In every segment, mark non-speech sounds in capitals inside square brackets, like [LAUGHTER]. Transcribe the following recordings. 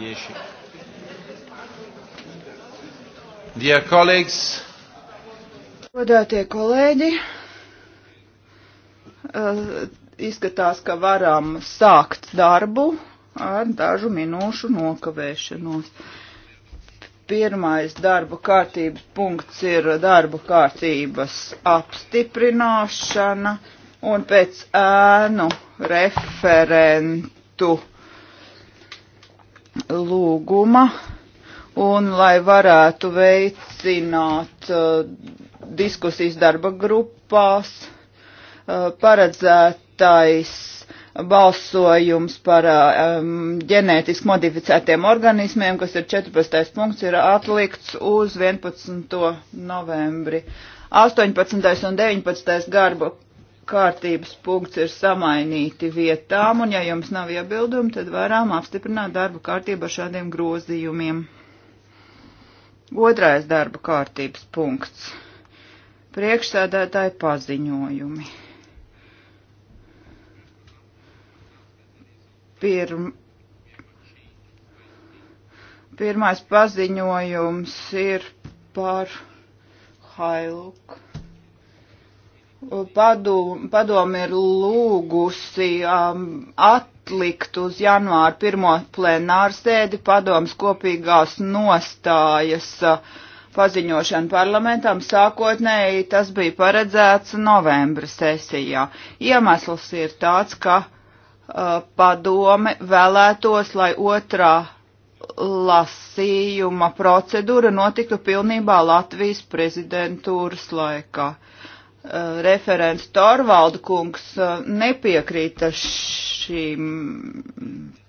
10. Dear colleagues, godātie kolēģi, eh, izskatās, ka varam sākt darbu ar dažu minūšu nokavēšanos. Pirmais darba kārtības punkts ir darba kārtības apstiprināšana un pēc ēnu referentu lūguma un lai varētu veicināt uh, diskusijas darba grupās uh, paredzētais balsojums par uh, um, ģenētiski modificētiem organismiem, kas ir 14. punkts, ir atlikts uz 11. novembri. 18. un 19. garba kārtības punkts ir samainīti vietām, un ja jums nav iebildumi, tad varam apstiprināt darba kārtību ar šādiem grozījumiem. Otrais darba kārtības punkts - priekšsēdētāji paziņojumi. Pirm, pirmais paziņojums ir par Hailuku. Padu, padomi ir lūgusi um, atlikt uz janvāru pirmo plenāru sēdi padomas kopīgās nostājas uh, paziņošanu parlamentam. Sākotnēji tas bija paredzēts novembra sesijā. Iemesls ir tāds, ka uh, padome vēlētos, lai otrā lasījuma procedūra notiktu pilnībā Latvijas prezidentūras laikā. Uh, Eh, referents Torvalda kungs eh, nepiekrīta šīm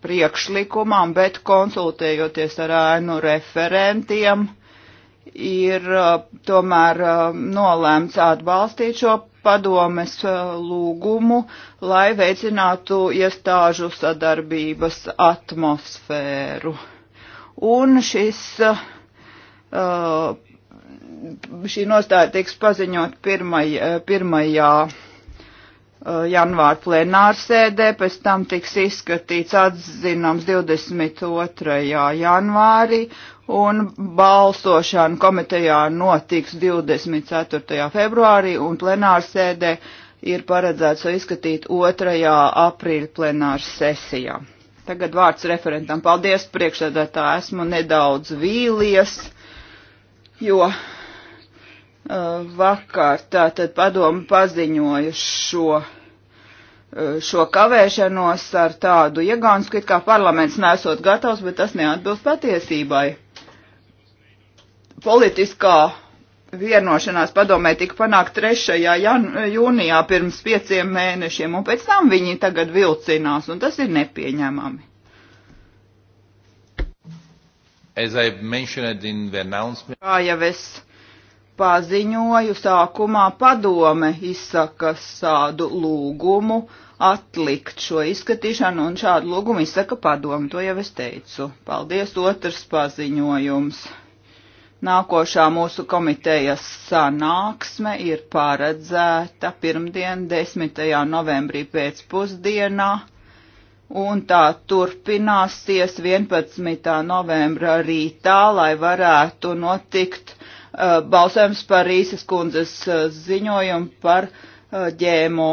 priekšlikumam, bet konsultējoties ar ēnu referentiem, ir eh, tomēr nolēmts atbalstīt šo padomes lūgumu, lai veicinātu iestāžu sadarbības atmosfēru. Un šis uh, šī nostāja tiks paziņot 1. Eh, eh, janvāra plenārsēdē, pēc tam tiks izskatīts atzinums 22. janvārī un balsošana komitejā notiks 24. februārī un plenārsēdē ir paredzēts to izskatīt 2. aprīļa plenāra sesijā. Tagad vārds referentam. Paldies, priekšsēdētā, esmu nedaudz vīlies, jo Eh, vakar. Tātad padomu paziņoja šo, eh, šo kavēšanos ar tādu iegānsku, it kā parlaments nesot gatavs, bet tas neatbilst patiesībai. Politiskā vienošanās padomē tika panākt 3. Jan, jūnijā pirms pieciem mēnešiem, un pēc tam viņi tagad vilcinās, un tas ir nepieņemami. Kā jau es paziņoju sākumā padome izsaka sādu lūgumu atlikt šo izskatīšanu, un šādu lūgumu izsaka padome, to jau es teicu. Paldies, otrs paziņojums. Nākošā mūsu komitejas sanāksme ir paredzēta pirmdien 10. novembrī pēcpusdienā un tā turpināsies 11. novembra rītā, lai varētu notikt Uh, balsojums par Rīsas kundzes uh, ziņojumu par uh, ģēmo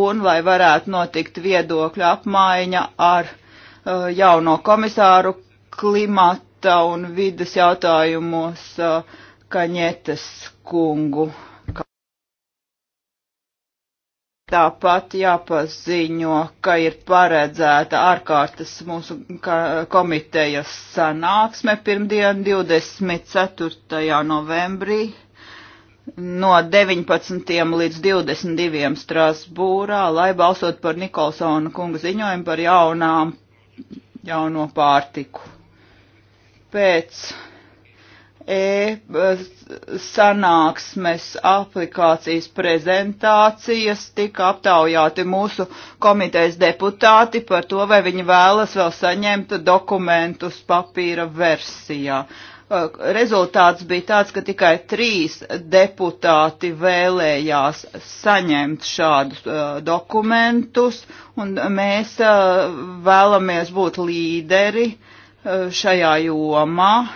un lai varētu notikt viedokļu apmaiņa ar jauno komisāru klimata un vidas jautājumos Kaņetes kungu. Tāpat jāpaziņo, ka ir paredzēta ārkārtas mūsu komitejas sanāksme pirmdien 24. novembrī no 19. līdz 22. Strasbūrā, lai balsot par Nikolsona kunga ziņojumu par jaunām, jauno pārtiku. Pēc e sanāksmes aplikācijas prezentācijas tika aptaujāti mūsu komitejas deputāti par to, vai viņi vēlas vēl saņemt dokumentus papīra versijā. E, rezultāts bija tāds, ka tikai trīs deputāti vēlējās saņemt šādus uh, dokumentus, un mēs uh, vēlamies būt līderi uh, šajā jomā. Uh,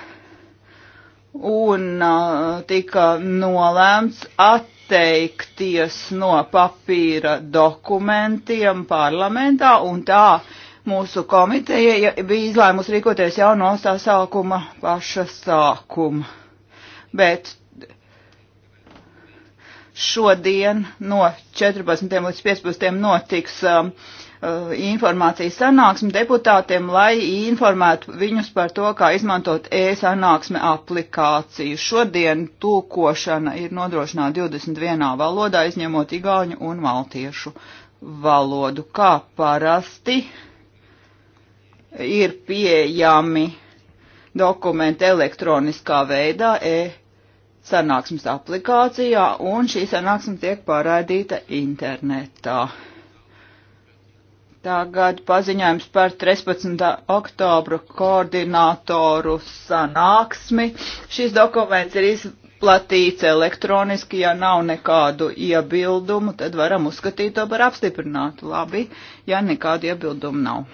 un uh, tika nolēmts atteikties no papīra dokumentiem parlamentā, un tā mūsu komiteja bija izlēmusi rīkoties jau no sasākuma paša sākuma. Bet šodien no 14. līdz 15. notiks um, uh, Uh, informācijas sanāksmi deputātiem, lai informētu viņus par to, kā izmantot e-sanāksme aplikāciju. Šodien tūkošana ir nodrošināta 21 valodā, izņemot igauņu un maltiešu valodu. Kā parasti ir pieejami dokumenti elektroniskā veidā e-sanāksmes aplikācijā, un šī sanāksme tiek pārraidīta internetā. Tagad paziņojums par 13. oktobru koordinātoru sanāksmi. Šis dokuments ir izplatīts elektroniski, ja nav nekādu iebildumu, tad varam uzskatīt to par apstiprinātu. Labi, ja nekādu iebildumu nav.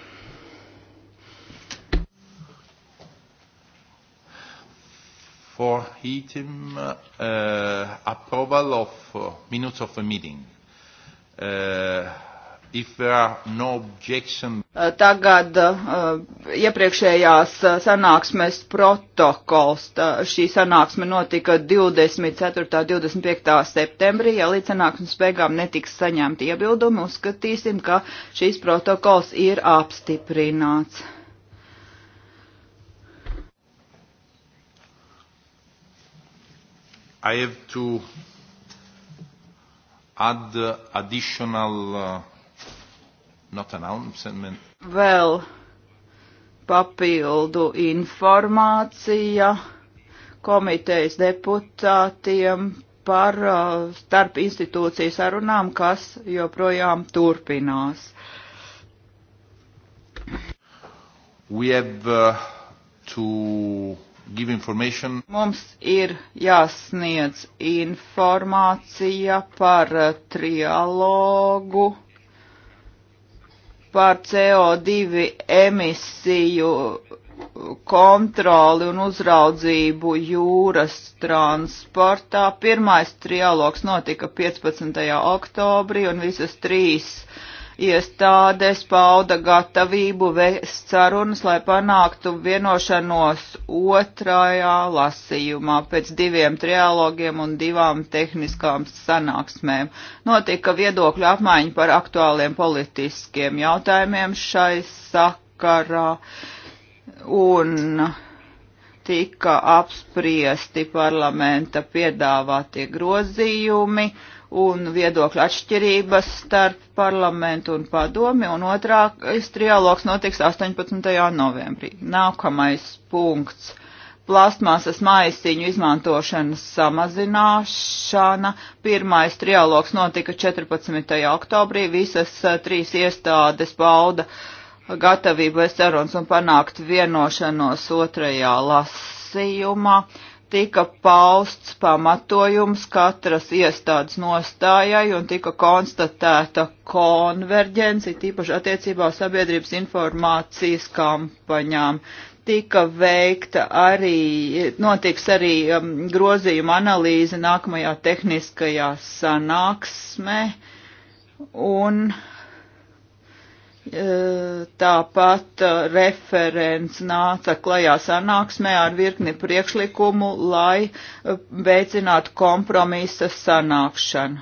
For item uh, approval of uh, minutes of a meeting. Uh, Eh, tagad eh, iepriekšējās eh, sanāksmes protokols. Šī sanāksme notika 24. un 25. septembrī. Ja līdz sanāksmes beigām netiks saņemti iebildumi, uzskatīsim, ka šīs protokols ir apstiprināts. I have to add additional uh, Vēl papildu informācija komitejas deputātiem par uh, starp institūciju sarunām, kas joprojām turpinās. We have, uh, to give information. Mums ir jāsniedz informācija par uh, trialogu par CO2 emisiju kontroli un uzraudzību jūras transportā. Pirmais trialogs notika 15. oktobrī un visas trīs uh, iestādes pauda gatavību vēst sarunas, lai panāktu vienošanos otrajā lasījumā pēc diviem trialogiem un divām tehniskām sanāksmēm. Notika viedokļu apmaiņa par aktuāliem politiskiem jautājumiem šai sakarā un tika apspriesti parlamenta piedāvātie grozījumi un viedokļu atšķirības starp parlamentu un padomi, un otrā trialogs notiks 18. novembrī. Nākamais punkts - plastmasas maisiņu izmantošanas samazināšana. Pirmais trialogs notika 14. oktobrī. Visas trīs iestādes bauda gatavību bez sarunas un panākt vienošanos otrajā lasījumā tika pausts pamatojums katras iestādes nostājai un tika konstatēta konverģence, tīpaši attiecībā sabiedrības informācijas kampaņām. Tika veikta arī, notiks arī um, grozījuma analīze nākamajā tehniskajā sanāksmē un uh, E, tāpat e, referents nāca klajā sanāksmē ar virkni priekšlikumu, lai e, veicinātu kompromisa sanākšanu.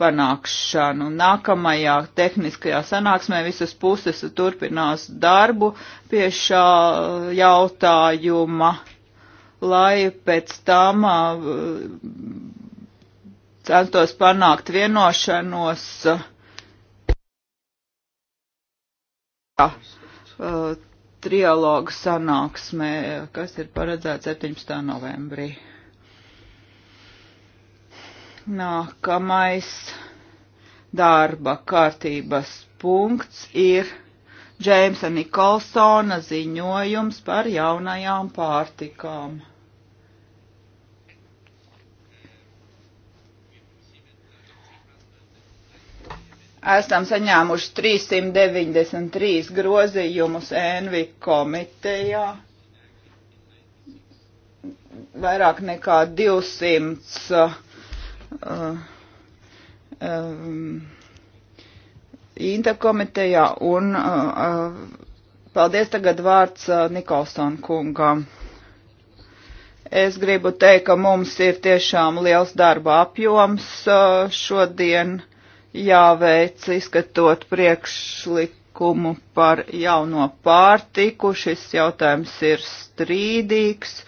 Panākšanu. Nākamajā tehniskajā sanāksmē visas puses turpinās darbu pie šā jautājuma, lai pēc tam uh, centos panākt vienošanos uh, uh, trialoga sanāksmē, kas ir paredzēta 17. novembrī. Nākamais darba kārtības punkts ir Džeimsa Nikolsona ziņojums par jaunajām pārtikām. esam saņēmuši 393 grozījumus ENVI komitejā. Vairāk nekā 200 uh, um, Inta komitejā un uh, uh, paldies tagad vārds uh, Nikolson kungam. Es gribu teikt, ka mums ir tiešām liels darba apjoms uh, šodien. Uh, jāveic izskatot priekšlikumu par jauno pārtiku. Šis jautājums ir strīdīgs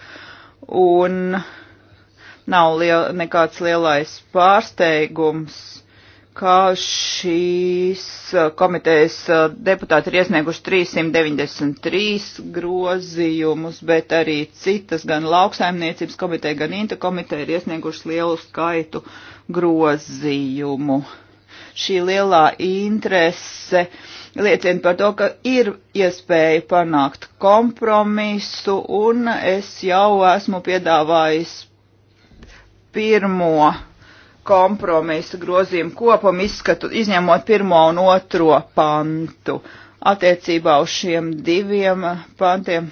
un nav liel, nekāds lielais pārsteigums, ka šīs komitejas deputāti ir iesnieguši 393 grozījumus, bet arī citas gan lauksaimniecības komiteja, gan inta komiteja ir iesnieguši lielu skaitu grozījumu šī lielā interese liecina par to, ka ir iespēja panākt kompromisu, un es jau esmu piedāvājis pirmo kompromisa grozījumu kopumu izskatu, izņemot pirmo un otro pantu attiecībā uz šiem diviem pantiem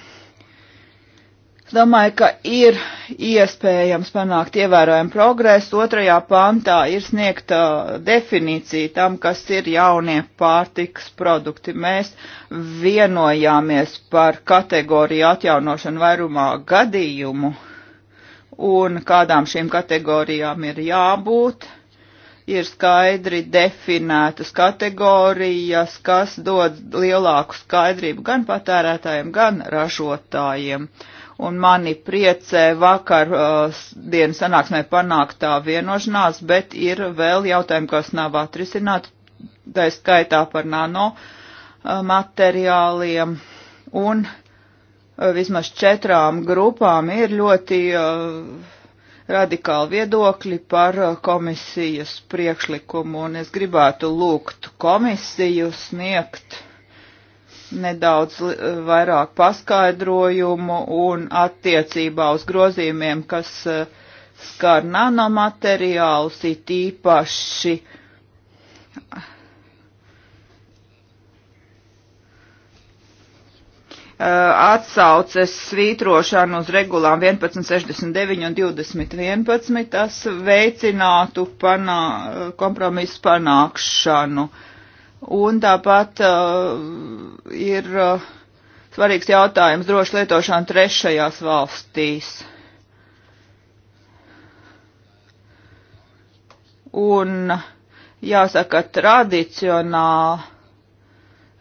Domāju, ka ir iespējams panākt ievērojumu progresu. Otrajā pantā ir sniegta definīcija tam, kas ir jaunie pārtiks produkti. Mēs vienojāmies par kategoriju atjaunošanu vairumā gadījumu un kādām šīm kategorijām ir jābūt ir skaidri definētas kategorijas, kas dod lielāku skaidrību gan patērētājiem, gan ražotājiem. Uh, un mani priecē vakar uh, dienas sanāksmē panāktā vienošanās, bet ir vēl jautājumi, kas nav atrisināti, tā skaitā par nano uh, materiāliem, un uh, vismaz četrām grupām ir ļoti uh, radikāli viedokļi par uh, komisijas priekšlikumu, un es gribētu lūgt komisiju sniegt nedaudz eh, vairāk paskaidrojumu un attiecībā uz grozījumiem, kas eh, skar nanomateriālus, it īpaši eh, atsauces svītrošanu uz regulām 1169 un 2011, tas veicinātu panā, kompromisu panākšanu. Uh, Un tāpat uh, ir uh, svarīgs jautājums droši lietošana trešajās valstīs. Un jāsaka tradicionāli,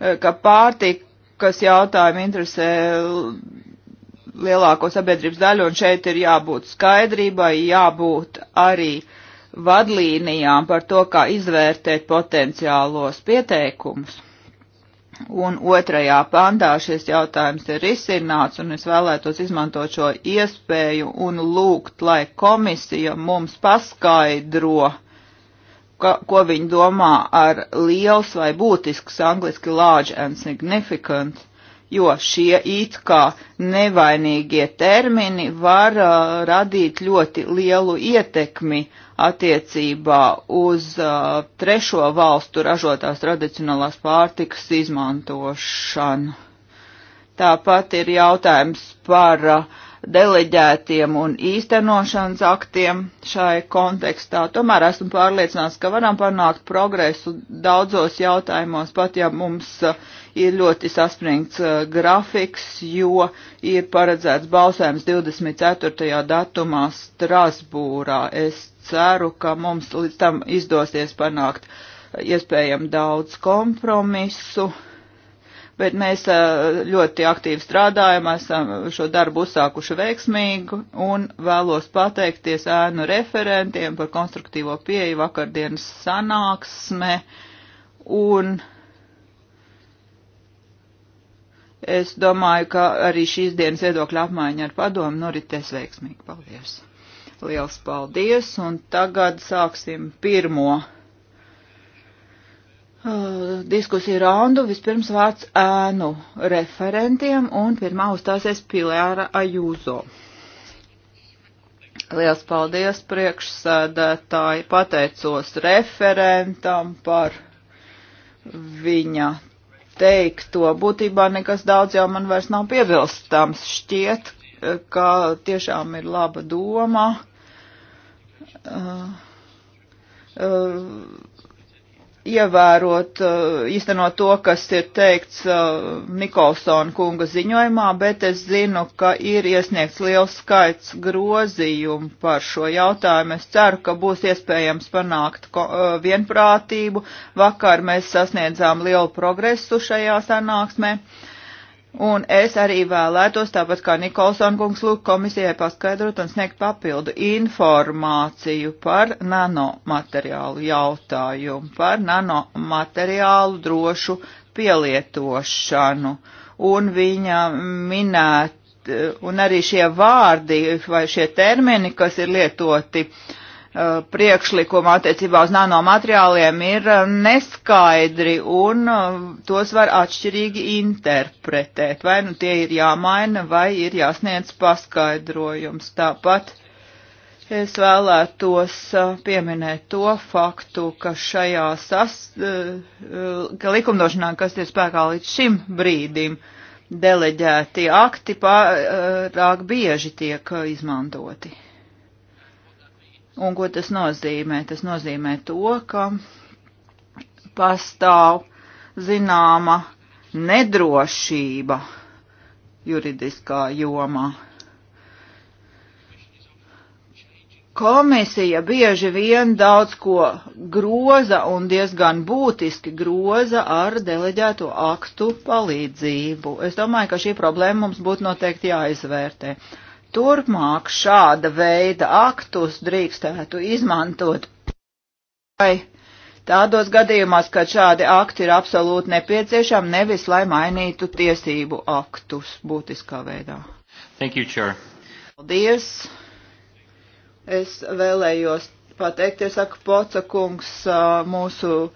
eh, ka pārtikas jautājumi interesē lielāko sabiedrības daļu, un šeit ir jābūt skaidrībai, jābūt arī uh, vadlīnijām par to, kā izvērtēt potenciālos pieteikumus. Un otrajā pandā šis jautājums ir izsināts, un es vēlētos izmantot šo iespēju un lūgt, lai komisija mums paskaidro, ka, ko viņi domā ar liels vai būtisks angliski large and significant jo šie it kā nevainīgie termini var uh, radīt ļoti lielu ietekmi attiecībā uz uh, trešo valstu ražotās tradicionālās pārtikas izmantošanu. Tāpat ir jautājums par uh, deleģētiem un īstenošanas aktiem šai kontekstā. Tomēr esmu pārliecināts, ka varam panākt progresu daudzos jautājumos, pat ja mums uh, ir ļoti saspringts uh, grafiks, jo ir paredzēts balsējums 24. datumā Strasbūrā. Es ceru, ka mums līdz tam izdosies panākt uh, iespējami daudz kompromisu bet mēs ļoti aktīvi strādājam, esam šo darbu uzsākuši veiksmīgi un vēlos pateikties ēnu referentiem par konstruktīvo pieeju vakardienas sanāksme un es domāju, ka arī šīs dienas viedokļa apmaiņa ar padomu noritēs veiksmīgi. Paldies! Liels paldies, un tagad sāksim pirmo uh, diskusiju raundu. Vispirms vārds ēnu referentiem un pirmā uzstāsies Pilēra Ajūzo. Liels paldies priekšsēdētāji, pateicos referentam par viņa teikto. Būtībā nekas daudz jau man vairs nav piebilstams. Šķiet, ka tiešām ir laba doma. Uh, uh, ievērot, eh, īstenot to, kas ir teikts eh, Nikolsona kunga ziņojumā, bet es zinu, ka ir iesniegts liels skaits grozījumu par šo jautājumu. Es ceru, ka būs iespējams panākt eh, vienprātību. Vakar mēs sasniedzām lielu progresu šajā sanāksmē. Uh, Un es arī vēlētos, tāpat kā Nikolson kungs lūk komisijai paskaidrot un sniegt papildu informāciju par nanomateriālu jautājumu, par nanomateriālu drošu pielietošanu un viņa minēt, un arī šie vārdi vai šie termini, kas ir lietoti uh, Uh, priekšlikuma attiecībā uz nanomateriāliem ir uh, neskaidri un uh, tos var atšķirīgi interpretēt. Vai nu tie ir jāmaina, vai ir jāsniedz paskaidrojums. Tāpat es vēlētos pieminēt to faktu, ka šajā sas, ka likumdošanā, kas ir spēkā līdz šim brīdim, deleģēti akti pārāk bieži tiek izmantoti. Un ko tas nozīmē? Tas nozīmē to, ka pastāv zināma nedrošība juridiskā jomā. Komisija bieži vien daudz ko groza un diezgan būtiski groza ar deleģēto aktu palīdzību. Es domāju, ka šī problēma mums būtu noteikti jāizvērtē. Uh, turpmāk šāda veida aktus drīkstētu izmantot vai tādos gadījumos, kad šādi akti ir absolūti nepieciešami, nevis lai mainītu tiesību aktus būtiskā veidā. Thank you, Chair. Paldies. Es vēlējos pateikt, ja saka Poca kungs, mūsu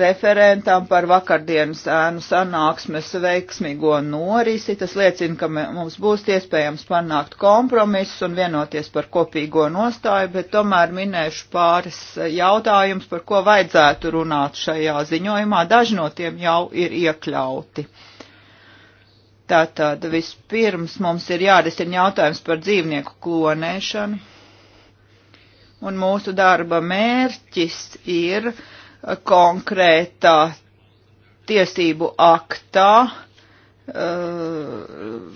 referentam par vakardienas ēnu sanāksmes veiksmīgo norisi. Tas liecina, ka mums būs iespējams panākt kompromisus un vienoties par kopīgo nostāju, bet tomēr minēšu pāris jautājumus, par ko vajadzētu runāt šajā ziņojumā. Daži no tiem jau ir iekļauti. Tātad vispirms mums ir jārisina jautājums par dzīvnieku klonēšanu. Un mūsu darba mērķis ir uh, konkrētā tiesību aktā eh,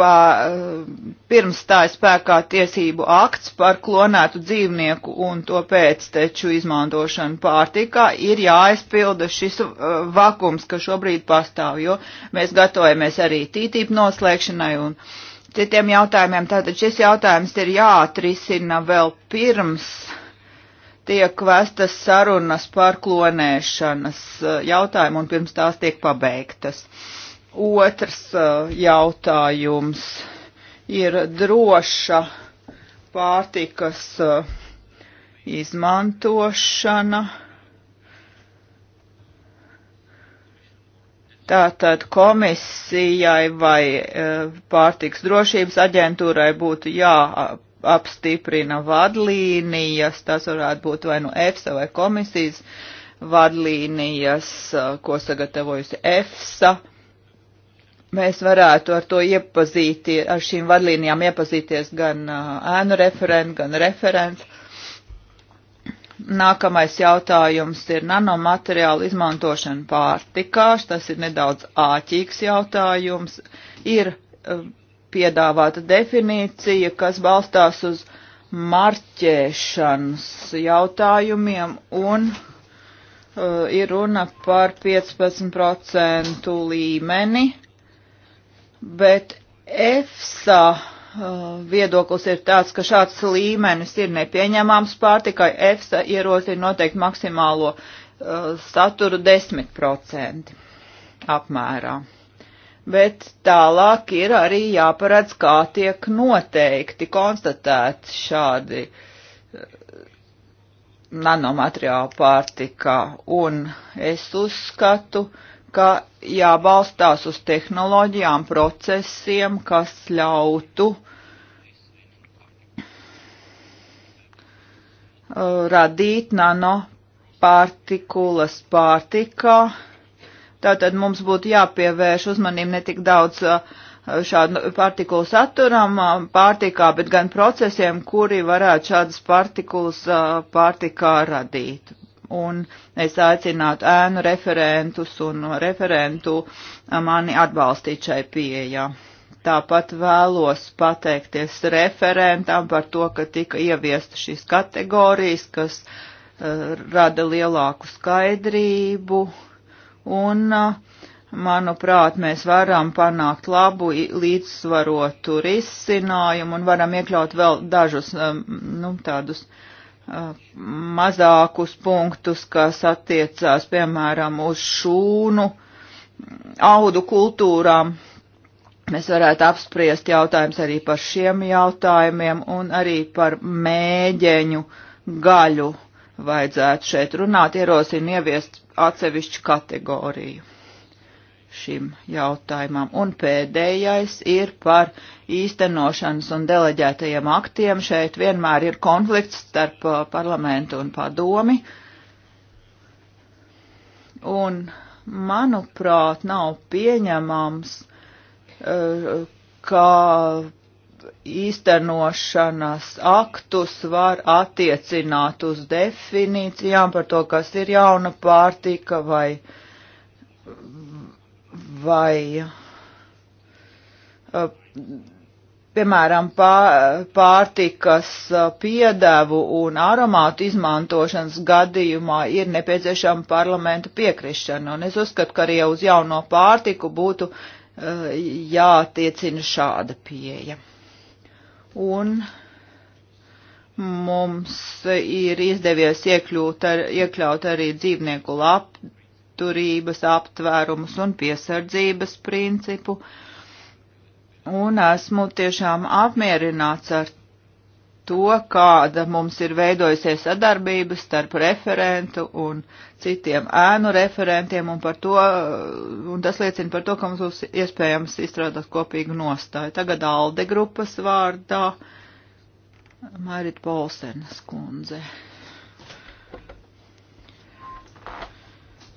pā, eh, pirms tā spēkā tiesību akts par klonētu dzīvnieku un to pēcteču izmantošanu pārtikā ir jāaizpilda šis eh, vakums, kas šobrīd pastāv, jo mēs gatavojamies arī tītību noslēgšanai un citiem jautājumiem. Tātad šis jautājums ir jāatrisina vēl pirms uh, tiek vestas sarunas par klonēšanas eh, jautājumu un pirms tās tiek pabeigtas. Otrs eh, jautājums ir droša pārtikas eh, izmantošana. Tātad komisijai vai pārtiks drošības aģentūrai būtu jā apstiprina vadlīnijas, tas varētu būt vai nu EFSA vai komisijas vadlīnijas, uh, ko sagatavojusi EFSA. Mēs varētu ar to iepazīties, ar šīm vadlīnijām iepazīties gan uh, ēnu referents, gan referents. Nākamais jautājums ir nanomateriālu izmantošana pārtikā. Tas ir nedaudz āķīgs jautājums. Ir uh, piedāvāta definīcija, kas balstās uz marķēšanas jautājumiem un uh, ir runa par 15% līmeni, bet EFSA uh, viedoklis ir tāds, ka šāds līmenis ir nepieņemams pārtikai. EFSA ierosina noteikti maksimālo uh, saturu 10% apmērā bet tālāk ir arī jāparedz, kā tiek noteikti konstatēti šādi eh, nanomateriāli pārtikā. Un es uzskatu, ka jābalstās uz tehnoloģijām, procesiem, kas ļautu eh, radīt nanopārtikulas pārtikā, Tātad mums būtu jāpievērš uzmanību ne tik daudz uh, šādu partikulu saturam uh, pārtikā, bet gan procesiem, kuri varētu šādas partikulas uh, pārtikā radīt. Un es aicinātu ēnu referentus un referentu mani atbalstīt šai pieejā. Tāpat vēlos pateikties referentam par to, ka tika ieviesta šīs kategorijas, kas uh, rada lielāku skaidrību, uh, un, manuprāt, mēs varam panākt labu līdzsvarotu risinājumu un varam iekļaut vēl dažus, nu, tādus mazākus punktus, kas attiecās, piemēram, uz šūnu audu kultūrām. Mēs varētu apspriest jautājums arī par šiem jautājumiem un arī par mēģeņu gaļu vajadzētu šeit runāt, ierosina ieviest atsevišķu kategoriju šim jautājumam. Un pēdējais ir par īstenošanas un deleģētajiem aktiem. Šeit vienmēr ir konflikts starp uh, parlamentu un padomi. Un, manuprāt, nav pieņemams, uh, ka īstenošanas aktus var attiecināt uz definīcijām par to, kas ir jauna pārtika vai, vai piemēram pār, pārtikas piedevu un aromātu izmantošanas gadījumā ir nepieciešama parlamenta piekrišana. Un es uzskatu, ka arī uz jauno pārtiku būtu jātiecina šāda pieeja un mums ir izdevies iekļūt ar, iekļaut arī dzīvnieku labturības aptvērumus un piesardzības principu. Un esmu tiešām apmierināts ar to, kāda mums ir veidojusies sadarbība starp referentu un citiem ēnu referentiem, un, par to, un tas liecina par to, ka mums būs iespējams izstrādāt kopīgu nostāju. Tagad Alde grupas vārdā Marit Polsenas kundze.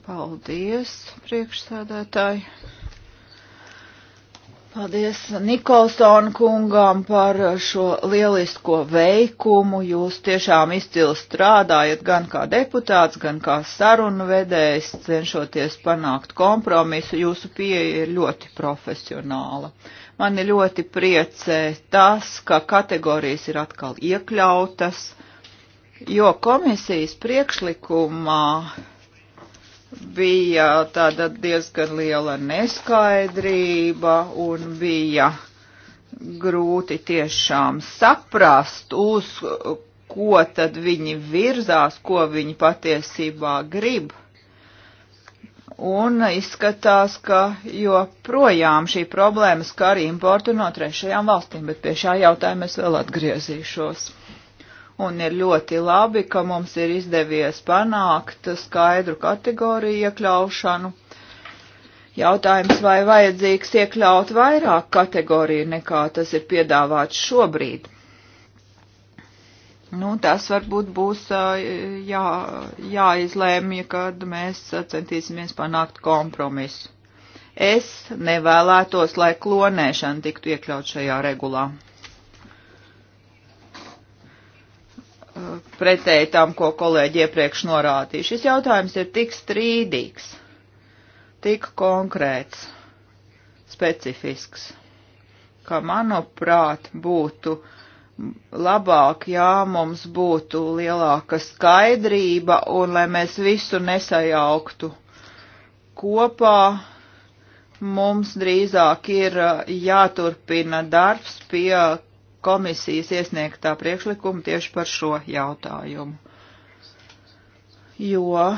Paldies, priekšsādātāji! Paldies Nikolsona kungām par šo lielisko veikumu. Jūs tiešām izcili strādājat gan kā deputāts, gan kā sarunu vedējs, cenšoties panākt kompromisu. Jūsu pieeja ir ļoti profesionāla. Mani ļoti priecē tas, ka kategorijas ir atkal iekļautas, jo komisijas priekšlikumā bija tāda diezgan liela neskaidrība un bija grūti tiešām saprast, uz ko tad viņi virzās, ko viņi patiesībā grib. Un izskatās, ka joprojām šī problēma skar importu no trešajām valstīm, bet pie šā jautājuma es vēl atgriezīšos un ir ļoti labi, ka mums ir izdevies panākt skaidru kategoriju iekļaušanu. Jautājums, vai vajadzīgs iekļaut vairāk kategoriju nekā tas ir piedāvāts šobrīd. Nu, tas varbūt būs jā, jāizlēmja, kad mēs centīsimies panākt kompromisu. Es nevēlētos, lai klonēšana tiktu iekļaut šajā regulā. pretēji tam, ko kolēģi iepriekš norādīja. Šis jautājums ir tik strīdīgs, tik konkrēts, specifisks, ka, manuprāt, būtu labāk, ja mums būtu lielāka skaidrība un lai mēs visu nesajauktu kopā, mums drīzāk ir uh, jāturpina darbs pie komisijas iesniegtā priekšlikuma tieši par šo jautājumu. Jo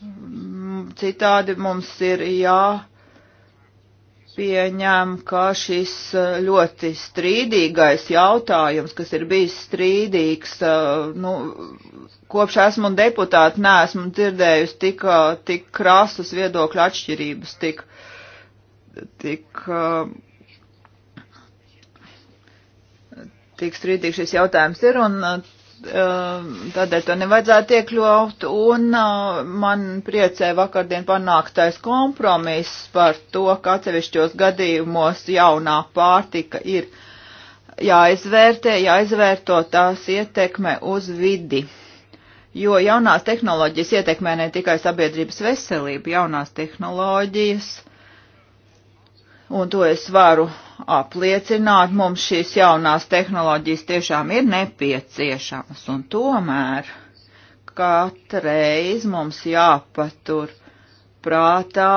mm, citādi mums ir jāpieņem, ka šis eh, ļoti strīdīgais jautājums, kas ir bijis strīdīgs, eh, nu, kopš esmu deputāti, neesmu dzirdējusi tik, eh, tik krasas viedokļu atšķirības, tik, tik cik strīdīgs šis jautājums ir, un uh, tādēļ to nevajadzētu iekļaut, un uh, man priecē vakardien panāktais kompromiss par to, ka atsevišķos gadījumos jaunā pārtika ir jāizvērtē, jāizvērto tās ietekme uz vidi. Jo jaunās tehnoloģijas ietekmē ne tikai sabiedrības veselību, jaunās tehnoloģijas uh, un to es varu apliecināt, mums šīs jaunās tehnoloģijas tiešām ir nepieciešamas, un tomēr katreiz mums jāpatur prātā,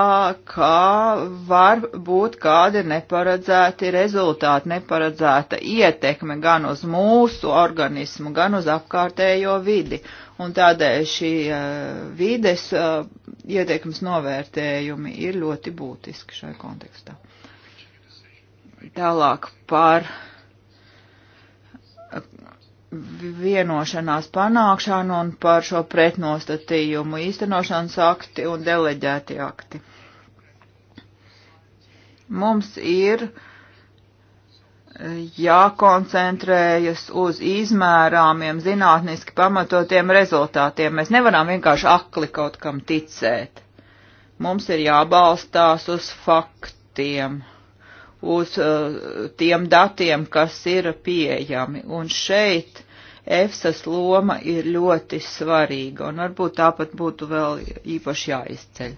kā var būt kādi neparedzēti rezultāti, neparedzēta ietekme gan uz mūsu organismu, gan uz apkārtējo vidi. Un tādēļ šī uh, vides uh, ietekmes novērtējumi ir ļoti būtiski šai kontekstā. Tālāk par vienošanās panākšanu un par šo pretnostatījumu īstenošanas akti un deleģēti akti. Mums ir jākoncentrējas uz izmērāmiem, zinātniski pamatotiem rezultātiem. Mēs nevaram vienkārši akli kaut kam ticēt. Mums ir jābalstās uz faktiem uz uh, tiem datiem, kas ir pieejami. Un šeit EFSAS loma ir ļoti svarīga, un varbūt tāpat būtu vēl īpaši jāizceļ.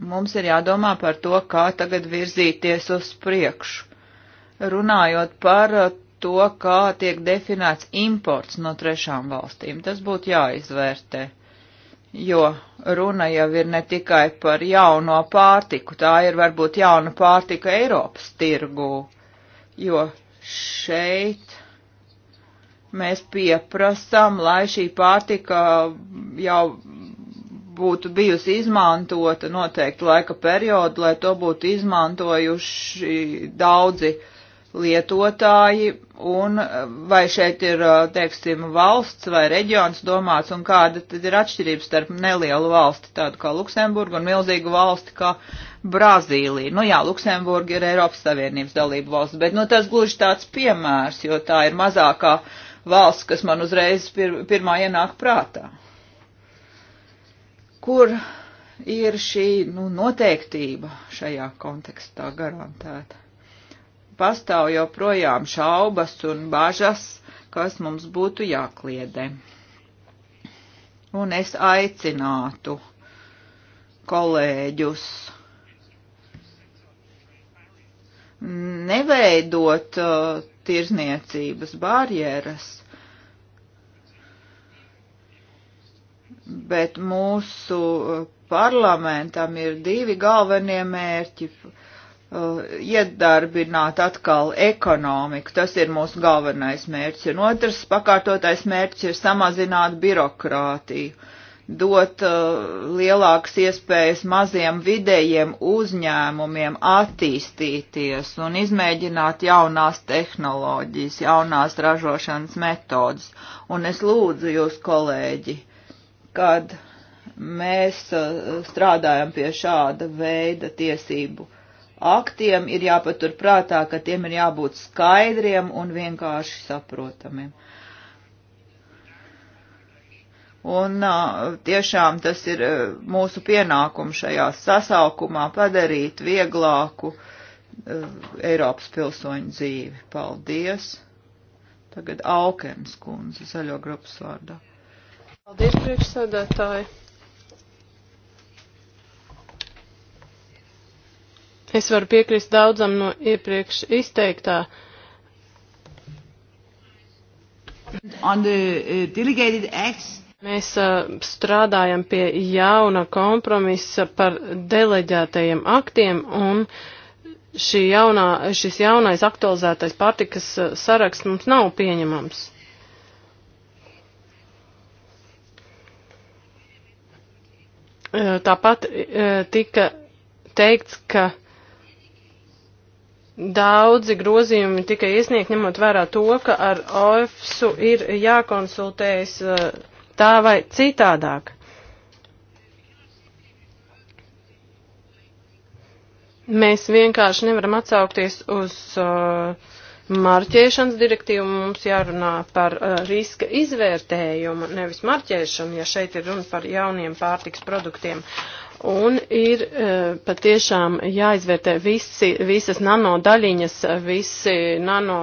Mums ir jādomā par to, kā tagad virzīties uz priekšu. Runājot par uh, to, kā tiek definēts imports no trešām valstīm, tas būtu jāizvērtē. Uh, jo runa jau ir ne tikai par jauno pārtiku, tā ir varbūt jauna pārtika Eiropas tirgū, jo šeit mēs pieprasām, lai šī pārtika jau būtu bijusi izmantota noteikti laika periodu, lai to būtu izmantojuši daudzi uh, lietotāji un vai šeit ir, teiksim, valsts vai reģions domāts un kāda tad ir atšķirība starp nelielu valsti tādu kā Luksemburgu un milzīgu valsti kā Brazīlija. Nu jā, Luksemburga ir Eiropas Savienības dalība valsts, bet nu tas gluži tāds piemērs, jo tā ir mazākā valsts, kas man uzreiz pir pirmā ienāk prātā. Kur ir šī nu, noteiktība šajā kontekstā garantēta? pastāv joprojām šaubas un bažas, kas mums būtu jākliedē. Un es aicinātu kolēģus neveidot uh, tirzniecības barjeras, bet mūsu uh, parlamentam ir divi galvenie mērķi Uh, iedarbināt atkal ekonomiku. Tas ir mūsu galvenais mērķis. Un otrs pakārtotais mērķis ir samazināt birokrātiju, dot uh, lielākas iespējas maziem vidējiem uzņēmumiem attīstīties un izmēģināt jaunās tehnoloģijas, jaunās ražošanas metodas. Un es lūdzu jūs, kolēģi, kad mēs uh, strādājam pie šāda veida tiesību aktiem ir jāpatur prātā, ka tiem ir jābūt skaidriem un vienkārši saprotamiem. Un tiešām tas ir mūsu pienākums šajā sasaukumā padarīt vieglāku Eiropas pilsoņu dzīvi. Paldies! Tagad Aukens kundze zaļo grupas vārdā. Paldies, priekšsēdētāji! Es varu piekrist daudzam no iepriekš izteiktā. On the uh, delegated acts, Mēs uh, strādājam pie jauna kompromisa par deleģētajiem aktiem un jaunā, šis jaunais aktualizētais pārtikas uh, saraksts mums nav pieņemams. Uh, tāpat tika teikts, ka Daudzi grozījumi tika iesniegt, ņemot vērā to, ka ar OFSU ir jākonsultējas eh, tā vai citādāk. Mēs vienkārši nevaram atsaukties uz uh, marķēšanas direktīvu, mums jārunā par uh, riska izvērtējumu, nevis marķēšanu, ja šeit ir runa par jauniem pārtiks produktiem. Uh, Un ir e, patiešām jāizvērtē visi, visas nanodaļiņas, visi nano,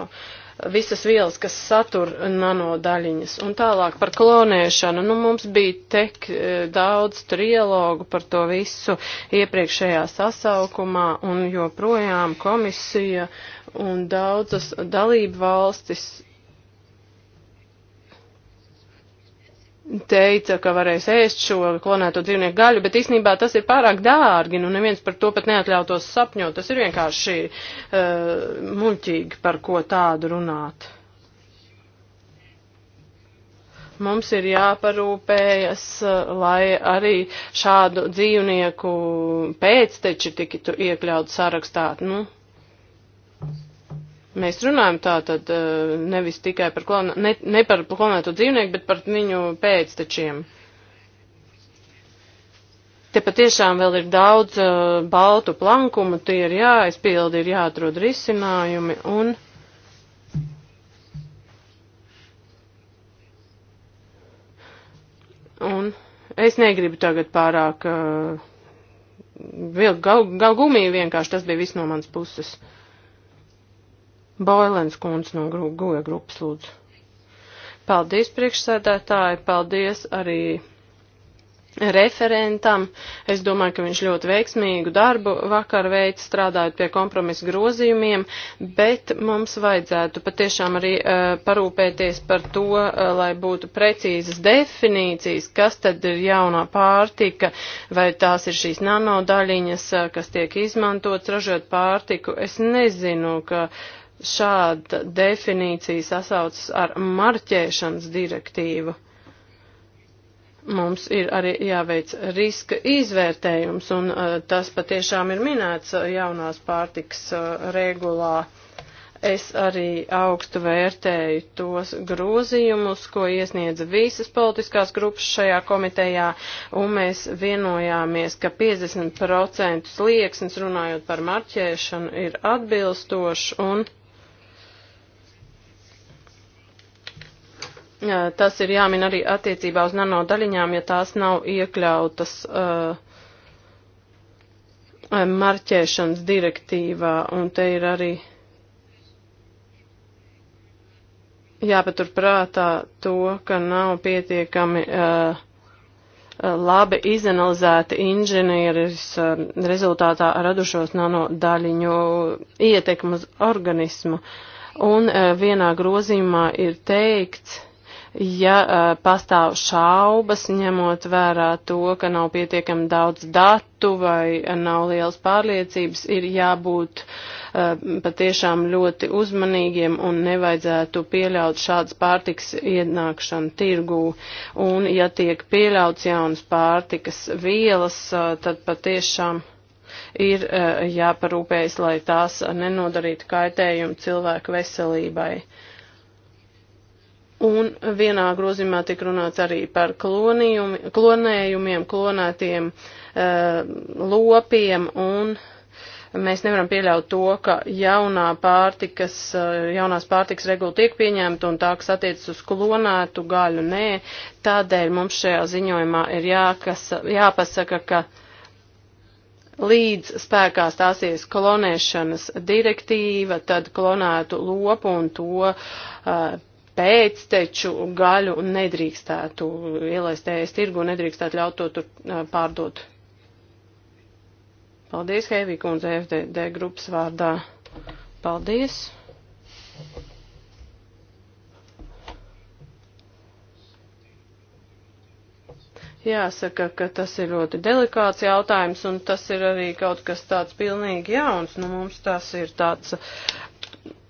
visas vielas, kas satur nanodaļiņas. Un tālāk par klonēšanu. Nu, mums bija tek e, daudz trilogu par to visu iepriekšējā sasaukumā un joprojām komisija un daudzas dalību valstis teica, ka varēs ēst šo klonēto dzīvnieku gaļu, bet īstenībā tas ir pārāk dārgi, nu neviens par to pat neatļautos sapņot. Tas ir vienkārši uh, muļķīgi, par ko tādu runāt. Mums ir jāparūpējas, uh, lai arī šādu dzīvnieku pēcteči tiktu iekļaut sarakstā. Nu, Mēs runājam tā tad eh, nevis tikai par, klona, ne, ne par klonēto dzīvnieku, bet par viņu pēctečiem. Te patiešām vēl ir daudz uh, baltu plankumu, tie ir jāaizpildi, ir jāatrod risinājumi un. Un es negribu tagad pārāk uh, vilkt gal, galgumī vienkārši, tas bija viss no manas puses. Uh, Boilens kundze no Goja grupas lūdzu. Paldies priekšsēdētāji, paldies arī referentam. Es domāju, ka viņš ļoti veiksmīgu darbu vakar veids strādājot pie kompromisa grozījumiem, bet mums vajadzētu patiešām arī uh, parūpēties par to, uh, lai būtu precīzas definīcijas, kas tad ir jaunā pārtika, vai tās ir šīs nanodaļiņas, uh, kas tiek izmantotas ražot pārtiku. Es nezinu, ka. Uh, šāda definīcija sasaucas ar marķēšanas direktīvu. Mums ir arī jāveic riska izvērtējums, un uh, tas patiešām ir minēts uh, jaunās pārtiks uh, regulā. Es arī augstu vērtēju tos grozījumus, ko iesniedza visas politiskās grupas šajā komitejā, un mēs vienojāmies, ka 50% slieksnis runājot par marķēšanu ir atbilstošs un. Tas ir jāmin arī attiecībā uz nanodaļiņām, ja tās nav iekļautas uh, uh, marķēšanas direktīvā, un te ir arī jāpaturprātā to, ka nav pietiekami uh, labi izanalizēti inženieris uh, rezultātā radušos nanodaļiņu ietekmu uz organismu. Un uh, vienā grozījumā ir teikts, ja uh, pastāv šaubas, ņemot vērā to, ka nav pietiekami daudz datu vai nav liels pārliecības, ir jābūt uh, patiešām ļoti uzmanīgiem un nevajadzētu pieļaut šādas pārtikas ienākšanu tirgū. Un, ja tiek pieļauts jaunas pārtikas vielas, uh, tad patiešām ir jāparūpējas, lai tās nenodarītu kaitējumu cilvēku veselībai. Uh, Un vienā grozījumā tiek runāts arī par klonējumiem, klonētiem uh, lopiem, un mēs nevaram pieļaut to, ka jaunā pārtikas, uh, jaunās pārtikas regula tiek pieņemta un tā, kas attiecas uz klonētu gaļu, nē. Tādēļ mums šajā ziņojumā ir jākas, jāpasaka, ka līdz spēkā stāsies klonēšanas direktīva, tad klonētu lopu un to uh, pēcteču gaļu nedrīkstētu ielaist ēst tirgu, nedrīkstētu ļaut to tur pārdot. Paldies, Heivī kundze, FDD grupas vārdā. Paldies. Jāsaka, ka tas ir ļoti delikāts jautājums, un tas ir arī kaut kas tāds pilnīgi jauns. Nu, mums tas ir tāds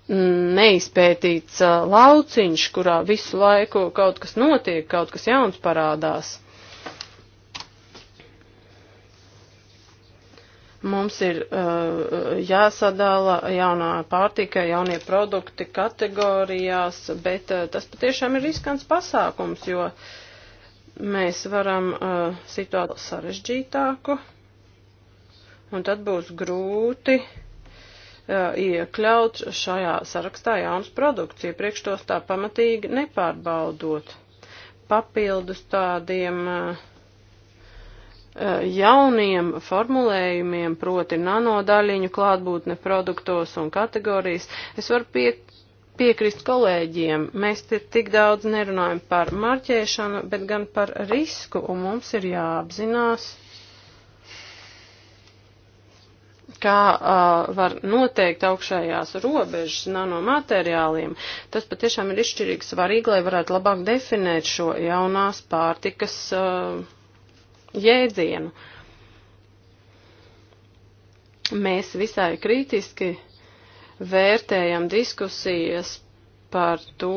neizpētīts uh, lauciņš, kurā visu laiku kaut kas notiek, kaut kas jauns parādās. Mums ir uh, jāsadala jaunā pārtika, jaunie produkti kategorijās, bet uh, tas patiešām ir riskants pasākums, jo mēs varam uh, situāciju sarežģītāku, un tad būs grūti uh, iekļauts šajā sarakstā jauns produkts, iepriekš ja tos tā pamatīgi nepārbaudot. Papildus tādiem jauniem formulējumiem, proti nanodaļiņu klātbūtne produktos un kategorijas, es varu piek piekrist kolēģiem. Mēs te tik daudz nerunājam par marķēšanu, bet gan par risku, un mums ir jāapzinās, kā uh, var noteikt augšējās robežas nanomateriāliem, tas patiešām ir izšķirīgi svarīgi, lai varētu labāk definēt šo jaunās pārtikas uh, jēdzienu. Mēs visai kritiski vērtējam diskusijas par to,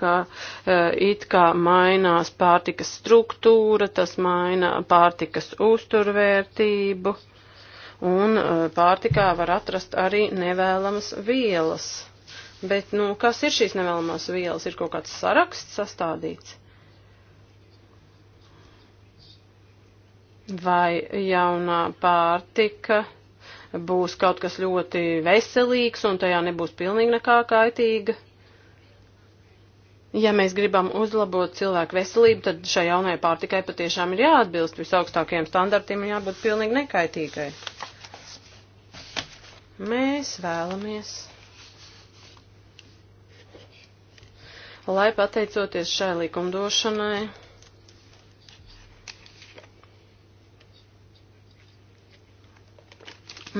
ka uh, it kā mainās pārtikas struktūra, tas maina pārtikas uzturvērtību. Uh, un uh, pārtikā var atrast arī nevēlamas vielas. Bet, nu, kas ir šīs nevēlamās vielas? Ir kaut kāds saraksts sastādīts? Vai jaunā pārtika būs kaut kas ļoti veselīgs un tajā nebūs pilnīgi nekā kaitīga? Ja mēs gribam uzlabot cilvēku veselību, tad šai jaunajai pārtikai patiešām ir jāatbilst visaugstākajiem standartiem un jābūt pilnīgi nekaitīgai. Mēs vēlamies, lai pateicoties šai likumdošanai,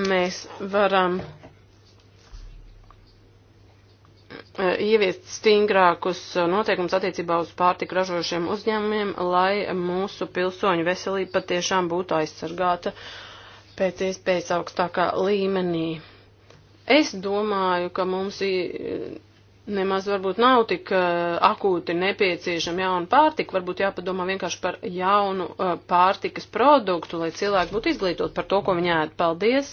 mēs varam eh, ieviest stingrākus noteikumus attiecībā uz pārtika ražošiem uzņēmumiem, lai mūsu pilsoņu veselība patiešām būtu aizsargāta pēc iespējas augstākā līmenī. Es domāju, ka mums nemaz varbūt nav tik e, akūti nepieciešama jauna pārtika, varbūt jāpadomā vienkārši par jaunu e, pārtikas produktu, lai cilvēki būtu izglītot par to, ko viņi ēd. Paldies!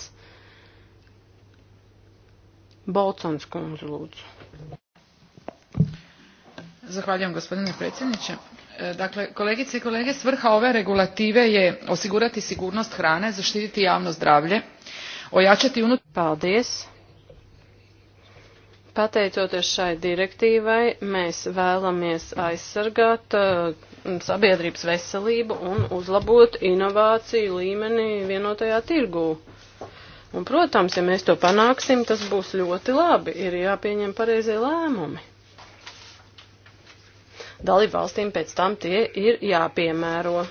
Bolcans kundze, lūdzu. Zahvaljujem, gospodine predsjedniče. E, dakle kolegice i kolege svrha ove regulative je osigurati sigurnost hrane zaštititi javno zdravlje ojačati Paldies! Pateicoties šai direktīvai, mēs vēlamies aizsargāt uh, sabiedrības veselību un uzlabot inovāciju līmeni vienotajā tirgū. Un, protams, ja mēs to panāksim, tas būs ļoti labi, ir jāpieņem pareizie lēmumi dalību valstīm pēc tam tie ir jāpiemēro.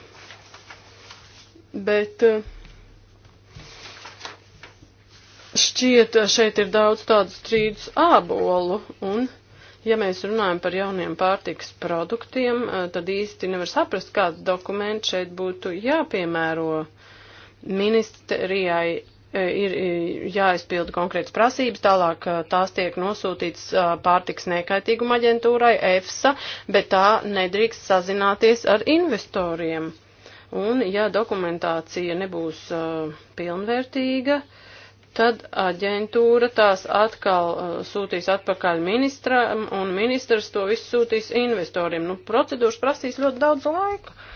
Bet eh, šķiet, šeit ir daudz tādu strīdus ābolu, un, ja mēs runājam par jauniem pārtikas produktiem, eh, tad īsti nevar saprast, kāds dokuments šeit būtu jāpiemēro ministrijai E, ir e, jāizpilda konkrētas prasības, tālāk e, tās tiek nosūtītas pārtiks nekaitīguma aģentūrai EFSA, bet tā nedrīkst sazināties ar investoriem. Un ja dokumentācija nebūs uh, pilnvērtīga, tad aģentūra tās atkal uh, sūtīs atpakaļ ministram, un ministrs to visu sūtīs investoriem. Nu, procedūras prasīs ļoti daudz laika. Uh,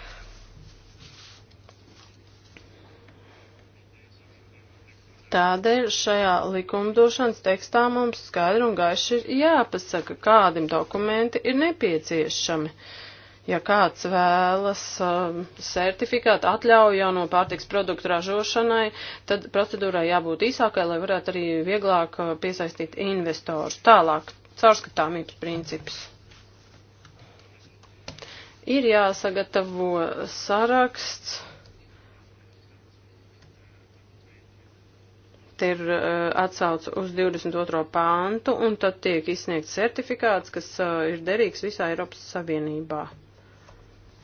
Tādēļ šajā likumdošanas tekstā mums skaidri un gaiši ir jāpasaka, kādim dokumenti ir nepieciešami. Ja kāds vēlas um, certifikātu atļauju jau no pārtiks produktu ražošanai, tad procedūrai jābūt īsākai, lai varētu arī vieglāk uh, piesaistīt investorus. Tālāk, caurskatāmības princips. Ir jāsagatavo saraksts te ir uh, atsauc uz 22. pāntu, un tad tiek izsniegts certifikāts, kas uh, ir derīgs visā Eiropas Savienībā.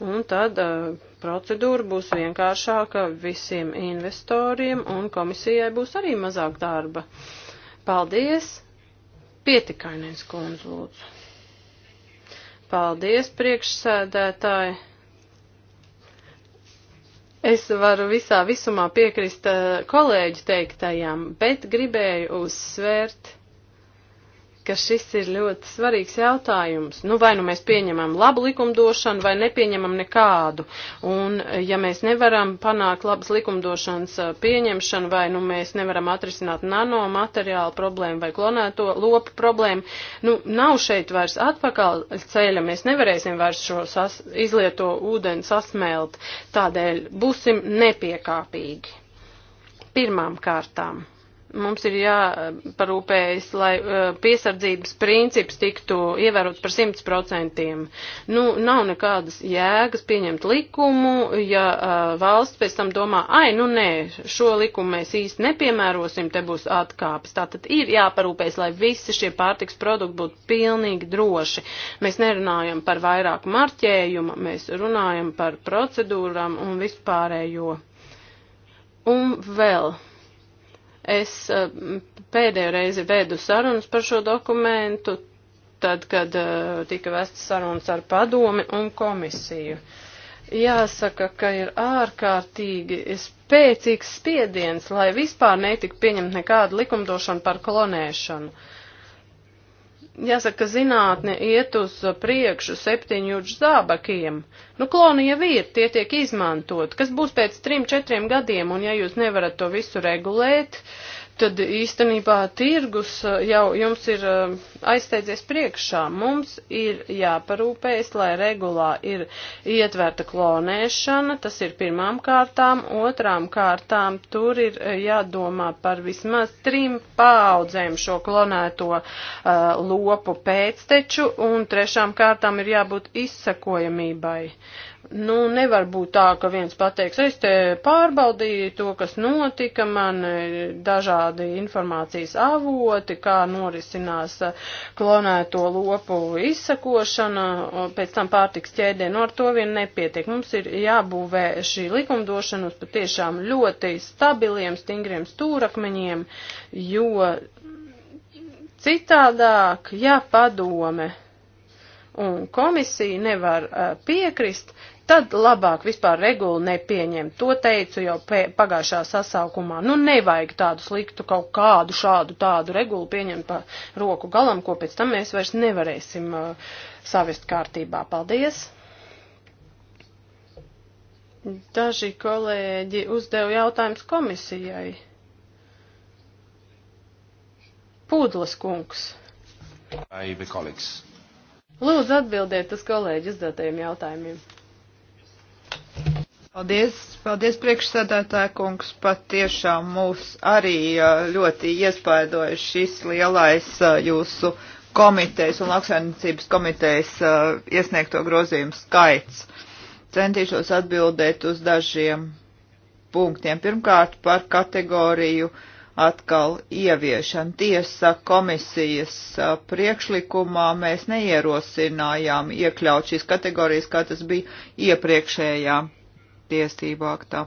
Un tad uh, procedūra būs vienkāršāka visiem investoriem, un komisijai būs arī mazāk darba. Paldies! Pietikainies kundze lūdzu. Paldies, priekšsēdētāji! Es varu visā visumā piekrist eh, kolēģu teiktajām, bet gribēju uzsvērt ka šis ir ļoti svarīgs jautājums. Nu, vai nu mēs pieņemam labu likumdošanu, vai nepieņemam nekādu. Un, ja mēs nevaram panākt labas likumdošanas pieņemšanu, vai nu mēs nevaram atrisināt nanomateriālu problēmu vai klonēto lopu problēmu, nu, nav šeit vairs atpakaļ ceļa. Mēs nevarēsim vairs šo sas, izlieto ūdeni sasmelt. Tādēļ būsim nepiekāpīgi. Pirmām kārtām mums ir jāparūpējas, lai e, piesardzības princips tiktu ievērots par 100%. Nu, nav nekādas jēgas pieņemt likumu, ja e, valsts pēc tam domā, ai, nu nē, šo likumu mēs īsti nepiemērosim, te būs atkāpes. Tātad ir jāparūpējas, lai visi šie pārtiks produkti būtu pilnīgi droši. Mēs nerunājam par vairāk marķējumu, mēs runājam par procedūram un vispārējo. Un vēl. Well. Es eh, pēdējo reizi vedu sarunas par šo dokumentu, tad, kad eh, tika vestas sarunas ar padomi un komisiju. Jāsaka, ka ir ārkārtīgi spēcīgs spiediens, lai vispār netika pieņemt nekādu likumdošanu par klonēšanu. Uh, jāsaka, ka zinātne iet uz priekšu septiņuģu zābakiem. Nu, kloni jau ir, tie tiek izmantot. Kas būs pēc trim, četriem gadiem, un ja jūs nevarat to visu regulēt, uh, tad īstenībā tirgus uh, jau jums ir uh, aizsteidzies priekšā. Mums ir jāparūpējas, lai regulā ir ietverta klonēšana, tas ir pirmām kārtām, otrām kārtām tur ir uh, jādomā par vismaz trim paudzēm šo klonēto uh, lopu pēcteču, un trešām kārtām ir jābūt izsakojamībai. Uh, Nu, nevar būt tā, ka viens pateiks, es te pārbaudīju to, kas notika, man e, dažādi informācijas avoti, kā norisinās e, klonēto lopu izsakošana, pēc tam pārtiks ķēdē. Nu, ar to vien nepietiek. Mums ir jābūvē šī likumdošana uz patiešām ļoti stabiliem, stingriem stūrakmeņiem, jo citādāk, ja padome un komisija nevar e, piekrist, tad labāk vispār regulu nepieņemt. To teicu jau pagājušā sasaukumā. Nu, nevajag tādu sliktu kaut kādu šādu tādu regulu pieņemt pa roku galam, ko pēc tam mēs vairs nevarēsim uh, savest kārtībā. Paldies! Daži kolēģi uzdeva jautājumus komisijai. Pūdlas kungs. Lūdzu atbildiet uz kolēģi uzdotajiem jautājumiem. Paldies, paldies priekšsēdētāja kungs, pat tiešām mūs arī ļoti iespaidoja šis lielais jūsu komitejas un lauksainicības komitejas iesniegto grozījumu skaits. Centīšos atbildēt uz dažiem punktiem. Pirmkārt, par kategoriju atkal ieviešanu. Tiesa komisijas priekšlikumā mēs neierosinājām iekļaut šīs kategorijas, kā tas bija iepriekšējā tiesību aktā.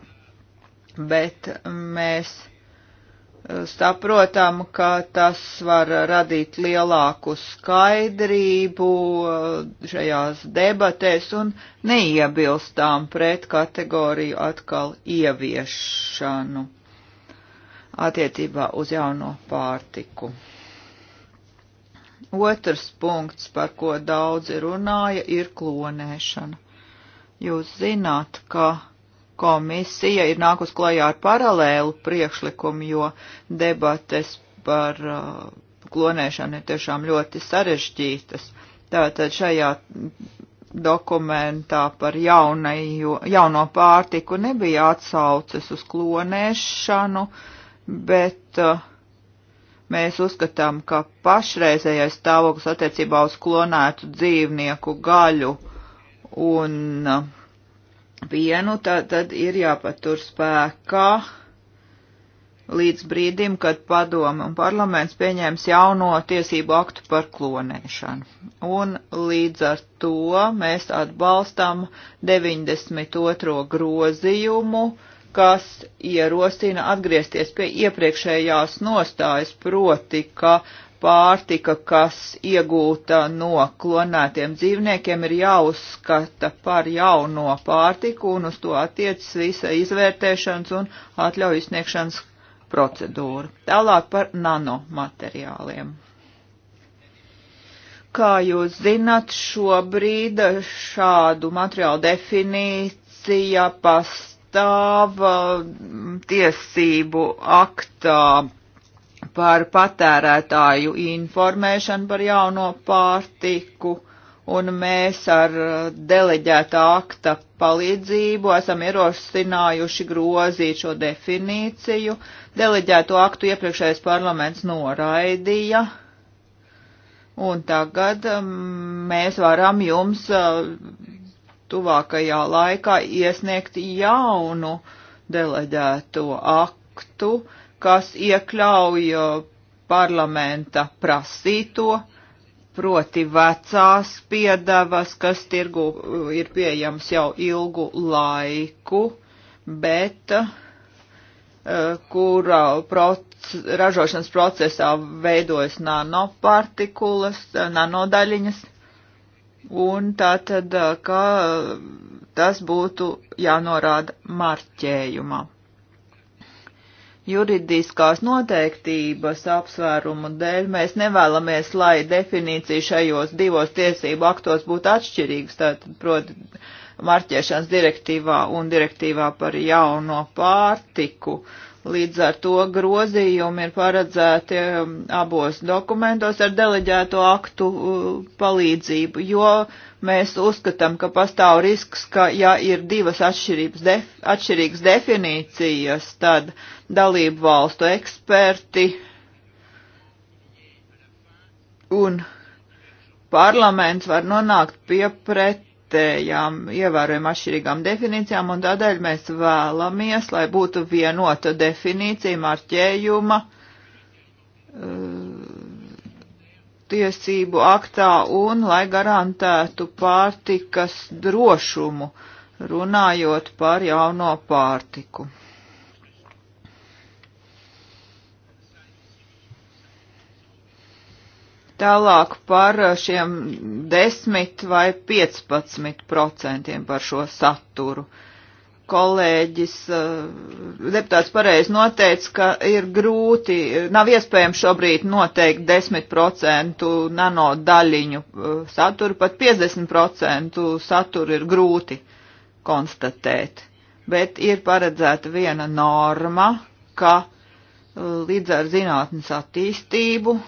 Bet mēs eh, saprotam, ka tas var radīt lielāku skaidrību eh, šajās debatēs un neiebilstām pret kategoriju atkal ieviešanu attiecībā uz jauno pārtiku. Otrs punkts, par ko daudzi runāja, ir klonēšana. Jūs zināt, ka komisija ir nākus klajā ar paralēlu priekšlikumu, jo debates par uh, klonēšanu ir tiešām ļoti sarežģītas. Tātad šajā dokumentā par jaunajo, jauno pārtiku nebija atsauces uz klonēšanu, bet uh, Mēs uzskatām, ka pašreizējais stāvoklis attiecībā uz klonētu dzīvnieku gaļu un uh, vienu, tad, tad ir jāpatur spēkā līdz brīdim, kad padoma un parlaments pieņēms jauno tiesību aktu par klonēšanu. Un līdz ar to mēs atbalstam 92. grozījumu, kas ierosina atgriezties pie iepriekšējās nostājas proti, ka uh, pārtika, kas iegūta no klonētiem dzīvniekiem, ir jāuzskata par jauno pārtiku un uz to attiecas visa izvērtēšanas un atļauju izsniegšanas procedūra. Tālāk par nanomateriāliem. Kā jūs zinat, šobrīd šādu materiālu definīcija pastāv tiesību aktā par patērētāju informēšanu par jauno pārtiku, un mēs ar deleģēta akta palīdzību esam ierosinājuši grozīt šo definīciju. Deleģēto aktu iepriekšējais parlaments noraidīja, un tagad mm, mēs varam jums mm, tuvākajā laikā iesniegt jaunu deleģēto aktu, kas iekļauj uh, parlamenta prasīto, proti vecās piedevas, kas tirgu uh, ir pieejams jau ilgu laiku, bet uh, kura proc, ražošanas procesā veidojas nanopartikulas, nanodaļiņas, un tātad, ka tas būtu jānorāda marķējumā juridiskās noteiktības apsvērumu dēļ mēs nevēlamies, lai definīcija šajos divos tiesību aktos būtu atšķirīgas, tātad proti marķēšanas direktīvā un direktīvā par jauno pārtiku. Līdz ar to grozījumi ir paredzēti um, abos dokumentos ar deleģēto aktu uh, palīdzību, jo mēs uzskatām, ka pastāv risks, ka ja ir divas def, atšķirīgas definīcijas, tad dalību valstu eksperti un parlaments var nonākt pie pret vērtējām ievērojami atšķirīgām definīcijām, un tādēļ mēs vēlamies, lai būtu vienota definīcija marķējuma uh, tiesību aktā un lai garantētu pārtikas drošumu, runājot par jauno pārtiku. Tālāk par eh, šiem 10 vai 15 procentiem par šo saturu. Kolēģis, eh, deputāts pareizi noteica, ka ir grūti, eh, nav iespējams šobrīd noteikt 10% nano daļiņu saturu, pat 50% saturu ir grūti konstatēt. Bet ir paredzēta viena norma, ka līdz ar zinātnes attīstību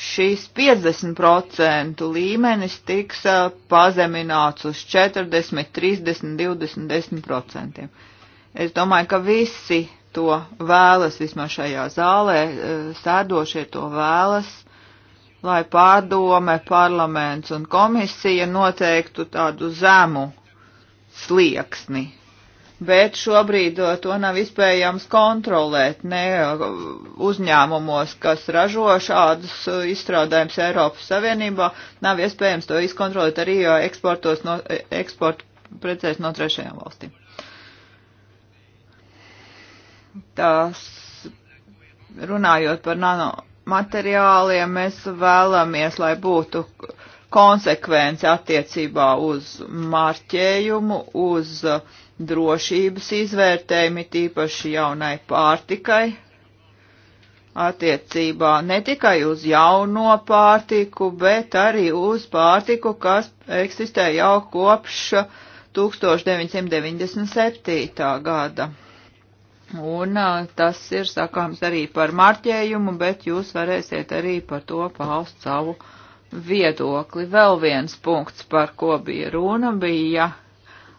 šīs 50% līmenis tiks pazemināts uz 40, 30, 20, 10%. Es domāju, ka visi to vēlas, vismaz šajā zālē sēdošie to vēlas, lai pārdome, parlaments un komisija noteiktu tādu zemu slieksni bet šobrīd eh, to nav iespējams kontrolēt ne eh, uzņēmumos, kas ražo šādus eh, izstrādājumus Eiropas Savienībā, nav iespējams to izkontrolēt arī eksportos no, eksportu precēs no trešajām valstīm. Tās runājot par nanomateriāliem, mēs vēlamies, lai būtu konsekvence attiecībā uz marķējumu, uz uh, drošības izvērtējumi, tīpaši jaunai pārtikai, attiecībā ne tikai uz jauno pārtiku, bet arī uz pārtiku, kas eksistē jau kopš 1997. gada. Un tas ir sakāms arī par marķējumu, bet jūs varēsiet arī par to paust savu viedokli. Vēl viens punkts, par ko bija runa, bija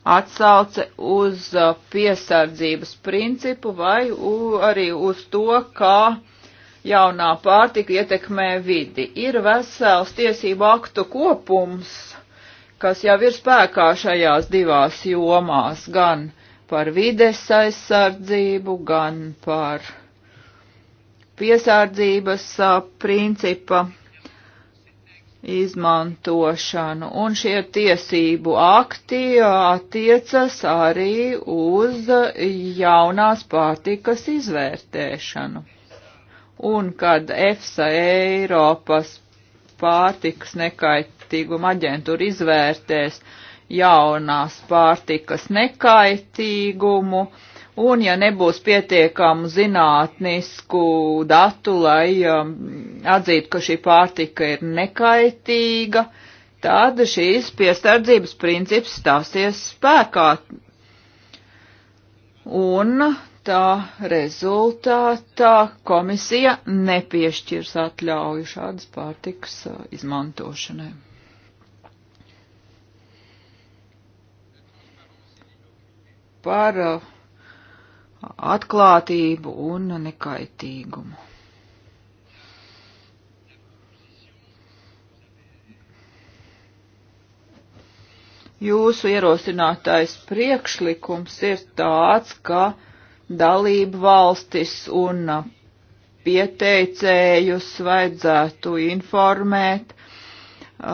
atsauce uz uh, piesardzības principu vai u, arī uz to, kā jaunā pārtika ietekmē vidi. Ir vesels tiesību aktu kopums, kas jau ir spēkā šajās divās jomās, gan par vides aizsardzību, gan par piesardzības uh, principa izmantošanu. Un šie tiesību akti uh, attiecas arī uz jaunās pārtikas izvērtēšanu. Un kad EFSA Eiropas pārtikas nekaitīguma aģentūra izvērtēs jaunās pārtikas nekaitīgumu, uh, un ja nebūs pietiekamu zinātnisku datu, lai um, atzītu, ka šī pārtika ir nekaitīga, tad šīs piesardzības princips stāsies spēkā. Un tā rezultātā komisija nepiešķirs atļauju šādas pārtikas uh, izmantošanai. Par uh, atklātību un nekaitīgumu. Jūsu ierosinātais priekšlikums ir tāds, ka dalību valstis un pieteicējus vajadzētu informēt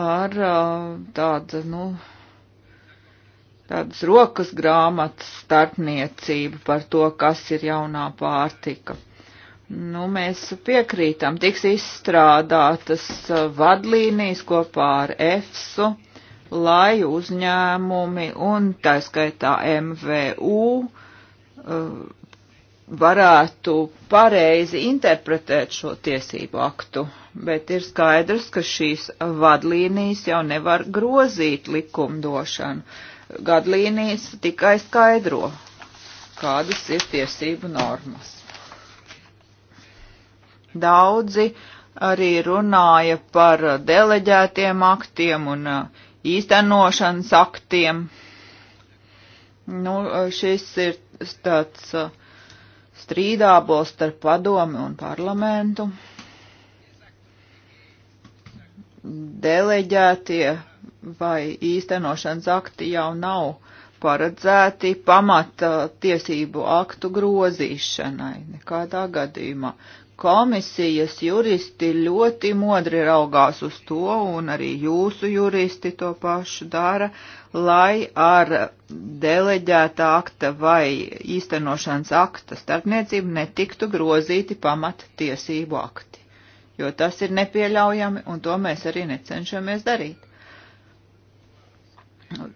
ar tādu, nu, tādas rokas grāmatas starpniecību par to, kas ir jaunā pārtika. Nu, mēs piekrītam, tiks izstrādātas uh, vadlīnijas kopā ar EFSU, lai uzņēmumi un tā skaitā MVU uh, varētu pareizi interpretēt šo tiesību aktu, bet ir skaidrs, ka šīs vadlīnijas jau nevar grozīt likumdošanu gadlīnijas tikai skaidro, kādas ir tiesību normas. Daudzi arī runāja par deleģētiem aktiem un uh, īstenošanas aktiem. Nu, uh, šis ir tāds uh, strīdābols starp padomi un parlamentu. Deleģētie vai īstenošanas akti jau nav paredzēti pamata tiesību aktu grozīšanai nekādā gadījumā. Komisijas juristi ļoti modri raugās uz to, un arī jūsu juristi to pašu dara, lai ar deleģēta akta vai īstenošanas akta starpniecību netiktu grozīti pamata tiesību akti, jo tas ir nepieļaujami, un to mēs arī necenšamies darīt.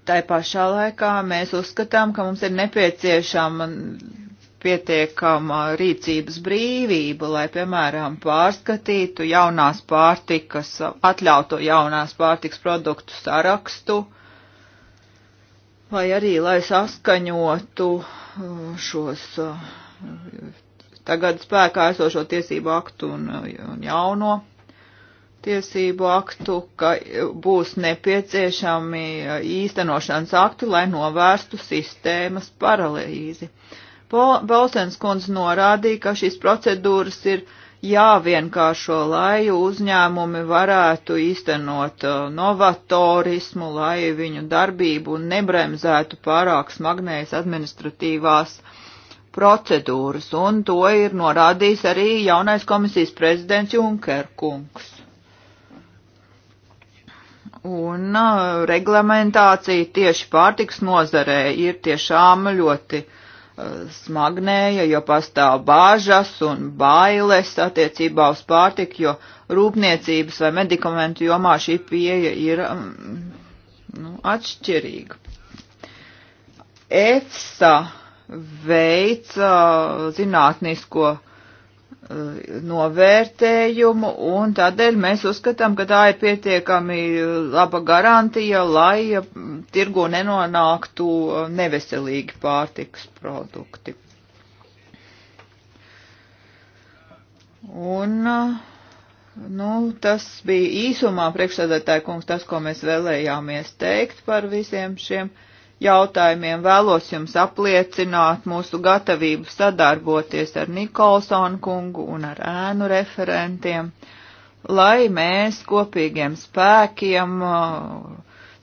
Tā pašā laikā mēs uzskatām, ka mums ir nepieciešama pietiekama rīcības brīvība, lai, piemēram, pārskatītu jaunās pārtikas, atļautu jaunās pārtikas produktu sarakstu, vai arī, lai saskaņotu uh, šos uh, tagad spēkā esošo tiesību aktu un, uh, un jauno tiesību aktu, ka būs nepieciešami eh, īstenošanas akti, lai novērstu sistēmas paralīzi. Bausens kundze norādīja, ka šīs procedūras ir jāvienkāršo, lai uzņēmumi varētu īstenot eh, novatorismu, lai viņu darbību nebremzētu pārāk smagnējas administratīvās procedūras, un to ir norādījis arī jaunais komisijas prezidents Junker kungs. Un uh, reglamentācija tieši pārtiks nozarē ir tiešām ļoti uh, smagnēja, jo pastāv bāžas un bailes attiecībā uz pārtiku, jo rūpniecības vai medikamentu jomā šī pieeja ir um, nu, atšķirīga. EFSA veica zinātnisko uh, Eh, novērtējumu, un tādēļ mēs uzskatām, ka tā ir pietiekami eh, laba garantija, lai eh, tirgo nenonāktu neveselīgi pārtikas produkti. Un, nu, tas bija īsumā priekšsēdētāja kungs tas, ko mēs vēlējāmies teikt par visiem šiem uh, jautājumiem vēlos jums apliecināt mūsu gatavību sadarboties ar Nikolsonu kungu un ar ēnu referentiem, lai mēs kopīgiem spēkiem uh,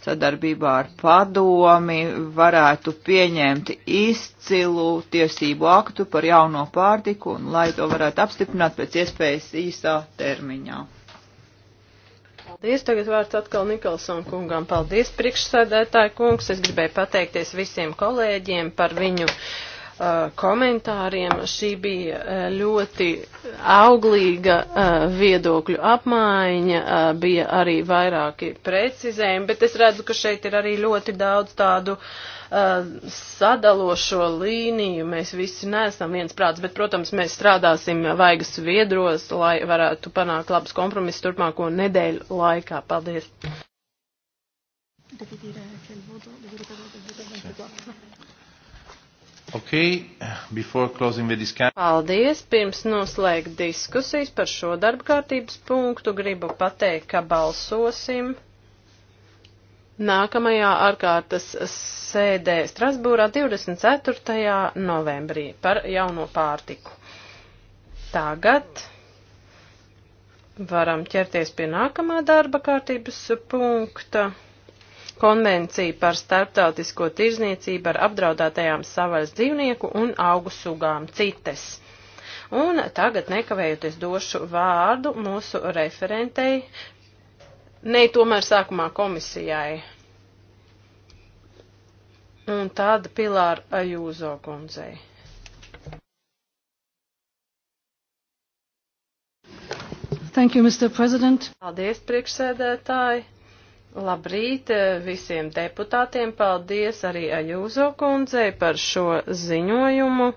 sadarbībā ar padomi varētu pieņemt izcilu tiesību aktu par jauno pārtiku un lai to varētu apstiprināt pēc iespējas īsā termiņā. Paldies, tagad vārds atkal Nikolson kungam. Paldies, priekšsēdētāji kungs. Es gribēju pateikties visiem kolēģiem par viņu uh, komentāriem. Šī bija uh, ļoti auglīga uh, viedokļu apmaiņa, uh, bija arī vairāki precizējumi, bet es redzu, ka šeit ir arī ļoti daudz tādu uh, Uh, sadalošo līniju. Mēs visi neesam viens prāts, bet, protams, mēs strādāsim vaigas viedros, lai varētu panākt labus kompromisus turpmāko nedēļu laikā. Paldies! Okay, before closing the discussion. Paldies, pirms noslēgt diskusijas par šo darbkārtības punktu, gribu pateikt, ka balsosim nākamajā ārkārtas sēdē Strasbūrā 24. novembrī par jauno pārtiku. Tagad varam ķerties pie nākamā darba kārtības punkta. Konvencija par starptautisko tirzniecību ar apdraudētajām savas dzīvnieku un augu sugām cites. Un tagad nekavējoties došu vārdu mūsu referentei Nē, tomēr sākumā komisijai. Un tāda Pilāra Ajūzo kundzei. Thank you, Mr. President. Paldies, priekšsēdētāji. Labrīt eh, visiem deputātiem. Paldies arī Ajūzo kundzei par šo ziņojumu.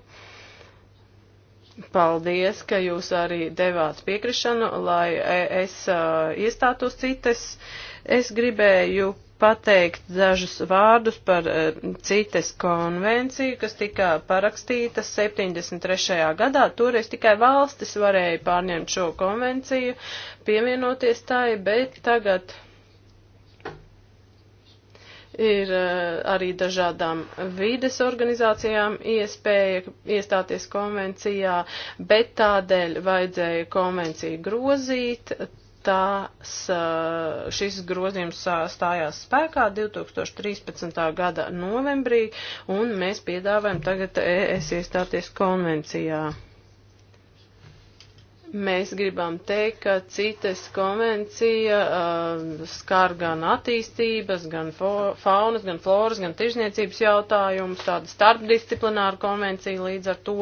Paldies, ka jūs arī devāt piekrišanu, lai es uh, iestātos citas. Es gribēju pateikt dažus vārdus par uh, citas konvenciju, kas tika parakstīta 73. gadā. Toreiz tikai valstis varēja pārņemt šo konvenciju, pievienoties tai, bet tagad ir eh, arī dažādām vides organizācijām iespēja iestāties konvencijā, bet tādēļ vajadzēja konvenciju grozīt. Tās, eh, šis grozījums stājās spēkā 2013. gada novembrī, un mēs piedāvājam tagad ES iestāties konvencijā. Mēs gribam teikt, ka CITES konvencija uh, skar gan attīstības, gan faunas, gan floras, gan tirzniecības jautājumus, tāda starpdisciplināra konvencija līdz ar to.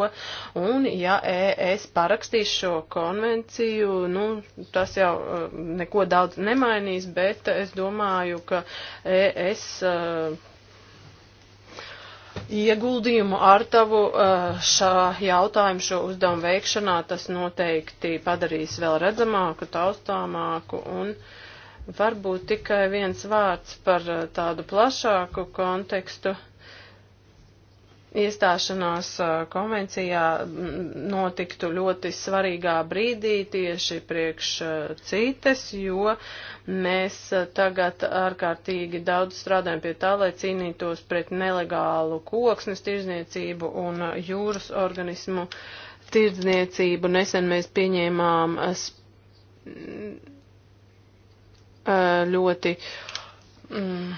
Un ja es parakstīšu šo konvenciju, nu, tas jau uh, neko daudz nemainīs, bet es domāju, ka es. Uh, ieguldījumu ārtavu eh, šā jautājumu, šo uzdevumu veikšanā, tas noteikti padarīs vēl redzamāku, taustāmāku un varbūt tikai viens vārds par eh, tādu plašāku kontekstu iestāšanās konvencijā notiktu ļoti svarīgā brīdī tieši priekš citas, jo mēs tagad ārkārtīgi daudz strādājam pie tā, lai cīnītos pret nelegālu koksnes tirzniecību un jūras organismu tirdzniecību. Nesen mēs pieņēmām ļoti. Mm,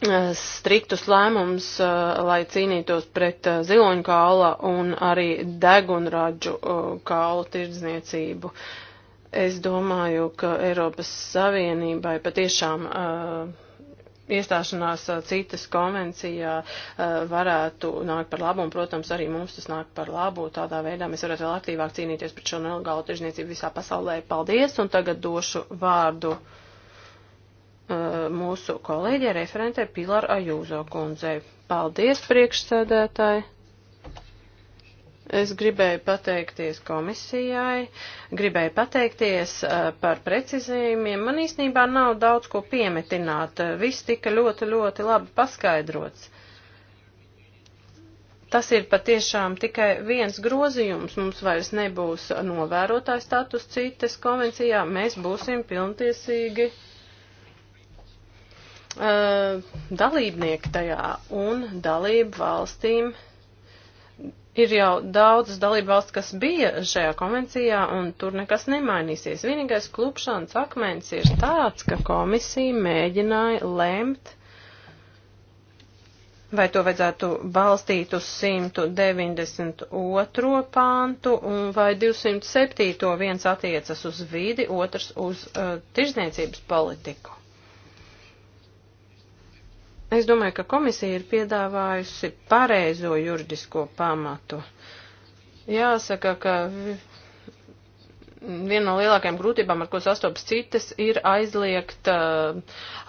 Eh, striktus lēmumus, eh, lai cīnītos pret eh, ziloņu kāla un arī degunraģu kālu tirdzniecību. Es domāju, ka Eiropas Savienībai patiešām iestāšanās citas konvencijā varētu nākt par labu, un, protams, arī mums tas nāk par labu. Tādā veidā mēs varētu vēl aktīvāk cīnīties pret šo nelegālu tirzniecību visā pasaulē. Paldies, un tagad došu vārdu. Eh, mūsu kolēģe referentē Pilar Ajūzo kundzei. Paldies, priekšsēdētāji! Es gribēju pateikties komisijai, gribēju pateikties eh, par precizējumiem. Man īstenībā nav daudz ko piemetināt. Viss tika ļoti, ļoti labi paskaidrots. Tas ir patiešām tikai viens grozījums. Mums vairs nebūs novērotāja status citas konvencijā. Mēs būsim pilntiesīgi Uh, dalībnieki tajā un dalību valstīm. Ir jau daudzas dalība valsts, kas bija šajā konvencijā, un tur nekas nemainīsies. Vienīgais klupšanas akmens ir tāds, ka komisija mēģināja lemt, vai to vajadzētu balstīt uz 192. pāntu, un vai 207. viens attiecas uz vidi, otrs uz uh, tirzniecības politiku. Es domāju, ka komisija ir piedāvājusi pareizo juridisko pamatu. Jāsaka, ka viena no lielākajām grūtībām, ar ko sastopas citas, ir aizliegt uh,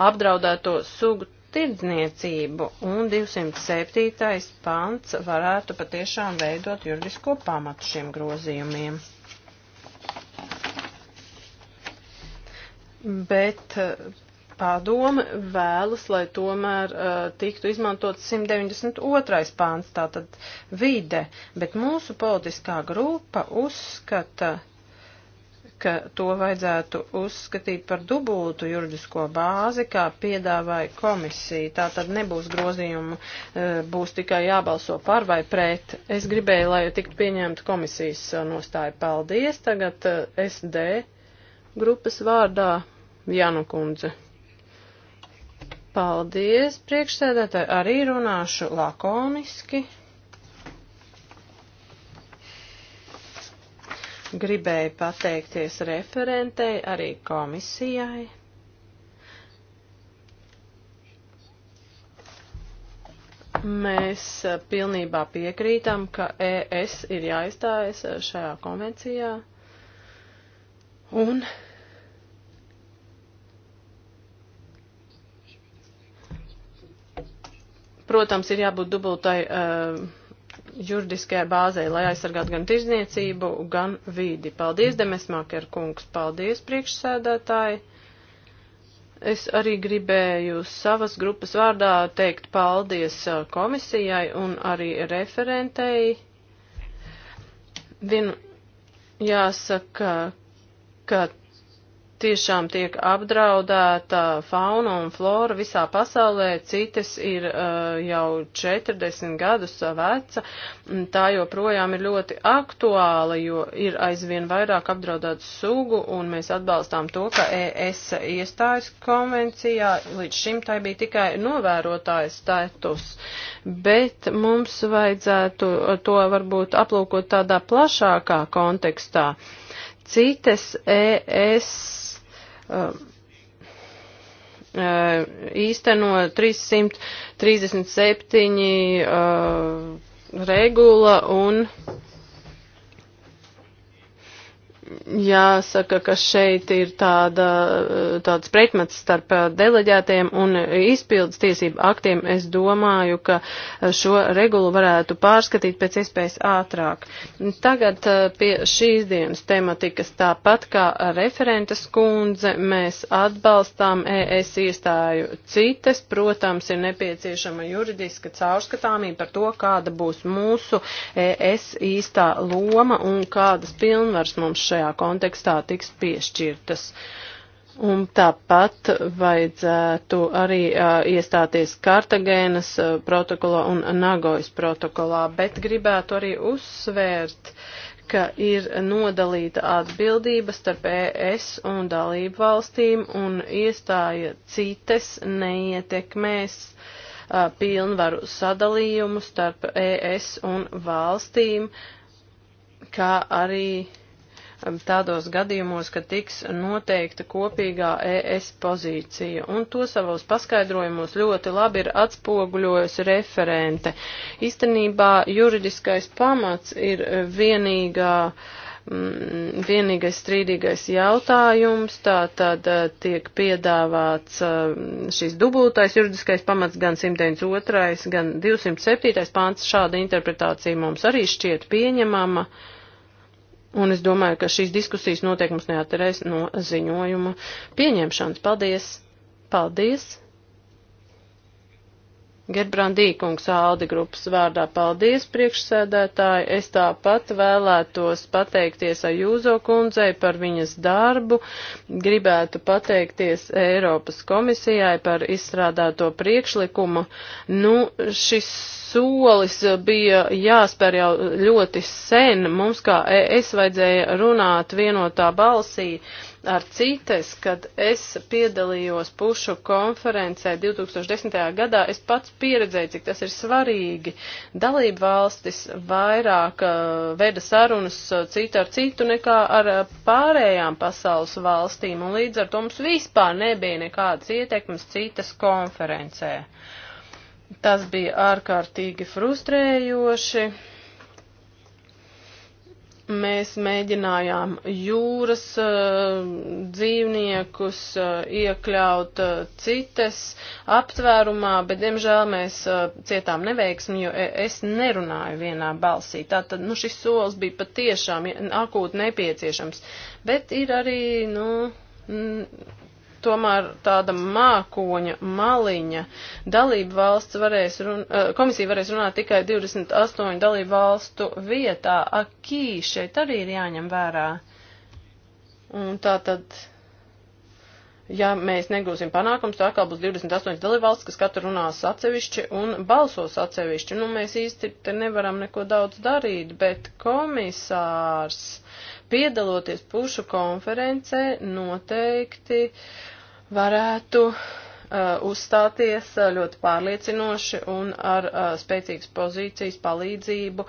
apdraudēto sugu tirdzniecību, un 207. pants varētu patiešām veidot juridisko pamatu šiem grozījumiem. Bet uh, padome vēlas, lai tomēr uh, tiktu izmantot 192. pāns, tātad vide, bet mūsu politiskā grupa uzskata, ka to vajadzētu uzskatīt par dubultu juridisko bāzi, kā piedāvāja komisija. Tā tad nebūs grozījumu, uh, būs tikai jābalso par vai pret. Es gribēju, lai tiktu pieņemta komisijas uh, nostāja. Paldies. Tagad uh, SD grupas vārdā Janu Kundze. Paldies, priekšsēdētāji, arī runāšu lakoniski. Gribēju pateikties referentei, arī komisijai. Mēs eh, pilnībā piekrītam, ka ES ir jāizstājas eh, šajā konvencijā. Un Protams, ir jābūt dubultai uh, juridiskajai bāzei, lai aizsargātu gan tirzniecību, gan vīdi. Paldies, Demesmāker kungs, paldies, priekšsēdētāji. Es arī gribēju savas grupas vārdā teikt paldies eh, komisijai un arī referentei. Vien jāsaka, ka tiešām tiek apdraudēta fauna un flora visā pasaulē, citas ir uh, jau 40 gadus veca, mm, tā joprojām ir ļoti aktuāla, jo ir aizvien vairāk apdraudētu sugu, un mēs atbalstām to, ka ES iestājas konvencijā, līdz šim tai bija tikai novērotājas status, bet mums vajadzētu to varbūt aplūkot tādā plašākā kontekstā. Citas ES īsteno 337 uh, regula un jāsaka, ka šeit ir tāda, tāds pretmets starp deleģētiem un izpildes tiesību aktiem. Es domāju, ka šo regulu varētu pārskatīt pēc iespējas ātrāk. Tagad eh, pie šīs dienas tematikas tāpat kā referentes kundze mēs atbalstām ES iestāju citas. Protams, ir nepieciešama juridiska caurskatāmība par to, kāda būs mūsu ES īstā loma un kādas pilnvaras mums šeit šajā kontekstā tiks piešķirtas. Un tāpat vajadzētu arī uh, iestāties Kartagēnas uh, protokolā un Nagojas protokolā, bet gribētu arī uzsvērt, ka ir nodalīta atbildība starp ES un dalību valstīm un iestāja citas neietekmēs uh, pilnvaru sadalījumu starp ES un valstīm, kā arī Um, tādos gadījumos, ka tiks noteikta kopīgā ES pozīcija. Un to savos paskaidrojumos ļoti labi ir atspoguļojusi referente. Īstenībā juridiskais pamats ir vienīgā mm, vienīgais strīdīgais jautājums, tā tad uh, tiek piedāvāts um, šis dubultais juridiskais pamats gan 192, gan 207. pāns. Šāda interpretācija mums arī šķiet pieņemama. Uh, Un es domāju, ka šīs diskusijas noteikti mums neatterēs no ziņojuma pieņemšanas. Paldies! Paldies! Gerbrandīkungs Aldi grupas vārdā paldies priekšsēdētāji. Es tāpat vēlētos pateikties Ajūzo kundzei par viņas darbu, gribētu pateikties Eiropas komisijai par izstrādāto priekšlikumu. Nu, šis solis bija jāspēr jau ļoti sen. Mums kā es vajadzēja runāt vienotā balsī. Uh, ar citas, kad es piedalījos pušu konferencē 2010. gadā, es pats pieredzēju, cik tas ir svarīgi. Dalība valstis vairāk uh, veda sarunas uh, citu ar citu nekā ar uh, pārējām pasaules valstīm, un līdz ar to mums vispār nebija nekādas ietekmes citas konferencē. Tas bija ārkārtīgi frustrējoši mēs mēģinājām jūras eh, dzīvniekus eh, iekļaut eh, citas aptvērumā, bet, diemžēl, mēs cietām neveiksmi, jo e, es nerunāju vienā balsī. Tātad, nu, šis solis bija patiešām akūti nepieciešams, bet ir arī, nu, tomēr tāda mākoņa, maliņa. Dalība valsts varēs, run, eh, komisija varēs runāt tikai 28 dalību valstu vietā. Akī šeit arī ir jāņem vērā. Un tā tad, ja mēs negūsim panākums, tā kā būs 28 dalību valsts, kas katru runās atsevišķi un balsos atsevišķi. Nu, mēs īsti te nevaram neko daudz darīt, bet komisārs piedaloties pušu konferencē, noteikti varētu uh, uzstāties uh, ļoti pārliecinoši un ar uh, spēcīgas pozīcijas palīdzību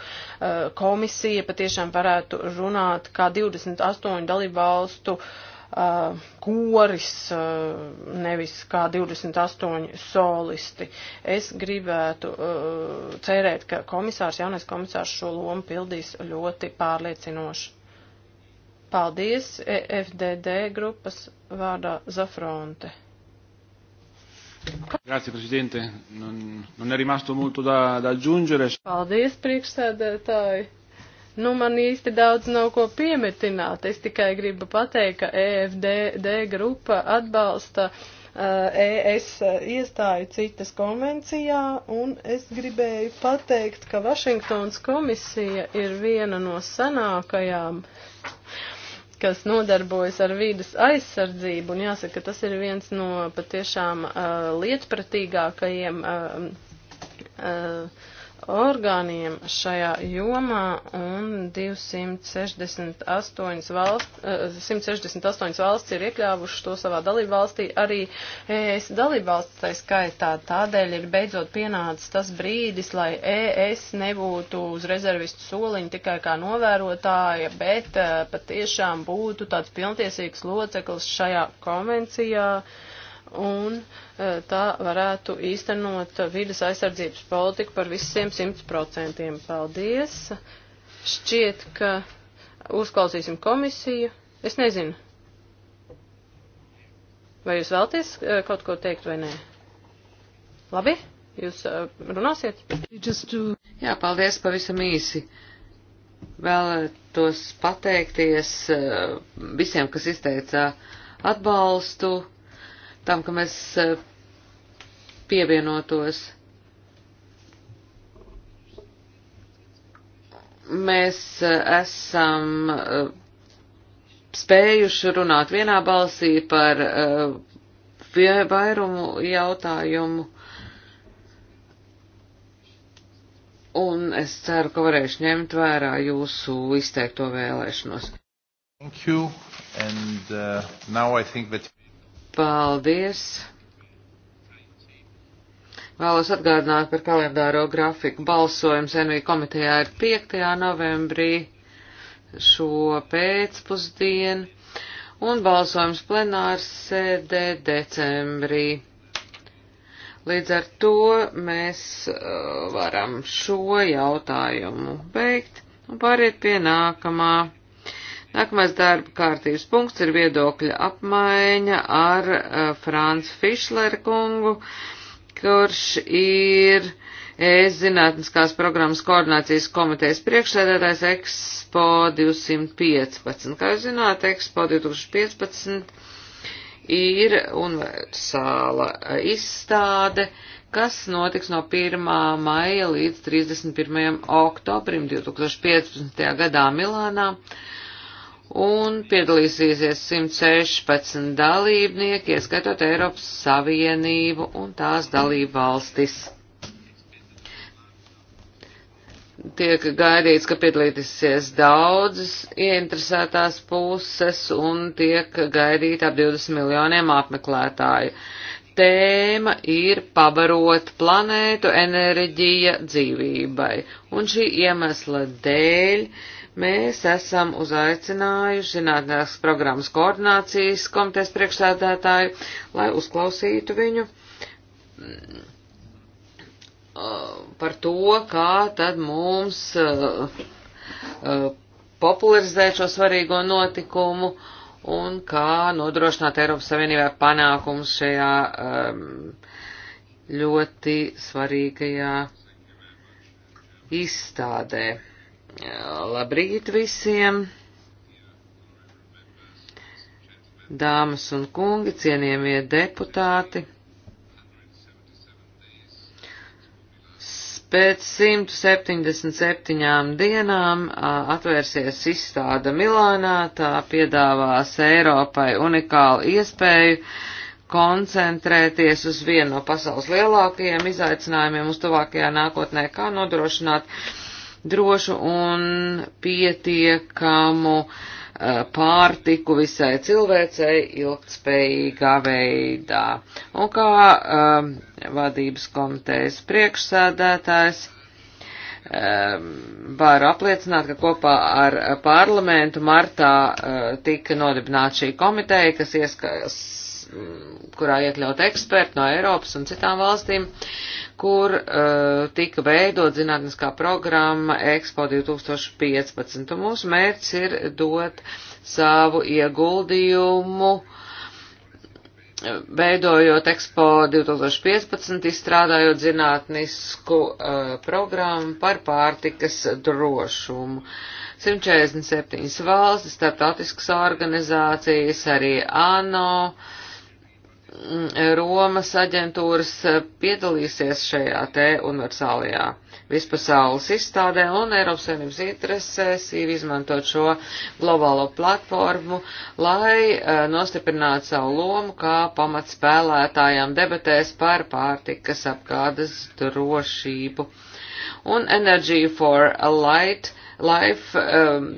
komisija patiešām varētu runāt kā 28 dalību valstu koris, nevis kā 28 solisti. Es gribētu cerēt, ka komisārs, jaunais komisārs šo lomu pildīs ļoti pārliecinoši. Paldies e FDD grupas vārdā Zafronte. Grazie Presidente, non, non è rimasto molto da, da aggiungere. Paldies priekšsēdētāji. Nu, man īsti daudz nav ko piemetināt. Es tikai gribu pateikt, ka EFDD grupa atbalsta uh, ES iestāju citas konvencijā, un es gribēju pateikt, ka Vašingtons komisija ir viena no senākajām uh, kas nodarbojas ar vīdas aizsardzību, un jāsaka, ka tas ir viens no patiešām uh, lietpratīgākajiem uh, uh, orgāniem šajā jomā un 268 valsts, 168 eh, valsts ir iekļāvuši to savā dalību valstī, arī ES dalību valsts tai skaitā. Tādēļ ir beidzot pienācis tas brīdis, lai ES nebūtu uz rezervistu soliņa tikai kā novērotāja, bet eh, patiešām būtu tāds pilntiesīgs loceklis šajā konvencijā un e, tā varētu īstenot vidas aizsardzības politiku par visiem 100%. Paldies! Šķiet, ka uzklausīsim komisiju. Es nezinu, vai jūs vēlties e, kaut ko teikt vai nē. Labi, jūs e, runāsiet? To... Jā, paldies pavisam īsi. Vēlētos pateikties visiem, kas izteica atbalstu tam, ka mēs eh, pievienotos. Mēs eh, esam eh, spējuši runāt vienā balsī par vairumu jautājumu. Un es ceru, ka varēšu ņemt vērā jūsu izteikto vēlēšanos. Thank you. And uh, now I think that Paldies! Vēlos atgādināt par kalendāro grafiku. Balsojums NV komitejā ir 5. novembrī šo pēcpusdienu un balsojums plenārs sēdē decembrī. Līdz ar to mēs uh, varam šo jautājumu beigt un pāriet pie nākamā. Nākamais darba kārtības punkts ir viedokļa apmaiņa ar uh, Frāns Fišler kungu, kurš ir ES eh, zinātniskās programmas koordinācijas komitejas priekšsēdētājs Expo 215. Kā jūs zināt, Expo 2015 ir universāla eh, izstāde, kas notiks no 1. maija līdz 31. oktobrim 2015. gadā Milānā. Uh, un piedalīsies 116 dalībnieki, ieskatot Eiropas Savienību un tās dalību valstis. Tiek gaidīts, ka piedalīsies daudzas ieinteresētās puses un tiek gaidīta ap 20 miljoniem apmeklētāju. Tēma ir pabarot planētu enerģija dzīvībai, un šī iemesla dēļ uh, Mēs esam uzaicinājuši zinātnēs programmas koordinācijas komitejas priekšsēdētāju, lai uzklausītu viņu mm, uh, par to, kā tad mums uh, uh, popularizēt šo svarīgo notikumu un kā nodrošināt Eiropas Savienībā panākums šajā um, ļoti svarīgajā izstādē. Labrīt visiem! Dāmas un kungi, cienījamie deputāti! Pēc 177 dienām atvērsies izstāde Milānā, tā piedāvās Eiropai unikālu iespēju koncentrēties uz vienu no pasaules lielākajiem izaicinājumiem uz tuvākajā nākotnē, kā nodrošināt uh, drošu un pietiekamu eh, pārtiku visai cilvēcei ilgtspējīgā veidā. Un kā um, vadības komitejas priekšsēdētājs eh, varu apliecināt, ka kopā ar parlamentu martā tika nodibināta šī komiteja, kas ieskās mm, kurā iekļaut eksperti no Eiropas un citām valstīm, kur uh, tika veidot zinātniskā programma Expo 2015, un mūsu mērķis ir dot savu ieguldījumu, eh, veidojot Expo 2015, izstrādājot zinātnisku uh, programmu par pārtikas drošumu. 147 valstis, starptautiskas organizācijas, arī ANO, uh, Mm, Romas aģentūras eh, piedalīsies šajā te universālajā vispasaules izstādē un Eiropas Savienības interesēs ir izmantot šo globālo platformu, lai eh, nostiprinātu savu lomu kā pamatspēlētājām debatēs par pārtikas apgādes drošību. Un Energy for Light Life um,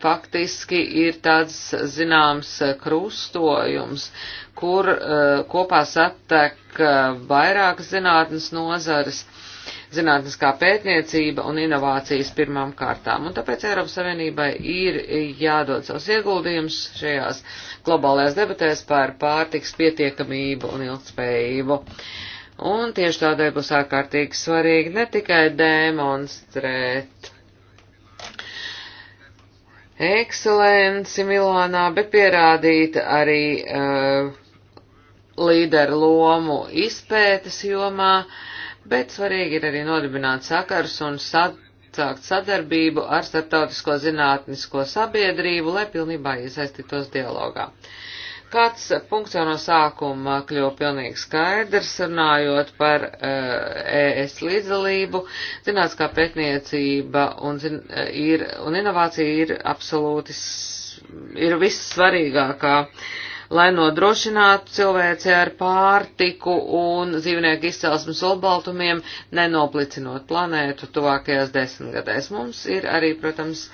faktiski ir tāds zināms krustojums, kur uh, kopā satek uh, vairākas zinātnes nozares, zinātniskā pētniecība un inovācijas pirmām kārtām. Un tāpēc Eiropas Savienībai ir jādod savus ieguldījumus šajās globālajās debatēs par pārtiks pietiekamību un ilgspējību. Uh, Un tieši tādēļ būs ārkārtīgi svarīgi ne tikai demonstrēt ekscelenci Milānā, bet pierādīta arī uh, līderu lomu izpētes jomā, bet svarīgi ir arī nodibināt sakars un sākt sadarbību ar starptautisko zinātnisko sabiedrību, lai pilnībā iesaistītos dialogā. Uh, Kāds punkts jau no sākuma kļuva pilnīgi skaidrs, runājot par uh, eh, ES līdzdalību. Zināts, kā pētniecība un, zin, eh, ir, un inovācija ir absolūti, ir vissvarīgākā, lai nodrošinātu cilvēci ar pārtiku un dzīvnieku izcelsmes olbaltumiem, nenoplicinot planētu tuvākajās desmitgadēs. Mums ir arī, protams,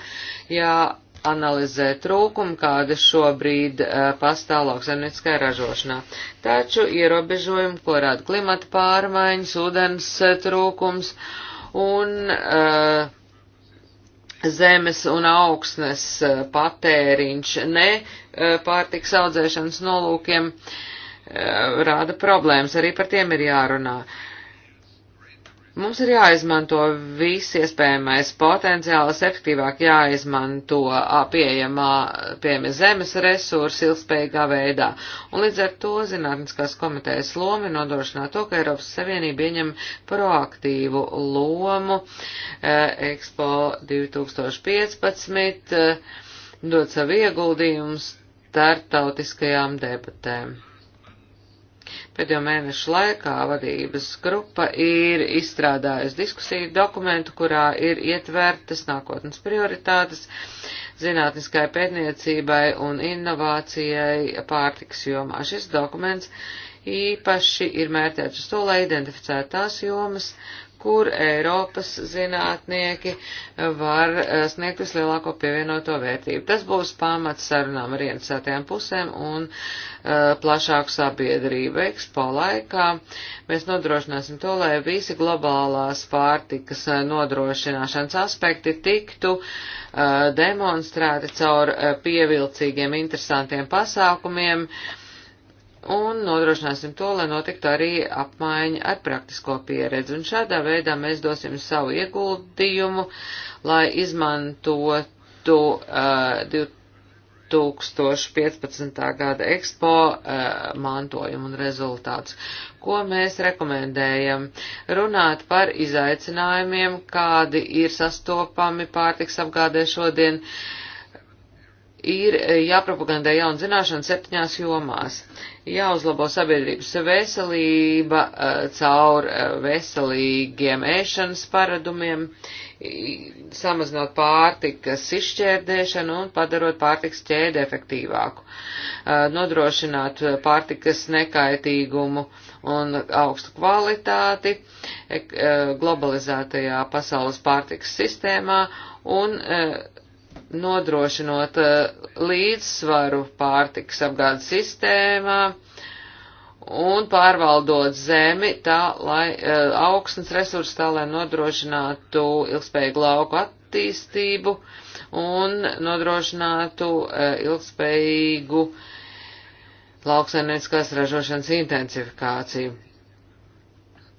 jā analizē trūkumu, kāda šobrīd uh, pastāv lauksaimnieciskajā ražošanā. Taču ierobežojumi, ko rada klimata pārmaiņas, ūdens eh, trūkums un uh, zemes un augsnes patēriņš ne uh, pārtiks audzēšanas nolūkiem rāda problēmas, arī par tiem ir jārunā. Uh, Mums ir jāizmanto viss iespējamais potenciāls, efektīvāk jāizmanto pieejamā, pieejamie zemes resursi ilgspējīgā veidā. Un līdz ar to zinātniskās komitejas lomi nodrošināt to, ka Eiropas Savienība ieņem proaktīvu lomu Expo 2015, dod savu ieguldījumu startautiskajām debatēm. Pēdējo mēnešu laikā vadības grupa ir izstrādājusi diskusiju dokumentu, kurā ir ietvertas nākotnes prioritātes zinātniskai pētniecībai un inovācijai pārtiks jomā. Šis dokuments īpaši ir mērķēts uz to, lai identificētu tās jomas, uh, kur Eiropas zinātnieki var eh, sniegt vislielāko pievienoto vērtību. Tas būs pamats sarunām ar ieinteresētajām pusēm un uh, plašāku sabiedrību ekspo laikā. Mēs nodrošināsim to, lai visi globālās pārtikas eh, nodrošināšanas aspekti tiktu uh, demonstrēti caur uh, pievilcīgiem, interesantiem pasākumiem. Uh, un nodrošināsim to, lai notiktu arī apmaiņa ar praktisko pieredzi. Un šādā veidā mēs dosim savu ieguldījumu, lai izmantotu uh, 2015. gada ekspo uh, mantojumu un rezultātus. Ko mēs rekomendējam? Runāt par izaicinājumiem, kādi ir sastopami pārtiks apgādē šodien. Uh, ir eh, jāpropagandē jauna zināšana septiņās jomās. Jāuzlabo sabiedrības veselība eh, caur eh, veselīgiem ēšanas paradumiem, samazinot pārtikas izšķērdēšanu un padarot pārtikas ķēdi efektīvāku, nodrošināt pārtikas nekaitīgumu un augstu kvalitāti globalizētajā pasaules pārtikas sistēmā un nodrošinot eh, līdzsvaru pārtiks apgādes sistēmā un pārvaldot zemi tā, lai eh, augsnes resursi tā, lai nodrošinātu ilgspējīgu lauku attīstību un nodrošinātu eh, ilgspējīgu lauksainieciskās ražošanas intensifikāciju.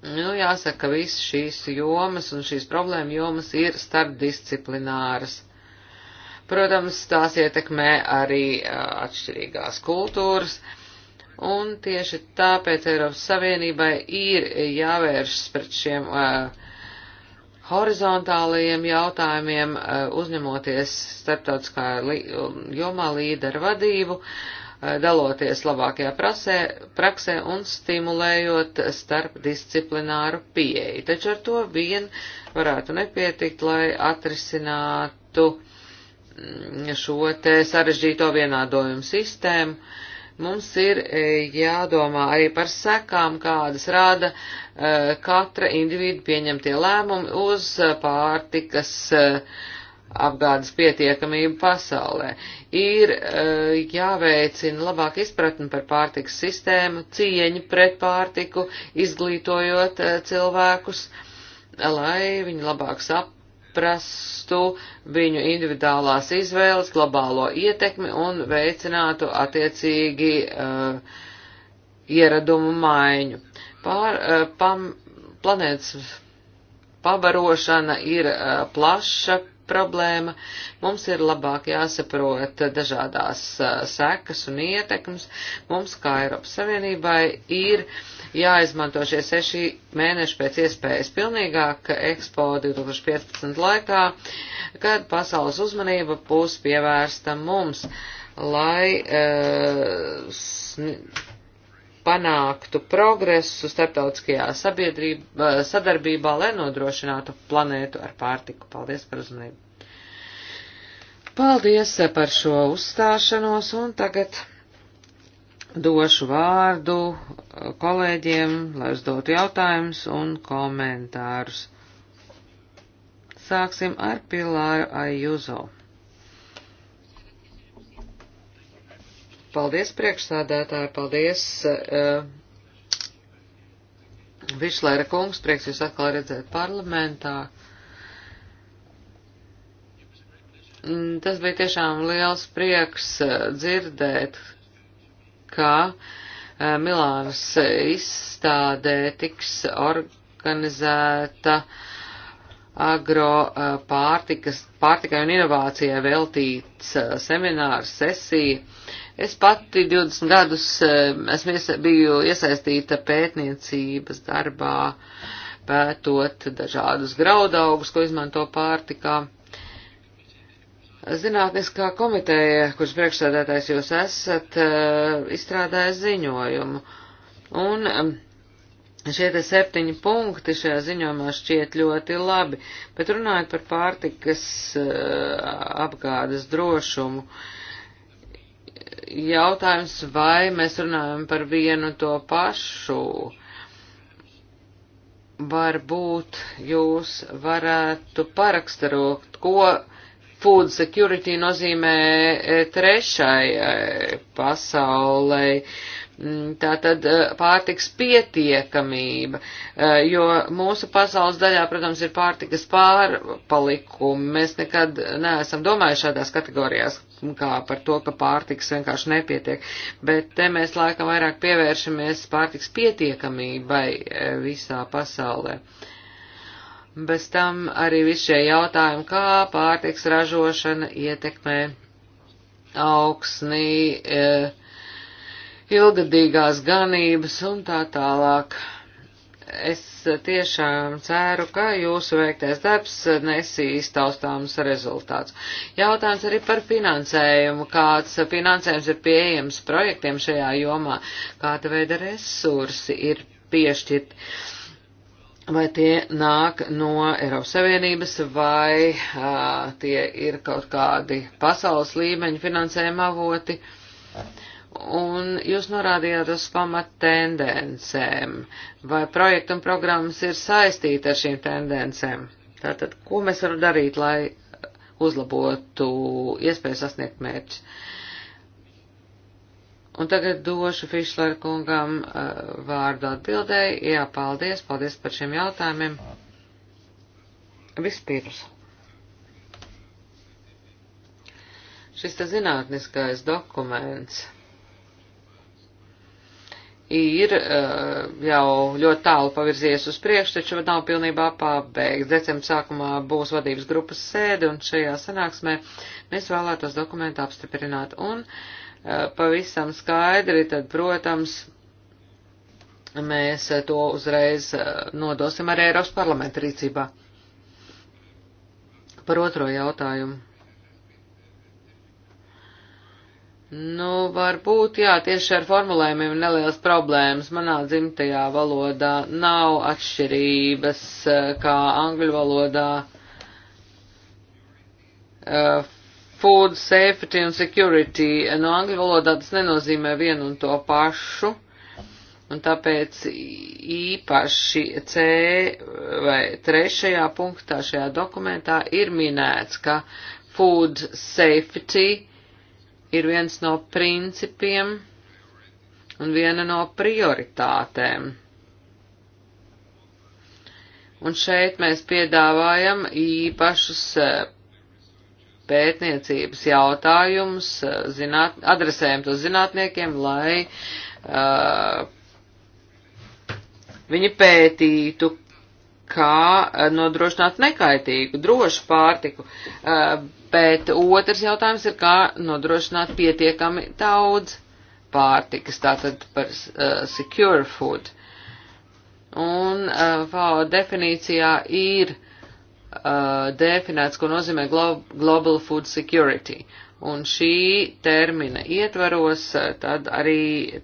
Nu, jāsaka, ka visas šīs jomas un šīs problēma jomas ir starpdisciplināras. Protams, tās ietekmē arī atšķirīgās kultūras. Un tieši tāpēc Eiropas Savienībai ir jāvēršas pret šiem uh, horizontālajiem jautājumiem, uh, uzņemoties starptautiskā li um, jomā līderu vadību, uh, daloties labākajā prasē, praksē un stimulējot starpdisciplināru pieeju. Taču ar to vien varētu nepietikt, lai atrisinātu uh, šo te sarežģīto vienādojumu sistēmu, mums ir e, jādomā arī par sekām, kādas rāda e, katra individu pieņemtie lēmumi uz pārtikas e, apgādes pietiekamību pasaulē. Ir jāveicina labāk izpratni par pārtikas sistēmu, cieņa pret pārtiku, izglītojot cilvēkus, lai viņi labāk saprastu saprastu viņu individuālās izvēles, globālo ietekmi un veicinātu attiecīgi uh, ieradumu maiņu. Pār, uh, pam, planētas pavarošana ir uh, plaša problēma, mums ir labāk jāsaprot dažādās sekas un ietekmes. Mums, kā Eiropas Savienībai, ir jāizmanto šie seši mēneši pēc iespējas pilnīgāk Expo 2015 laikā, kad pasaules uzmanība būs pievērsta mums, lai uh, panāktu progresu starptautiskajā eh, sadarbībā, lai nodrošinātu planētu ar pārtiku. Paldies par uzmanību. Paldies par šo uzstāšanos un tagad došu vārdu eh, kolēģiem, lai uzdotu jautājumus un komentārus. Sāksim ar Pilāru Ajuzo. Ai Paldies priekšsādētāji, paldies uh, Višlēra kungs, prieks jūs atkal redzēt parlamentā. Mm, tas bija tiešām liels prieks eh, dzirdēt, ka eh, Milānas izstādē tiks organizēta agro pārtikas, pārtikai un inovācijai veltīts seminārs, sesija Es pati 20 gadus esmu iesa, biju iesaistīta pētniecības darbā, pētot dažādus graudaugus, ko izmanto pārtikā. Zinātniskā komiteja, kurš priekšsēdētājs jūs esat, e, izstrādāja ziņojumu. Un šie te septiņi punkti šajā ziņojumā šķiet ļoti labi, bet runājot par pārtikas e, apgādes drošumu, uh, jautājums, vai mēs runājam par vienu to pašu. Varbūt jūs varētu parakstarot, ko food security nozīmē e, trešai e, pasaulei. Mm, tā tad e, pārtiks pietiekamība, jo mūsu pasaules daļā, protams, ir pārtikas pārpalikumi. Mēs nekad neesam domājuši šādās kategorijās kā par to, ka pārtiks vienkārši nepietiek, bet te mēs laikam vairāk pievēršamies pārtiks pietiekamībai e, visā pasaulē. Bez tam arī visi šie jautājumi, kā pārtiks ražošana ietekmē augsnī, e, ilgadīgās ganības un tā tālāk es tiešām ceru, ka jūsu veiktais darbs nesīs taustāms rezultāts. Jautājums arī par finansējumu. Kāds finansējums ir pieejams projektiem šajā jomā? Kāda veida resursi ir piešķirti? Vai tie nāk no Eiropas Savienības, vai uh, tie ir kaut kādi pasaules līmeņa finansējuma avoti? Uh, un jūs norādījāt uz pamat tendencēm, vai projekta un programmas ir saistīta ar šīm tendencēm. Tātad, ko mēs varam darīt, lai uzlabotu iespēju sasniegt mērķus? Un tagad došu Fišler kungam uh, vārdu atbildēji. Jā, paldies, paldies par šiem jautājumiem. Vispirms. Šis te zinātniskais dokuments ir eh, jau ļoti tālu pavirzies uz priekšu, taču nav pilnībā pabeigts. Decembra sākumā būs vadības grupas sēde, un šajā sanāksmē mēs vēlētos dokumentu apstiprināt. Un eh, pavisam skaidri, tad, protams, mēs to uzreiz eh, nodosim arī Eiropas parlamenta rīcībā. Par otro jautājumu. Nu, varbūt, jā, tieši ar formulējumiem ir nelielas problēmas. Manā dzimtajā valodā nav atšķirības eh, kā angļu valodā. Uh, food safety and security. No angļu valodā tas nenozīmē vienu un to pašu. Un tāpēc īpaši C vai trešajā punktā šajā dokumentā ir minēts, ka food safety ir viens no principiem un viena no prioritātēm. Un šeit mēs piedāvājam īpašus eh, pētniecības jautājumus, eh, zināt, adresējam to zinātniekiem, lai uh, viņi pētītu, kā nodrošināt nekaitīgu, drošu pārtiku. Uh, bet otrs jautājums ir, kā nodrošināt pietiekami daudz pārtikas, tātad par uh, secure food. Un uh, FAO definīcijā ir uh, definēts, ko nozīmē glo global food security. Un šī termina ietvaros uh, tad arī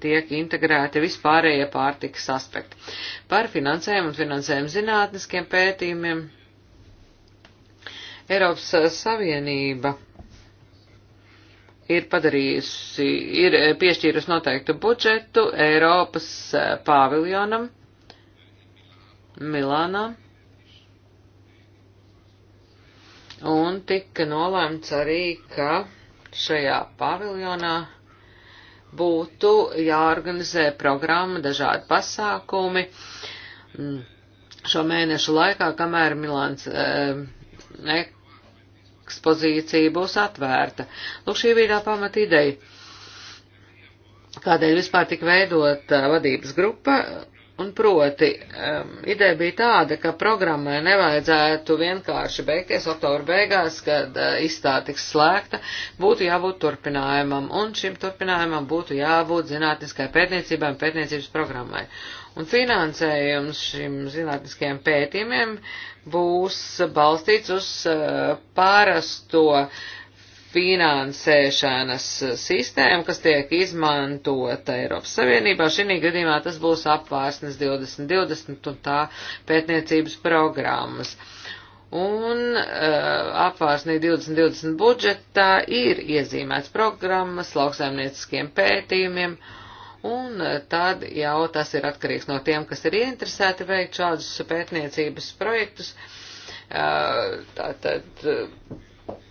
tiek integrēti vispārējie pārtikas aspekti. Par finansējumu un finansējumu zinātniskiem pētījumiem Eiropas eh, Savienība ir padarījusi, ir eh, piešķīrusi noteiktu budžetu Eiropas eh, paviljonam Milānā. Un tika nolēmts arī, ka šajā paviljonā būtu jāorganizē programma, dažādi pasākumi mm, šo mēnešu laikā, kamēr Milāns e, ekspozīcija būs atvērta. Lūk, šī bija tā pamat ideja. Kādēļ vispār tika veidot vadības grupa? Un proti, um, ideja bija tāda, ka programmai nevajadzētu vienkārši beigties oktobra beigās, kad uh, izstāde tiks slēgta, būtu jābūt turpinājumam, un šim turpinājumam būtu jābūt zinātniskai pētniecībai un pētniecības programmai. Uh, Un finansējums šim zinātniskajiem pētījumiem būs balstīts uz eh, parasto finansēšanas sistēmu, kas tiek izmantota Eiropas Savienībā. Šī gadījumā tas būs apvārsnes 2020 un tā pētniecības programmas un uh, apvārsnī 2020 budžetā ir iezīmēts programmas lauksaimnieciskiem pētījumiem Un eh, tad jau tas ir atkarīgs no tiem, kas ir ieinteresēti veikt šādus pētniecības projektus. Eh, Tātad eh,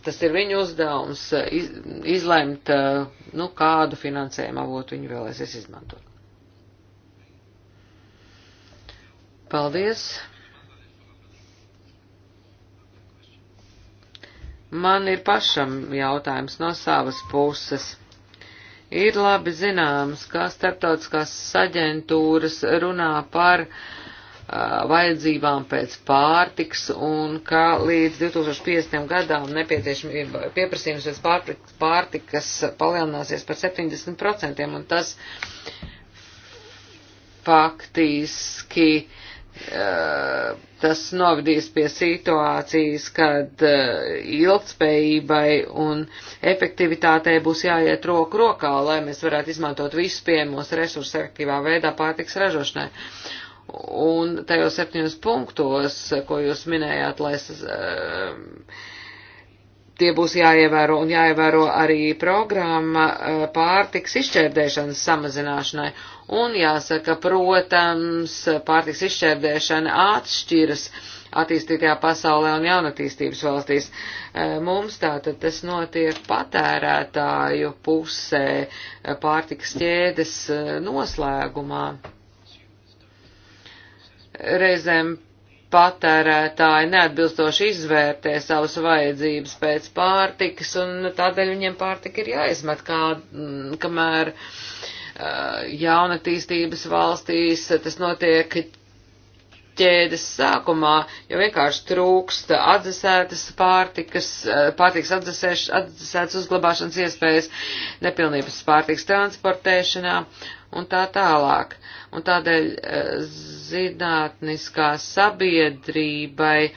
tas ir viņu uzdevums iz, izlemt, nu, kādu finansējumu avotu viņi vēlēsies izmantot. Paldies! Man ir pašam jautājums no savas puses. Ir labi zināms, ka starptautiskās aģentūras runā par uh, vajadzībām pēc pārtiks un ka līdz 2050. gadām pieprasījums pēc pārtiks, pārtikas palielināsies par 70% un tas faktiski uh, Eh, tas novadīs pie situācijas, kad eh, ilgtspējībai un efektivitātei būs jāiet roku rokā, lai mēs varētu izmantot visus pieejamos resursus efektīvā veidā pārtiks ražošanai. Un tajos septiņos punktos, ko jūs minējāt, lai es, uh, eh, tie būs jāievēro un jāievēro arī programma eh, pārtiks izšķērdēšanas samazināšanai. Un jāsaka, protams, pārtiks izšķērdēšana atšķiras attīstītajā pasaulē un jaunatīstības valstīs. Eh, mums tātad tas notiek patērētāju pusē eh, pārtiks ķēdes noslēgumā. Reizēm patērētāji neatbilstoši izvērtē savas vajadzības pēc pārtikas, un tādēļ viņiem pārtika ir jāizmet, kā, mm, kamēr jaunatīstības valstīs tas notiek ķēdes sākumā, jo vienkārši trūksta atdzesētas pārtikas, pārtikas atdzesētas uzglabāšanas iespējas, nepilnības pārtikas transportēšanā un tā tālāk un tādēļ e, zinātniskā sabiedrībai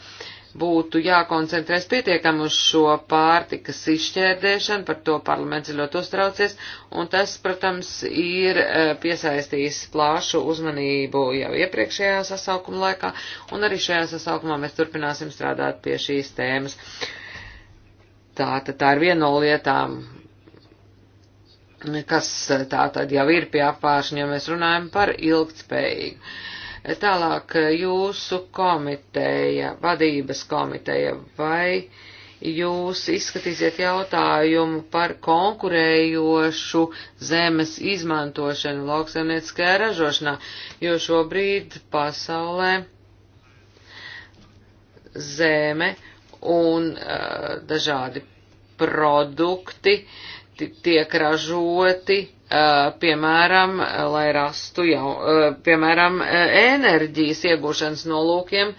būtu jākoncentrēs pietiekami uz šo pārtikas izšķērdēšanu, par to parlaments ļoti uztraucies, un tas, protams, ir e, piesaistījis plāšu uzmanību jau iepriekšējā sasaukuma laikā, un arī šajā sasaukumā mēs turpināsim strādāt pie šīs tēmas. Tā, tā ir viena no lietām, kas eh, tā tad jau ir pie apvāršņa, ja mēs runājam par ilgtspējīgu. Eh, tālāk eh, jūsu komiteja, vadības komiteja, vai jūs izskatīsiet jautājumu par konkurējošu zemes izmantošanu lauksaimnieciskajā ražošanā, jo šobrīd pasaulē zeme un uh, dažādi produkti uh, tiek ražoti, piemēram, lai rastu jau, piemēram, enerģijas iegūšanas nolūkiem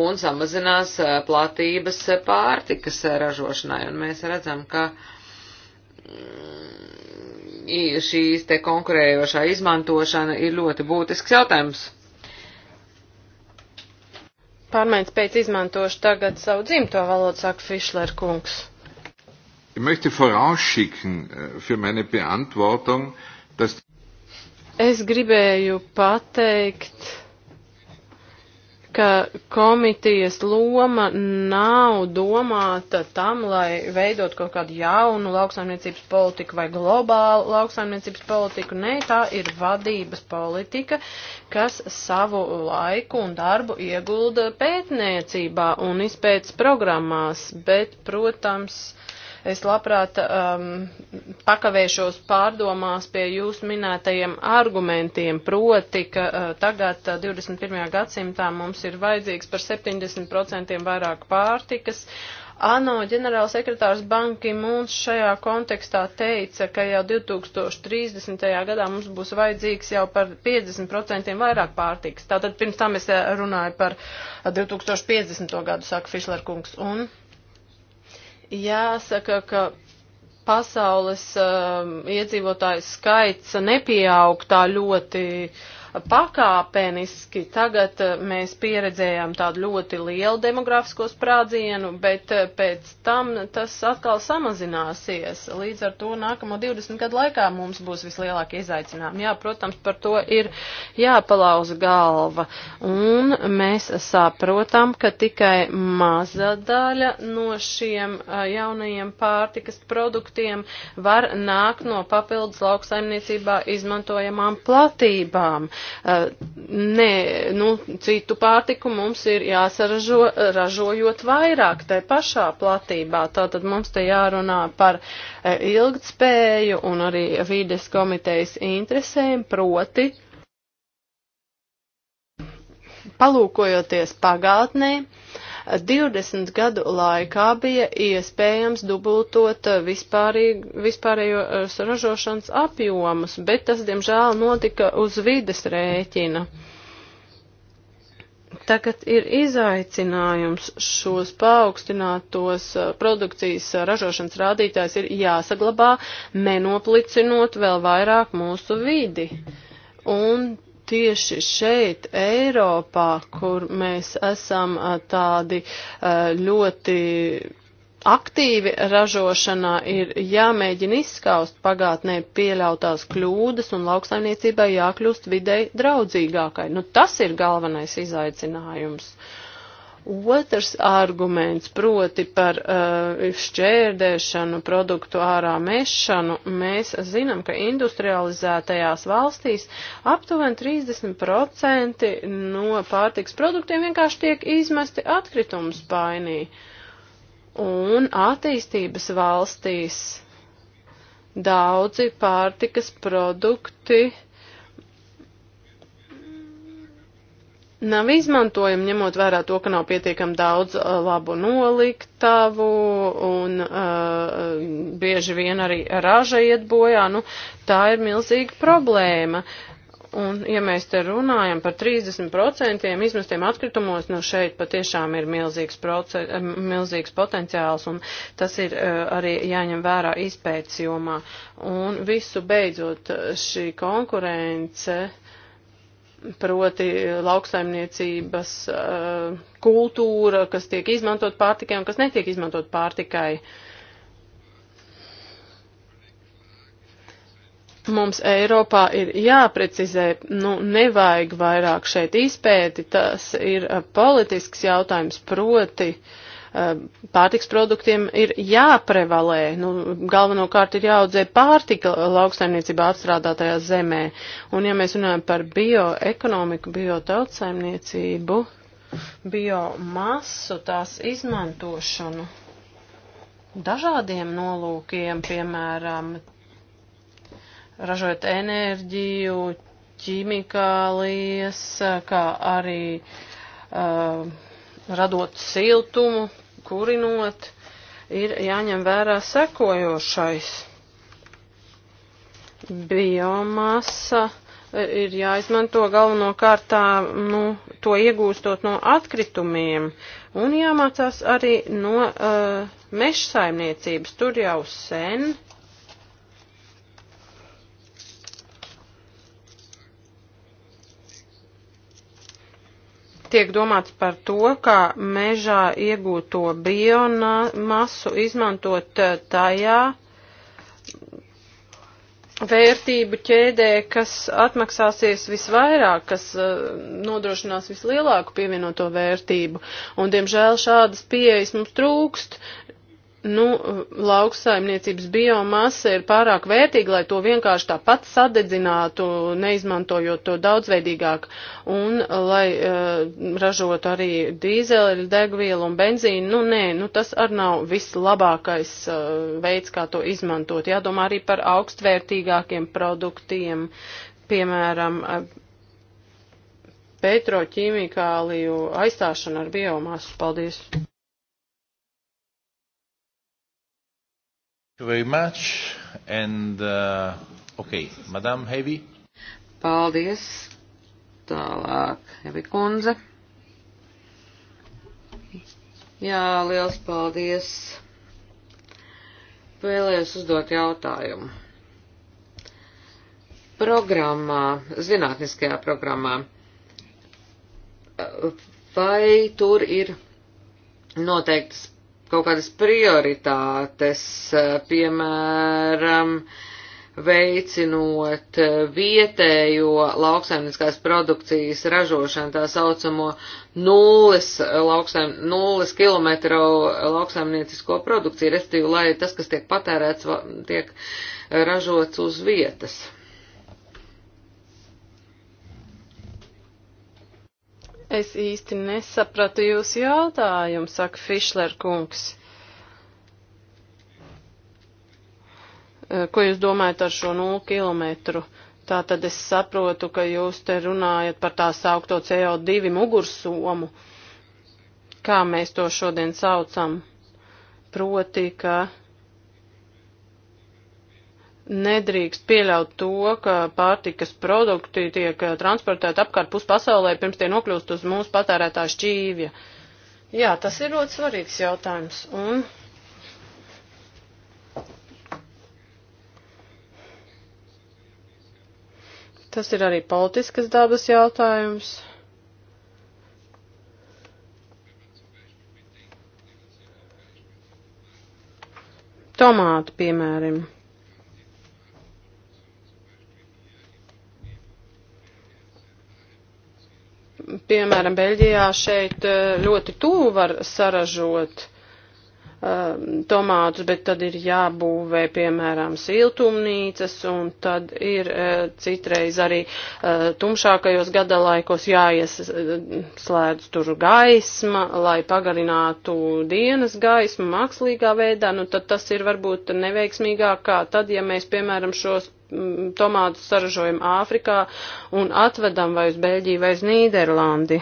un samazinās platības pārtikas ražošanai. Un mēs redzam, ka mm, šīs te konkurējošā izmantošana ir ļoti būtisks jautājums. Pārmaiņas pēc izmantošu tagad savu dzimto valodu, saka Fišler kungs. Ich möchte vorausschicken äh, für meine Beantwortung, dass. Es gribēju pateikt, ka komitejas loma nav domāta tam, lai veidot kaut kādu jaunu lauksaimniecības politiku vai globālu lauksaimniecības politiku. Nē, tā ir vadības politika, kas savu laiku un darbu iegulda pētniecībā un izpētes programmās, bet, protams, Es labprāt um, pakavēšos pārdomās pie jūs minētajiem argumentiem, proti, ka uh, tagad uh, 21. gadsimtā mums ir vajadzīgs par 70% vairāk pārtikas. ANO ģenerālsekretārs Banki Mūns šajā kontekstā teica, ka jau 2030. gadā mums būs vajadzīgs jau par 50% vairāk pārtiks. Tātad pirms tam es uh, runāju par 2050. Uh, gadu, saka Fišler kungs. Un Jāsaka, ka pasaules um, iedzīvotāju skaits nepieaug tā ļoti uh, pakāpeniski. Tagad eh, mēs pieredzējām tādu ļoti lielu demografisko sprādzienu, bet eh, pēc tam tas atkal samazināsies. Līdz ar to nākamo 20 gadu laikā mums būs vislielākie izaicinājumi. Jā, protams, par to ir jāpalauza galva. Un mēs saprotam, ka tikai maza daļa no šiem eh, jaunajiem pārtikas produktiem var nākt no papildus lauksaimniecībā izmantojamām platībām. Eh, nē, nu, citu pārtiku mums ir jāsaražo, ražojot vairāk tai pašā platībā. Tātad mums te jārunā par eh, ilgtspēju un arī vides komitejas interesēm, proti palūkojoties pagātnē, 20 gadu laikā bija iespējams dubultot vispārī, vispārējos eh, ražošanas apjomus, bet tas, diemžēl, notika uz vides rēķina. Tagad ir izaicinājums šos paaugstinātos eh, produkcijas eh, ražošanas rādītājs ir jāsaglabā, nenoplicinot vēl vairāk mūsu vidi. Un tieši šeit, Eiropā, kur mēs esam tādi ļoti aktīvi ražošanā, ir jāmēģina izskaust pagātnē pieļautās kļūdas un lauksaimniecībai jākļūst videi draudzīgākai. Nu, tas ir galvenais izaicinājums. Uh, Otrs arguments proti par uh, šķērdēšanu, produktu ārā mešanu, mēs zinām, ka industrializētajās valstīs aptuveni 30% no pārtiks produktiem vienkārši tiek izmesti atkritumu spainī. Un attīstības valstīs daudzi pārtikas produkti uh, nav izmantojami, ņemot vērā to, ka nav pietiekam daudz uh, labu noliktavu un uh, uh, bieži vien arī raža iet bojā. Nu, tā ir milzīga problēma. Un, ja mēs te runājam par 30% izmestiem atkritumos, nu šeit patiešām ir milzīgs, proces, um, milzīgs potenciāls, un tas ir uh, arī jāņem vērā izpētes jomā. Un visu beidzot šī konkurence. Uh, proti lauksaimniecības eh, kultūra, kas tiek izmantot pārtikai un kas netiek izmantot pārtikai. Mums Eiropā ir jāprecizē, nu, nevajag vairāk šeit izpēti, tas ir eh, politisks jautājums, proti uh, Eh, pārtiks produktiem ir jāprevalē. Nu, galvenokārt ir jāaudzē pārtika lauksaimniecībā apstrādātajā zemē. Un ja mēs runājam par bioekonomiku, biotautsaimniecību, biomasu, tās izmantošanu dažādiem nolūkiem, piemēram, ražot enerģiju, ķīmikālijas, kā arī uh, radot siltumu, kurinot, ir jāņem vērā sekojošais. Biomasa ir jāizmanto galvenokārt tā, nu, to iegūstot no atkritumiem un jāmācās arī no uh, mežsaimniecības. Tur jau sen uh, tiek domāts par to, kā mežā iegūto biomasu izmantot eh, tajā vērtību ķēdē, kas atmaksāsies visvairāk, kas eh, nodrošinās vislielāku pievienoto vērtību. Un, diemžēl, šādas pieejas mums trūkst nu, lauksaimniecības biomasa ir pārāk vērtīga, lai to vienkārši tāpat sadedzinātu, neizmantojot to daudzveidīgāk, un lai uh, ražotu arī dīzeļu, degvielu un benzīnu, nu nē, nu tas arī nav vislabākais uh, veids, kā to izmantot. Jādomā arī par augstvērtīgākiem produktiem, piemēram, uh, petroķīmikāliju aizstāšanu ar biomasu. Paldies! Very much. And, uh, okay, Madam Heavy. Paldies. Tālāk, Heavy kundze. Jā, liels paldies. Vēlējos uzdot jautājumu. Programmā, zinātniskajā programmā, vai tur ir noteiktas kaut kādas prioritātes, eh, piemēram, veicinot eh, vietējo lauksaimniskās produkcijas ražošanu, tā saucamo nulles, eh, lauksaim, nulles kilometru lauksaimniecisko produkciju, respektīvi, lai tas, kas tiek patērēts, tiek ražots uz vietas. Es īsti nesapratu jūsu jautājumu, saka Fišler kungs. E, ko jūs domājat ar šo 0 kilometru? Tā tad es saprotu, ka jūs te runājat par tā saukto CO2 mugursomu, kā mēs to šodien saucam. Proti, ka nedrīkst pieļaut to, ka pārtikas produkti tiek eh, transportēti apkārt pus pasaulē, pirms tie nokļūst uz mūsu patērētā šķīvja. Jā, tas ir ļoti svarīgs jautājums. Un tas ir arī politiskas dabas jautājums. Tomāti, piemēram. piemēram, Beļģijā šeit eh, ļoti tuvu var saražot eh, tomātus, bet tad ir jābūvē, piemēram, siltumnīcas, un tad ir eh, citreiz arī tumšākajos gadalaikos jāieslēdz tur gaisma, lai pagarinātu dienas gaismu mākslīgā veidā, nu tad tas ir varbūt neveiksmīgāk kā tad, ja mēs, piemēram, šos Mm, tomātus saražojam Āfrikā un atvedam vai uz Beļģiju vai uz Nīderlandi.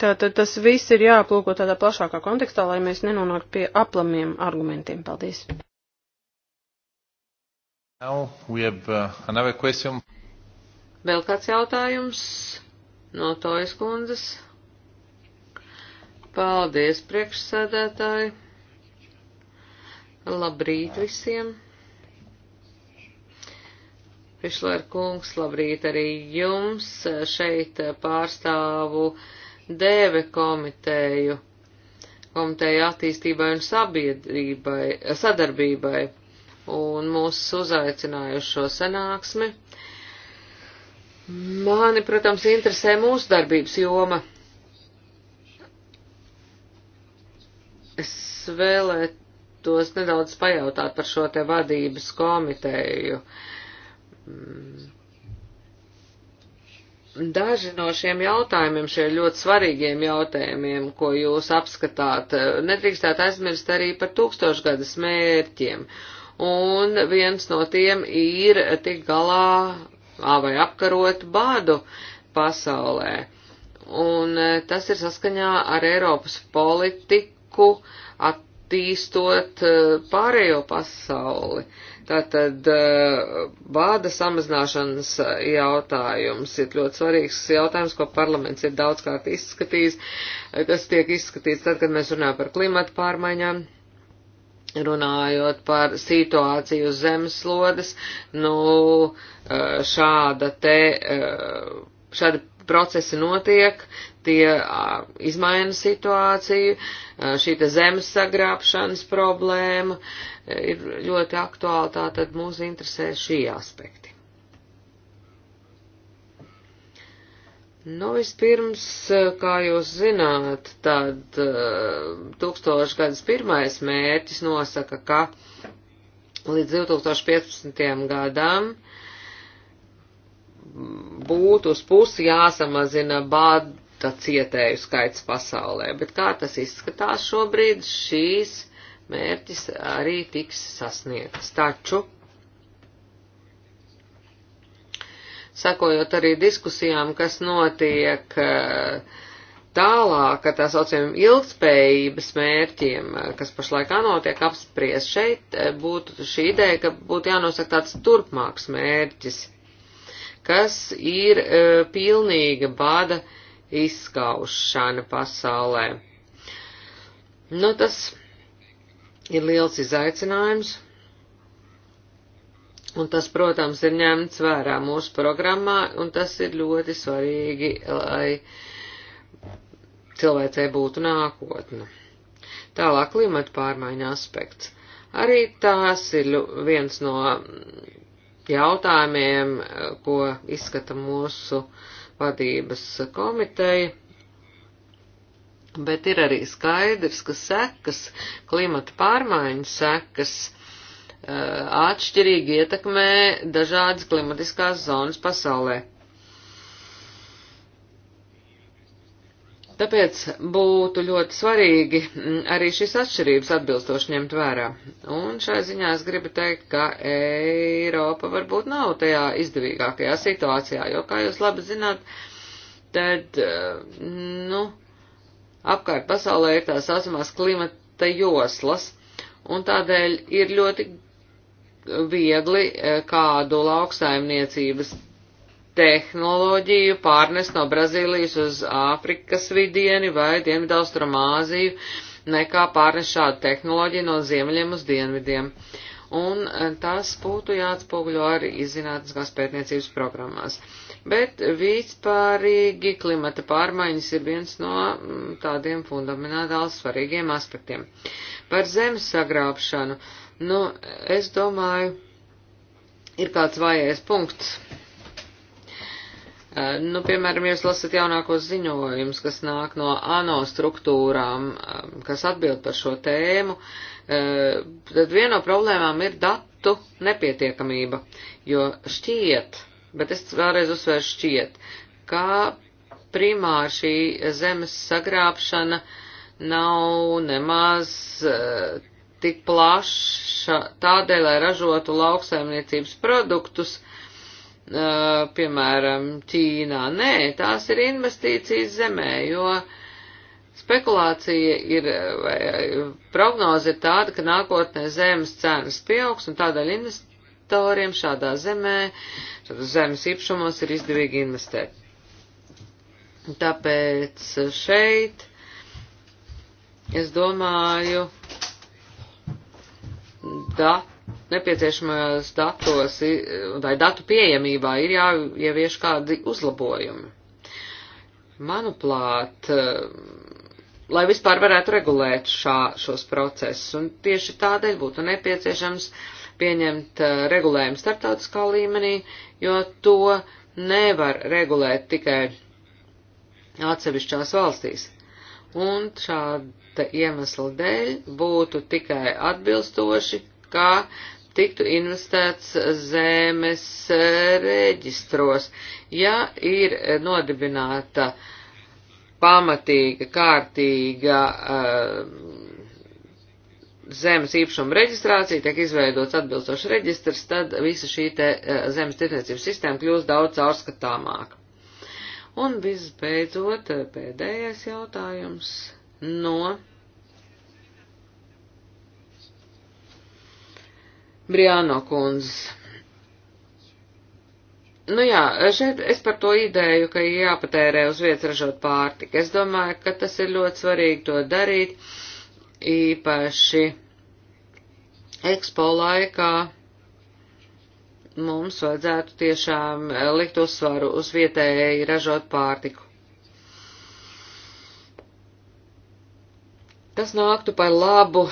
Tātad tas viss ir jāaplūko tādā plašākā kontekstā, lai mēs nenonāktu pie aplamiem argumentiem. Paldies. Now we have uh, another question. Vēl kāds jautājums no Tojas kundzes? Paldies, priekšsēdētāji! Labrīt visiem! Pišlēr kungs, labrīt arī jums! Šeit pārstāvu Dēve komiteju, komiteju attīstībai un sabiedrībai, sadarbībai un mūsu uzaicinājušo sanāksmi. Mani, protams, interesē mūsu darbības joma. Es vēlētos nedaudz pajautāt par šo te vadības komiteju. Mm. Daži no šiem jautājumiem, šiem ļoti svarīgiem jautājumiem, ko jūs apskatāt, nedrīkstāt aizmirst arī par tūkstošgadas mērķiem. Un viens no tiem ir tik galā vai apkarot bādu pasaulē. Un eh, tas ir saskaņā ar Eiropas politiku roku attīstot eh, pārējo pasauli. Tātad bāda eh, samazināšanas eh, jautājums ir ļoti svarīgs jautājums, ko parlaments ir daudzkārt izskatījis, kas tiek izskatīts tad, kad mēs runājam par klimatu pārmaiņām. Runājot par situāciju uz zemeslodes, nu, šāda te, šāda procesi notiek, tie izmaina situāciju, šī te zemes sagrābšanas problēma ir ļoti aktuāla, tātad mūs interesē šī aspekti. Nu, vispirms, kā jūs zināt, tad tūkstošgadus pirmais mērķis nosaka, ka līdz 2015. gadam būtu uz pusi jāsamazina bad, tāds ietēju skaits pasaulē, bet kā tas izskatās šobrīd, šīs mērķis arī tiks sasniegts. Taču, sakojot arī diskusijām, kas notiek eh, tālāk, ka tā saucamiem ilgspējības mērķiem, eh, kas pašlaikā notiek apspries šeit, eh, būtu šī ideja, ka būtu jānosaka tāds turpmāks mērķis, kas ir pilnīga bada, uh, izskaušana pasaulē. Nu, tas ir liels izaicinājums, un tas, protams, ir ņemts vērā mūsu programmā, un tas ir ļoti svarīgi, lai cilvēcei būtu nākotne. Tālāk klimata pārmaiņa aspekts. Arī tās ir viens no jautājumiem, ko izskata mūsu uh, vadības komiteja, bet ir arī skaidrs, ka sekas, klimata pārmaiņu sekas, eh, atšķirīgi ietekmē dažādas klimatiskās zonas pasaulē. Tāpēc būtu ļoti svarīgi mm, arī šīs atšķirības atbilstoši ņemt vērā. Un šai ziņā es gribu teikt, ka Eiropa varbūt nav tajā izdevīgākajā situācijā, jo, kā jūs labi zināt, tad, eh, nu, apkārt pasaulē ir tās saucamās klimata joslas, un tādēļ ir ļoti viegli eh, kādu lauksaimniecības tehnoloģiju pārnest no Brazīlijas uz Āfrikas vidieni vai Dienvidaustrumāziju, nekā pārnest šādu tehnoloģiju no ziemeļiem uz dienvidiem. Un e, tas būtu jāatspoguļo arī izzinātniskās pētniecības programmās. Bet vispārīgi klimata pārmaiņas ir viens no tādiem fundamentāli svarīgiem aspektiem. Par zemes sagrābšanu, nu, es domāju, ir kāds vājais punkts Eh, nu, piemēram, jūs lasat jaunākos ziņojumus, kas nāk no ANO struktūrām, eh, kas atbild par šo tēmu, eh, tad viena no problēmām ir datu nepietiekamība, jo šķiet, bet es vēlreiz uzsveru šķiet, ka primāri šī zemes sagrābšana nav nemaz tik plaša tādēļ, lai ražotu lauksaimniecības produktus, uh, piemēram, Ķīnā. Nē, tās ir investīcijas zemē, jo spekulācija ir, vai prognoze ir tāda, ka nākotnē zemes cenas pieaugs un tādēļ investoriem šādā zemē, zemes īpašumos ir izdevīgi investēt. Tāpēc šeit es domāju, dati nepieciešamajos datos vai datu pieejamībā ir jāievieš kādi uzlabojumi. Manuprāt, e, lai vispār varētu regulēt šā, šos procesus, un tieši tādēļ būtu nepieciešams pieņemt e, regulējumu starptautiskā līmenī, jo to nevar regulēt tikai atsevišķās valstīs. Un šāda iemesla dēļ būtu tikai atbilstoši kā tiktu investēts zemes reģistros. Ja ir nodibināta pamatīga, kārtīga eh, zemes īpašuma reģistrācija, tiek izveidots atbilstošs reģistrs, tad visa šī te eh, zemes tirdzniecības sistēma kļūst daudz caurskatāmāka. Un visbeidzot, eh, pēdējais jautājums no Briāno kundze. Nu jā, šeit es par to ideju, ka jāpatērē uz vietas ražot pārtiku. Es domāju, ka tas ir ļoti svarīgi to darīt, īpaši ekspo laikā mums vajadzētu tiešām likt uzsvaru uz vietēji ražot pārtiku. Tas nāktu par labu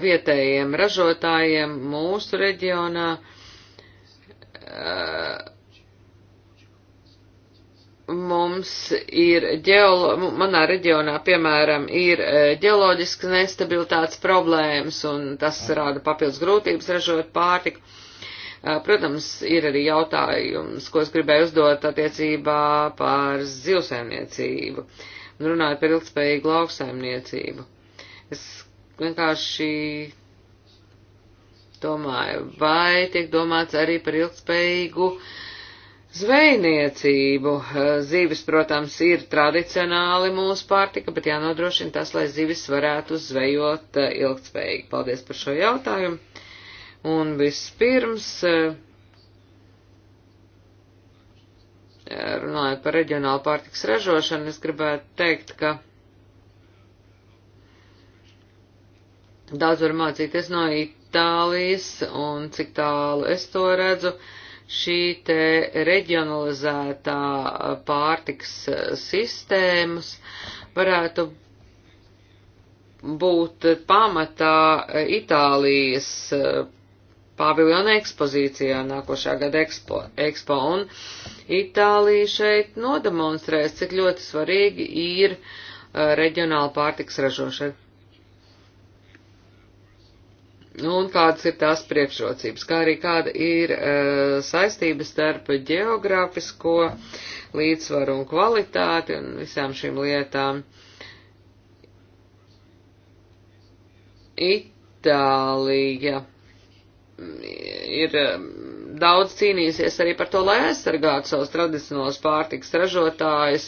vietējiem ražotājiem mūsu reģionā. Eh, mums ir ģeolo, manā reģionā, piemēram, ir eh, ģeoloģiskas nestabilitātes problēmas, un tas rāda papildus grūtības ražot pārtiku. Eh, protams, ir arī jautājums, ko es gribēju uzdot attiecībā par zivsaimniecību, runājot par ilgspējīgu lauksaimniecību. Es vienkārši domāju, vai tiek domāts arī par ilgspējīgu zvejniecību. Zīves, protams, ir tradicionāli mūsu pārtika, bet jānodrošina tas, lai zīves varētu zvejot eh, ilgspējīgi. Paldies par šo jautājumu. Un vispirms, eh, runājot par reģionālu pārtiks ražošanu, es gribētu teikt, ka Daudz var mācīties no Itālijas, un cik tālu es to redzu, šī te reģionalizētā pārtiks sistēmas varētu būt pamatā Itālijas paviljona ekspozīcijā nākošā gada ekspo, ekspo, un Itālija šeit nodemonstrēs, cik ļoti svarīgi ir uh, reģionāla pārtiks ražošana un kādas ir tās priekšrocības, kā arī kāda ir e, saistība starp geogrāfisko līdzsvaru un kvalitāti un visām šīm lietām. Itālija ir e, daudz cīnījusies arī par to, lai aizsargātu savus tradicionālos pārtiks ražotājus,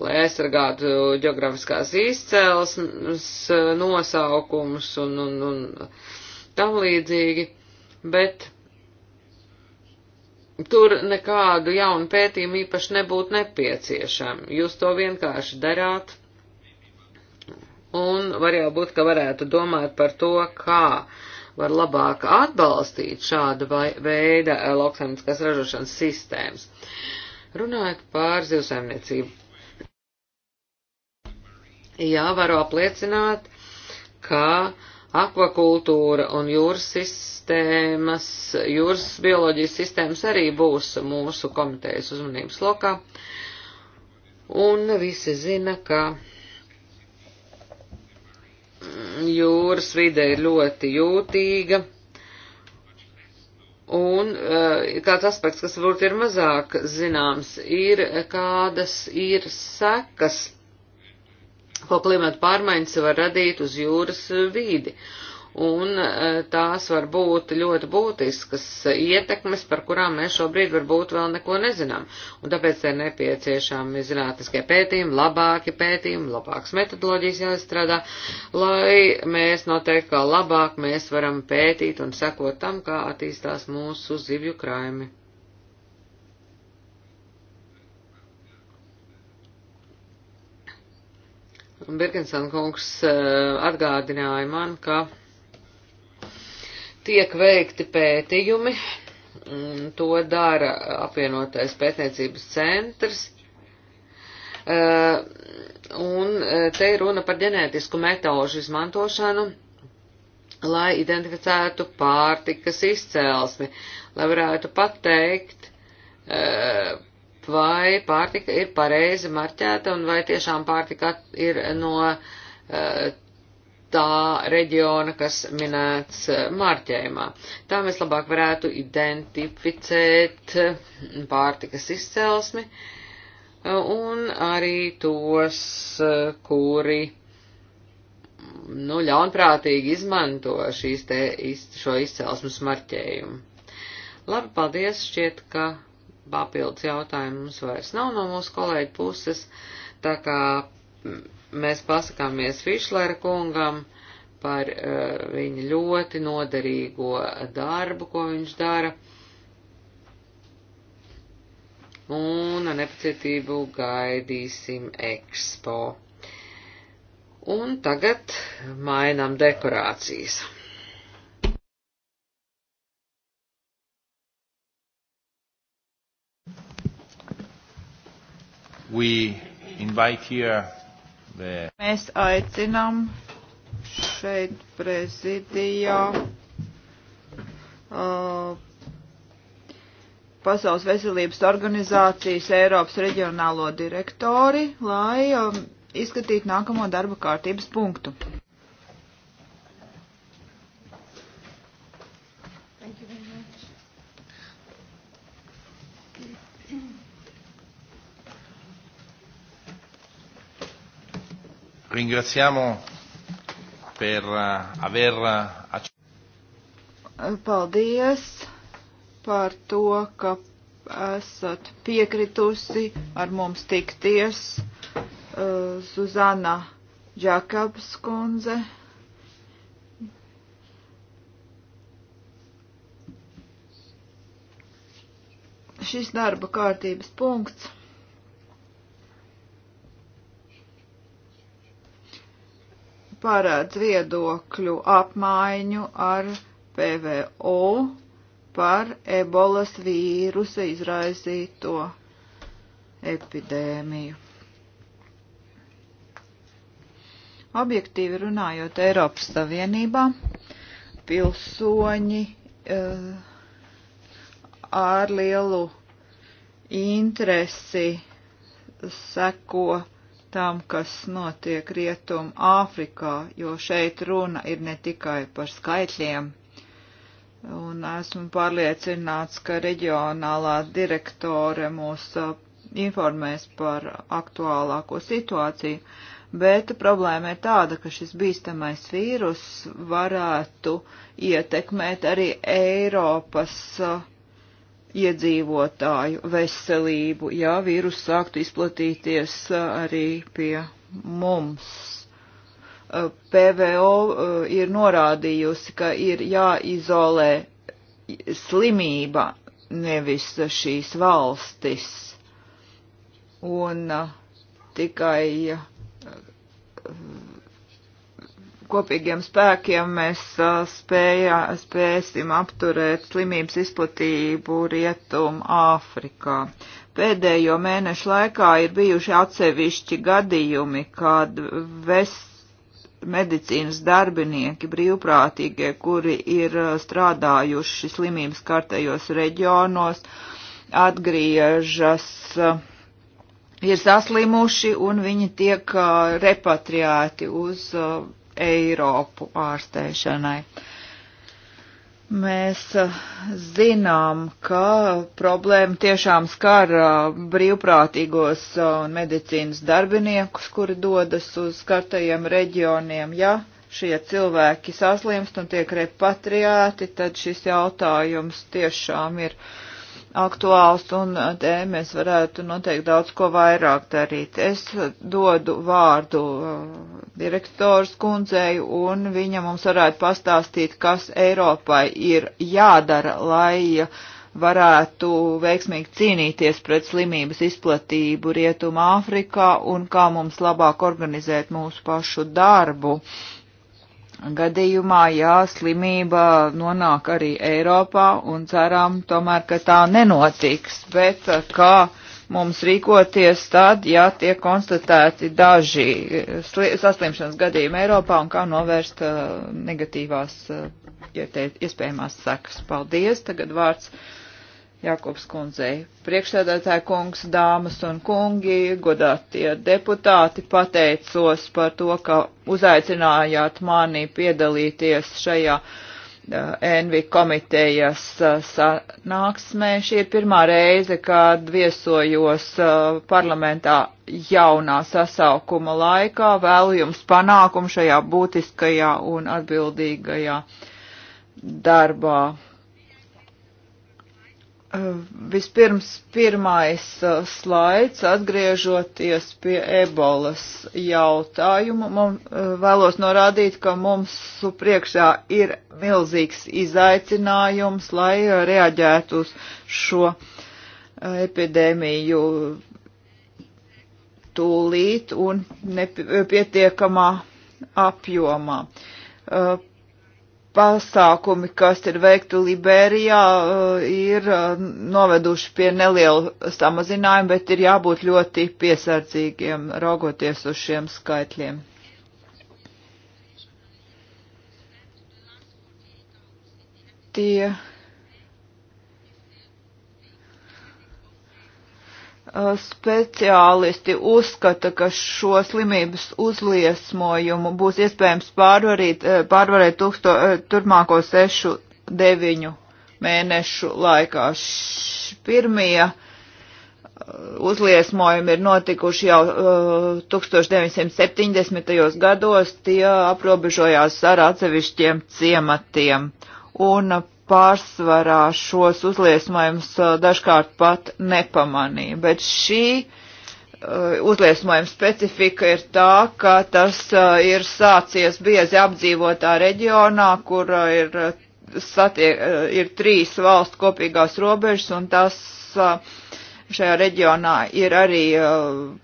lai aizsargātu geogrāfiskās izcelsmes e, nosaukumus un, un, un tam līdzīgi, bet tur nekādu jaunu pētījumu īpaši nebūtu nepieciešama. Jūs to vienkārši darāt, un var jau būt, ka varētu domāt par to, kā var labāk atbalstīt šādu veidu eh, lauksaimniecības ražošanas sistēmas. Runājot par zivsaimniecību. Jā, varu apliecināt, ka uh, akvakultūra un jūras sistēmas, jūras bioloģijas sistēmas arī būs mūsu komitejas uzmanības lokā. Un visi zina, ka jūras vide ir ļoti jūtīga. Un kāds eh, aspekts, kas varbūt ir mazāk zināms, ir eh, kādas ir sekas ko klimata pārmaiņas var radīt uz jūras eh, vīdi. Un eh, tās var būt ļoti būtiskas ietekmes, par kurām mēs šobrīd varbūt vēl neko nezinām. Un tāpēc ir nepieciešami zinātniskie pētījumi, labāki pētījumi, labāks metodoloģijas jāizstrādā, lai mēs noteikti kā labāk mēs varam pētīt un sekot tam, kā attīstās mūsu zivju krājumi. Un Birgensan kungs eh, atgādināja man, ka tiek veikti pētījumi, to dara apvienotais pētniecības centrs. Eh, un eh, te ir runa par ģenētisku metožu izmantošanu lai identificētu pārtikas izcēlesmi, lai varētu pateikt, vai pārtika ir pareizi marķēta un vai tiešām pārtika ir no eh, tā reģiona, kas minēts eh, marķējumā. Tā mēs labāk varētu identificēt eh, pārtikas izcelsmi un arī tos, kuri nu, ļaunprātīgi izmanto šīs te, šo izcelsmes marķējumu. Labi, paldies, šķiet, ka papildus jautājumu mums vairs nav no mūsu kolēģa puses, tā kā mēs pasakāmies Fišlera kungam par uh, viņa ļoti noderīgo darbu, ko viņš dara. Un ar nepacietību gaidīsim ekspo. Un tagad mainām dekorācijas. the... Mēs aicinām šeit prezidijā uh, Pasaules veselības organizācijas Eiropas reģionālo direktori, lai um, izskatītu nākamo darba kārtības punktu. Ringraziamo per eh, aver eh, Paldies par to, ka esat piekritusi ar mums tikties. Suzana eh, Džakabs kundze. Šis darba kārtības punkts. parāds viedokļu apmaiņu ar PVO par ebolas vīrusa izraisīto epidēmiju. Objektīvi runājot, Eiropas Savienībā pilsoņi uh, ar lielu interesi seko uh, tam, kas notiek Rietum Āfrikā, jo šeit runa ir ne tikai par skaitļiem. Un esmu pārliecināts, ka reģionālā direktore mūs informēs par aktuālāko situāciju, bet problēma ir tāda, ka šis bīstamais vīrus varētu ietekmēt arī Eiropas uh, iedzīvotāju veselību, ja vīrus sāktu izplatīties arī pie mums. PVO ir norādījusi, ka ir jāizolē slimība, nevis šīs valstis. Un tikai kopīgiem spēkiem mēs spējā, spēsim apturēt slimības izplatību Rietum Āfrikā. Pēdējo mēnešu laikā ir bijuši atsevišķi gadījumi, kad ves medicīnas darbinieki, brīvprātīgie, kuri ir strādājuši slimības kartajos reģionos, atgriežas uh, ir saslimuši un viņi tiek repatriēti uz Eiropu ārstēšanai. Mēs uh, zinām, ka problēma tiešām skar uh, brīvprātīgos uh, un medicīnas darbiniekus, kuri dodas uz skartajiem reģioniem. Ja šie cilvēki saslimst un tiek repatriēti, tad šis jautājums tiešām ir uh, aktuāls, un uh, te mēs varētu noteikti daudz ko vairāk darīt. Es dodu vārdu uh, direktors kundzei, un viņa mums varētu pastāstīt, kas Eiropai ir jādara, lai uh, varētu veiksmīgi cīnīties pret slimības izplatību Rietumā Āfrikā un kā mums labāk organizēt mūsu pašu darbu gadījumā, ja slimība nonāk arī Eiropā, un ceram tomēr, ka tā nenotiks, bet eh, kā mums rīkoties tad, ja tiek konstatēti daži eh, saslimšanas gadījumi Eiropā, un kā novērst uh, negatīvās uh, iespējamās sekas. Paldies, tagad vārds Jākops kundzei. Priekšsēdētāji kungs, dāmas un kungi, godātie deputāti, pateicos par to, ka uzaicinājāt mani piedalīties šajā uh, Envi komitejas uh, sanāksmē. Šī ir pirmā reize, kad viesojos uh, parlamentā jaunā sasaukuma laikā. Vēlu jums panākumu šajā būtiskajā un atbildīgajā darbā Eh, vispirms pirmais eh, slaids, atgriežoties pie ebolas jautājumu, mums eh, vēlos norādīt, ka mums priekšā ir milzīgs izaicinājums, lai reaģētu uz šo epidēmiju tūlīt un nepietiekamā apjomā. Uh, pasākumi, kas ir veikti Liberijā, eh, ir eh, noveduši pie neliela samazinājuma, bet ir jābūt ļoti piesardzīgiem, raugoties uz šiem skaitļiem. Tie Eh, speciālisti uzskata, ka šo slimības uzliesmojumu būs iespējams pārvarīt, eh, pārvarēt tūksto, eh, turmāko sešu, deviņu mēnešu laikā. Š, pirmie uzliesmojumi ir notikuši jau uh, 1970. gados, tie aprobežojās ar atsevišķiem ciematiem. Un pārsvarā šos uzliesmojumus uh, dažkārt pat nepamanīja, bet šī uh, uzliesmojuma specifika ir tā, ka tas uh, ir sācies biezi apdzīvotā reģionā, kur ir, satiek, ir trīs valstu kopīgās robežas un tas uh, šajā reģionā ir arī uh,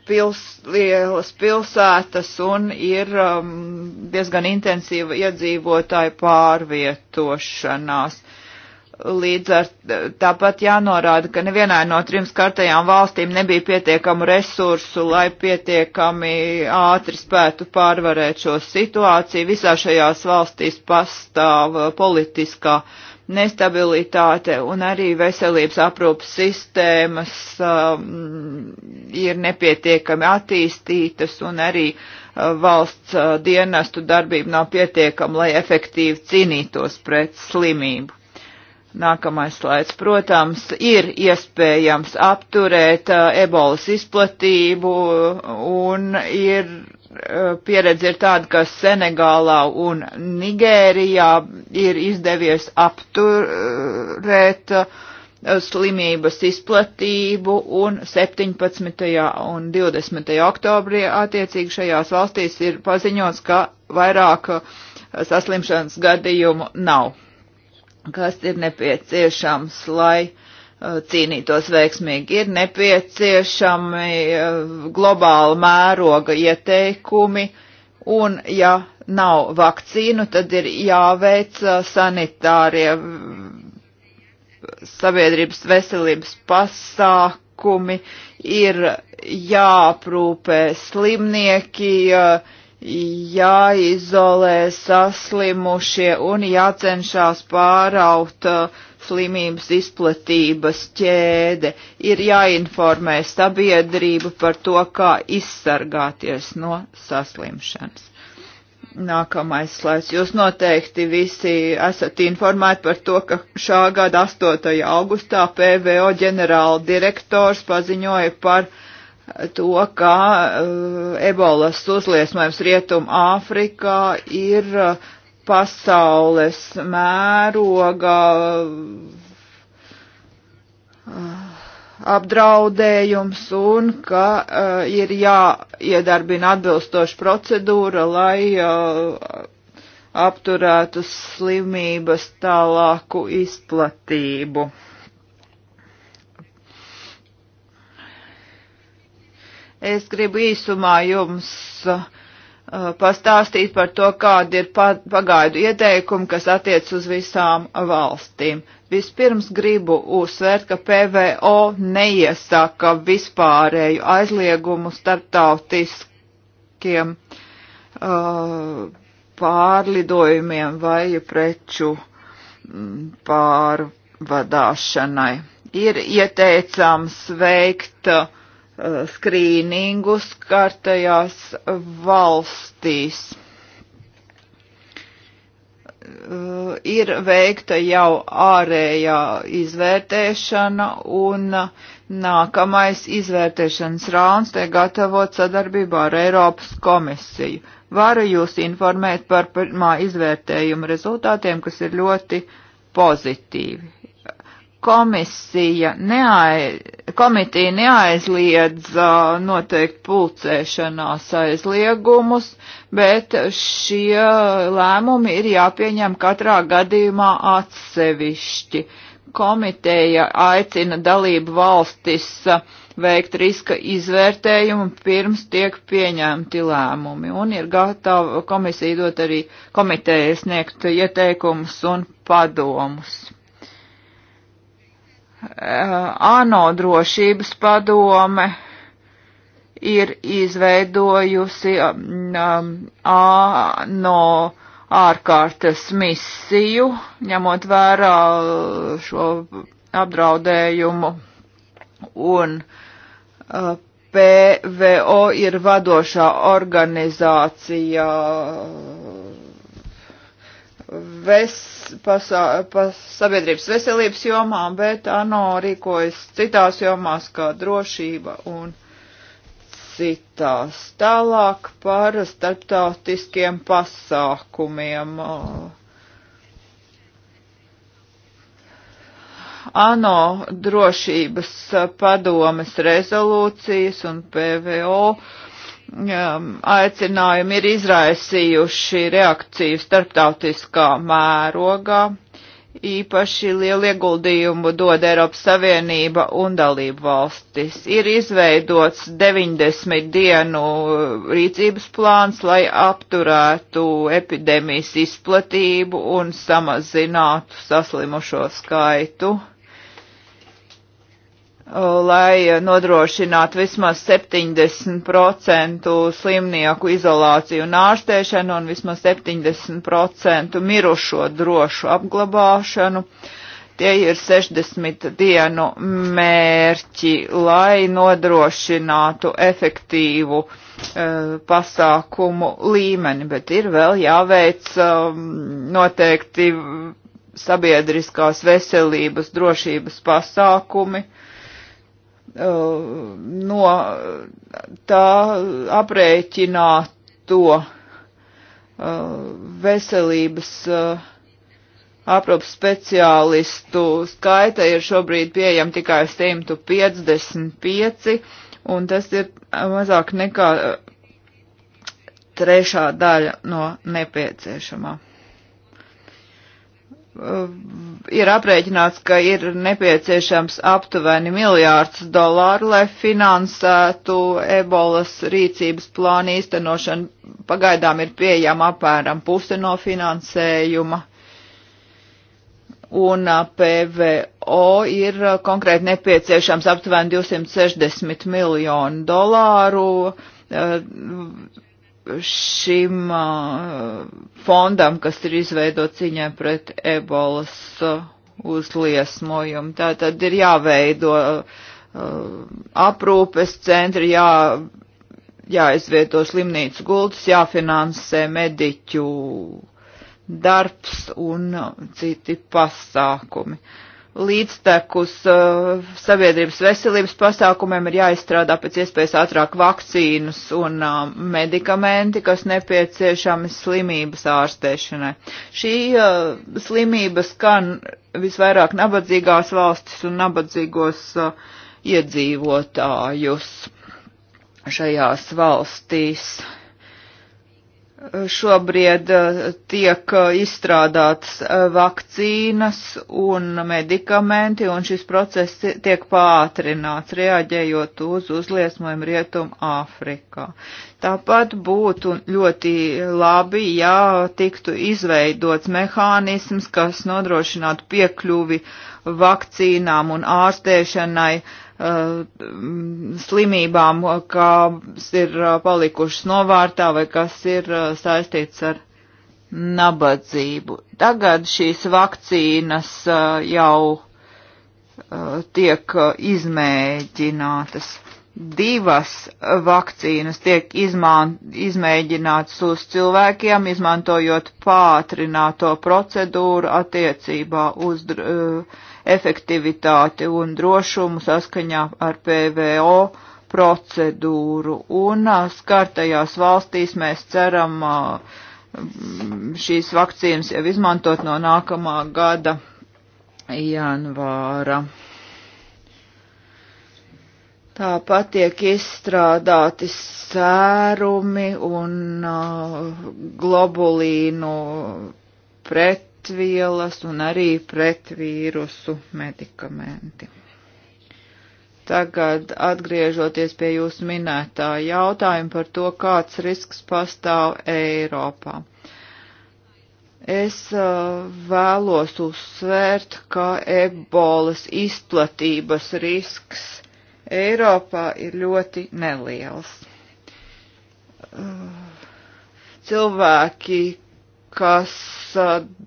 pils, lielas pilsētas un ir um, diezgan intensīva iedzīvotāju pārvietošanās. Līdz ar tāpat jānorāda, ka nevienai no trim skartajām valstīm nebija pietiekamu resursu, lai pietiekami ātri spētu pārvarēt šo situāciju. Visā šajās valstīs pastāv uh, politiskā nestabilitāte un arī veselības aprūpas sistēmas um, ir nepietiekami attīstītas un arī uh, valsts uh, dienestu darbība nav pietiekama, lai efektīvi cīnītos pret slimību. Nākamais slaids. Protams, ir iespējams apturēt uh, ebolas izplatību un ir Eh, pieredze ir tāda, ka Senegālā un Nigērijā ir izdevies apturēt eh, slimības izplatību un 17. un 20. oktobrī attiecīgi šajās valstīs ir paziņots, ka vairāk eh, saslimšanas gadījumu nav. Kas ir nepieciešams, lai uh, Eh, cīnītos veiksmīgi. Ir nepieciešami eh, globāla mēroga ieteikumi, un ja nav vakcīnu, tad ir jāveic eh, sanitārie mm, sabiedrības veselības pasākumi, ir jāprūpē slimnieki, jāizolē saslimušie un jācenšās pāraut uh, slimības izplatības ķēde, ir jāinformē sabiedrību par to, kā izsargāties no saslimšanas. Nākamais slaids. Jūs noteikti visi esat informēti par to, ka šā gada 8. augustā PVO ģenerāla direktors paziņoja par to, ka uh, ebolas uzliesmojums Rietum Āfrikā ir uh, pasaules mēroga apdraudējums un ka uh, ir jāiedarbina atbilstoša procedūra, lai uh, apturētu slimības tālāku izplatību. Es gribu īsumā jums uh, Uh, pastāstīt par to, kādi ir pagaidu ieteikumi, kas attiec uz visām valstīm. Vispirms gribu uzsvērt, ka PVO neiesaka vispārēju aizliegumu starptautiskiem uh, pārlidojumiem vai preču mm, pārvadāšanai. Ir ieteicams veikt uh, Uh, skrīningus kārtējās valstīs. Uh, ir veikta jau ārējā izvērtēšana un nākamais izvērtēšanas rauns tiek gatavot sadarbībā ar Eiropas komisiju. Varu jūs informēt par pirmā izvērtējuma rezultātiem, kas ir ļoti pozitīvi komisija neai, komitija neaizliedz noteikti pulcēšanās aizliegumus, bet šie lēmumi ir jāpieņem katrā gadījumā atsevišķi. Komiteja aicina dalību valstis veikt riska izvērtējumu pirms tiek pieņemti lēmumi, un ir gatava komisija dot arī komiteja sniegt ieteikumus un padomus Eh, ANO drošības padome ir izveidojusi um, um, ANO ārkārtas misiju, ņemot vērā šo apdraudējumu un eh, PVO ir vadošā organizācija ves, pasā, pas, sabiedrības veselības jomā, bet ANO rīkojas citās jomās kā drošība un citās. Tālāk par starptautiskiem pasākumiem. ANO drošības padomes rezolūcijas un PVO Um, aicinājumi ir izraisījuši reakciju starptautiskā mērogā. Īpaši lielu ieguldījumu dod Eiropas Savienība un dalību valstis. Ir izveidots 90 dienu rīcības plāns, lai apturētu epidēmijas izplatību un samazinātu saslimušo skaitu lai nodrošinātu vismaz 70% slimnieku izolāciju un ārstēšanu un vismaz 70% mirušo drošu apglabāšanu. Tie ir 60 dienu mērķi, lai nodrošinātu efektīvu e, pasākumu līmeni, bet ir vēl jāveic e, noteikti sabiedriskās veselības drošības pasākumi. E, Uh, no tā aprēķināto uh, veselības uh, aprūpas speciālistu skaita ir šobrīd pieejama tikai 155, un tas ir mazāk nekā trešā daļa no nepieciešamā ir aprēķināts, ka ir nepieciešams aptuveni miljārds dolāru, lai finansētu ebolas rīcības plānu īstenošanu. Pagaidām ir pieejama apmēram puse no finansējuma. Un PVO ir konkrēti nepieciešams aptuveni 260 miljonu dolāru šim fondam, kas ir izveidots ciņai pret ebolas uzliesmojumu. Tā tad ir jāveido aprūpes centri, jā, jāizvieto slimnīcu gultas, jāfinansē mediķu darbs un citi pasākumi. Uh, līdztekus uh, sabiedrības veselības pasākumiem ir jāizstrādā pēc iespējas ātrāk vakcīnas un uh, medikamenti, kas nepieciešami slimības ārstēšanai. Šī uh, slimība skan visvairāk nabadzīgās valstis un nabadzīgos uh, iedzīvotājus šajās valstīs. Uh, Šobrīd eh, tiek eh, izstrādāts eh, vakcīnas un medikamenti, un šis process tiek pātrināts, reaģējot uz uzliesmojumu Rietumu Āfrikā. Tāpat būtu ļoti labi, ja tiktu izveidots mehānisms, kas nodrošinātu piekļuvi vakcīnām un ārstēšanai uh, Uh, slimībām, kas ir uh, palikušas novārtā vai kas ir uh, saistīts ar nabadzību. Tagad šīs vakcīnas jau tiek izmēģinātas. Divas vakcīnas tiek izmā, izmēģinātas uz cilvēkiem, izmantojot pātrināto procedūru attiecībā uz uh, efektivitāti un drošumu saskaņā ar PVO procedūru. Un skartajās valstīs mēs ceram šīs vakcīnas jau izmantot no nākamā gada janvāra. Tāpat tiek izstrādāti sērumi un uh, globulīnu pret pretvielas un arī pretvīrusu medikamenti. Tagad atgriežoties pie jūsu minētā jautājuma par to, kāds risks pastāv Eiropā. Es uh, vēlos uzsvērt, ka ebolas izplatības risks Eiropā ir ļoti neliels. Uh, cilvēki, kas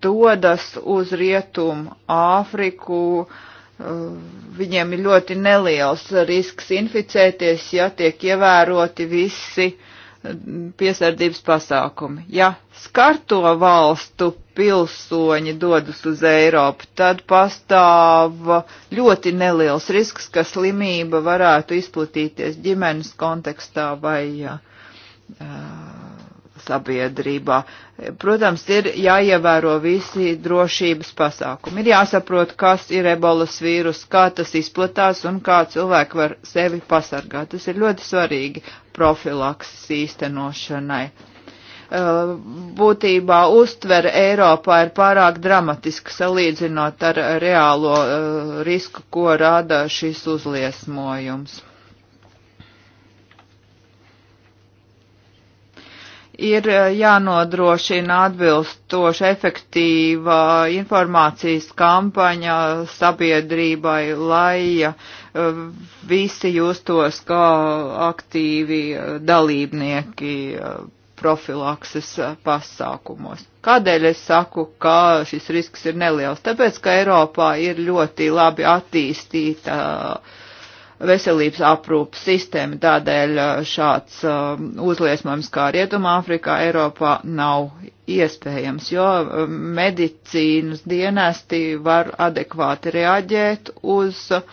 dodas uz Rietumu Āfriku, viņiem ir ļoti neliels risks inficēties, ja tiek ievēroti visi piesardzības pasākumi. Ja skarto valstu pilsoņi dodas uz Eiropu, tad pastāv ļoti neliels risks, ka slimība varētu izplatīties ģimenes kontekstā vai uh, sabiedrībā. Protams, ir jāievēro visi drošības pasākumi. Ir jāsaprot, kas ir ebolas vīrus, kā tas izplatās un kā cilvēki var sevi pasargāt. Tas ir ļoti svarīgi profilakses īstenošanai uh, būtībā uztvere Eiropā ir pārāk dramatiska salīdzinot ar reālo uh, risku, ko rada šis uzliesmojums. ir eh, jānodrošina atbilstoša efektīva informācijas kampaņa sabiedrībai, lai eh, visi justos kā aktīvi eh, dalībnieki profilakses pasākumos. Kādēļ es saku, ka šis risks ir neliels? Tāpēc, ka Eiropā ir ļoti labi attīstīta uh, veselības aprūpas sistēma. Tādēļ uh, šāds um, uzliesmojums kā Rietumāfrikā, Eiropā nav iespējams, jo um, medicīnas dienesti var adekvāti reaģēt uz uh,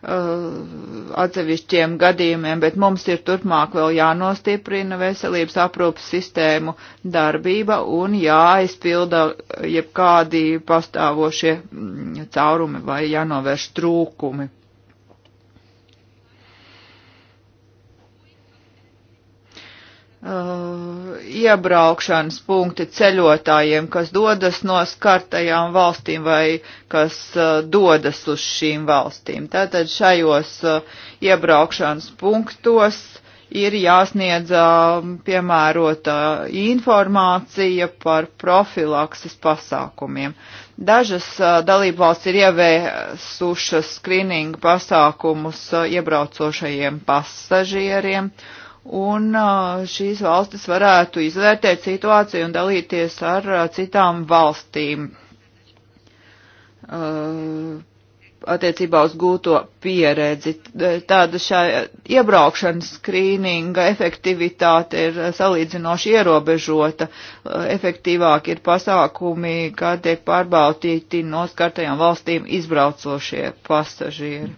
atsevišķiem gadījumiem, bet mums ir turpmāk vēl jānostiprina veselības aprūpas sistēmu darbība un jāizpilda jebkādi pastāvošie mm, caurumi vai jānovērš trūkumi. Uh, iebraukšanas punkti ceļotājiem, kas dodas no skartajām valstīm vai kas uh, dodas uz šīm valstīm. Tātad šajos uh, iebraukšanas punktos ir jāsniedz um, piemērota informācija par profilakses pasākumiem. Dažas uh, dalībvalsts ir ievēsušas skriningu pasākumus uh, iebraucošajiem pasažieriem. Uh, un šīs valstis varētu izvērtēt situāciju un dalīties ar citām valstīm attiecībā uz gūto pieredzi. Tāda šā iebraukšanas skrīninga efektivitāte ir salīdzinoši ierobežota. Efektīvāk ir pasākumi, kā tiek pārbaudīti no skartajām valstīm izbraucošie pasažieri.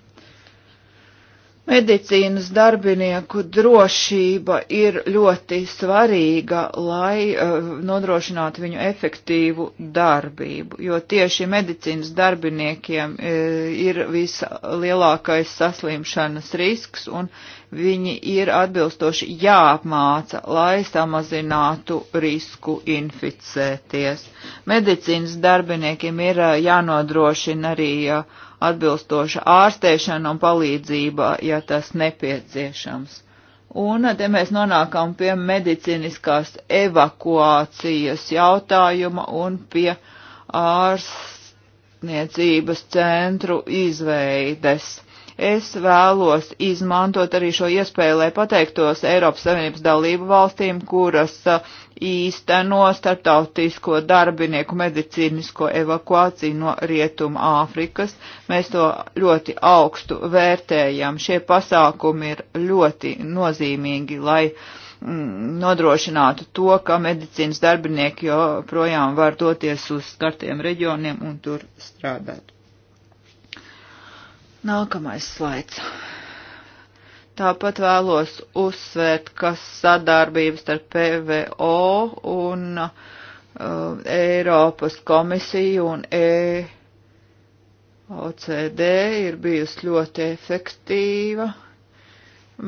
Medicīnas darbinieku drošība ir ļoti svarīga, lai uh, nodrošinātu viņu efektīvu darbību, jo tieši medicīnas darbiniekiem uh, ir vislielākais saslimšanas risks un viņi ir atbilstoši jāapmāca, lai samazinātu risku inficēties. Medicīnas darbiniekiem ir uh, jānodrošina arī uh, atbilstoša ārstēšana un palīdzība, ja tas nepieciešams. Un te mēs nonākam pie medicīniskās evakuācijas jautājuma un pie ārstniecības centru izveides. Es vēlos izmantot arī šo iespēju, lai pateiktos Eiropas Savienības dalību valstīm, kuras uh, īsteno starptautisko darbinieku medicīnisko evakuāciju no Rietuma Āfrikas. Mēs to ļoti augstu vērtējam. Šie pasākumi ir ļoti nozīmīgi, lai mm, nodrošinātu to, ka medicīnas darbinieki joprojām var doties uz skartiem reģioniem un tur strādāt. Nākamais slaids. Tāpat vēlos uzsvērt, ka sadarbības ar PVO un uh, Eiropas komisiju un EOCD ir bijusi ļoti efektīva.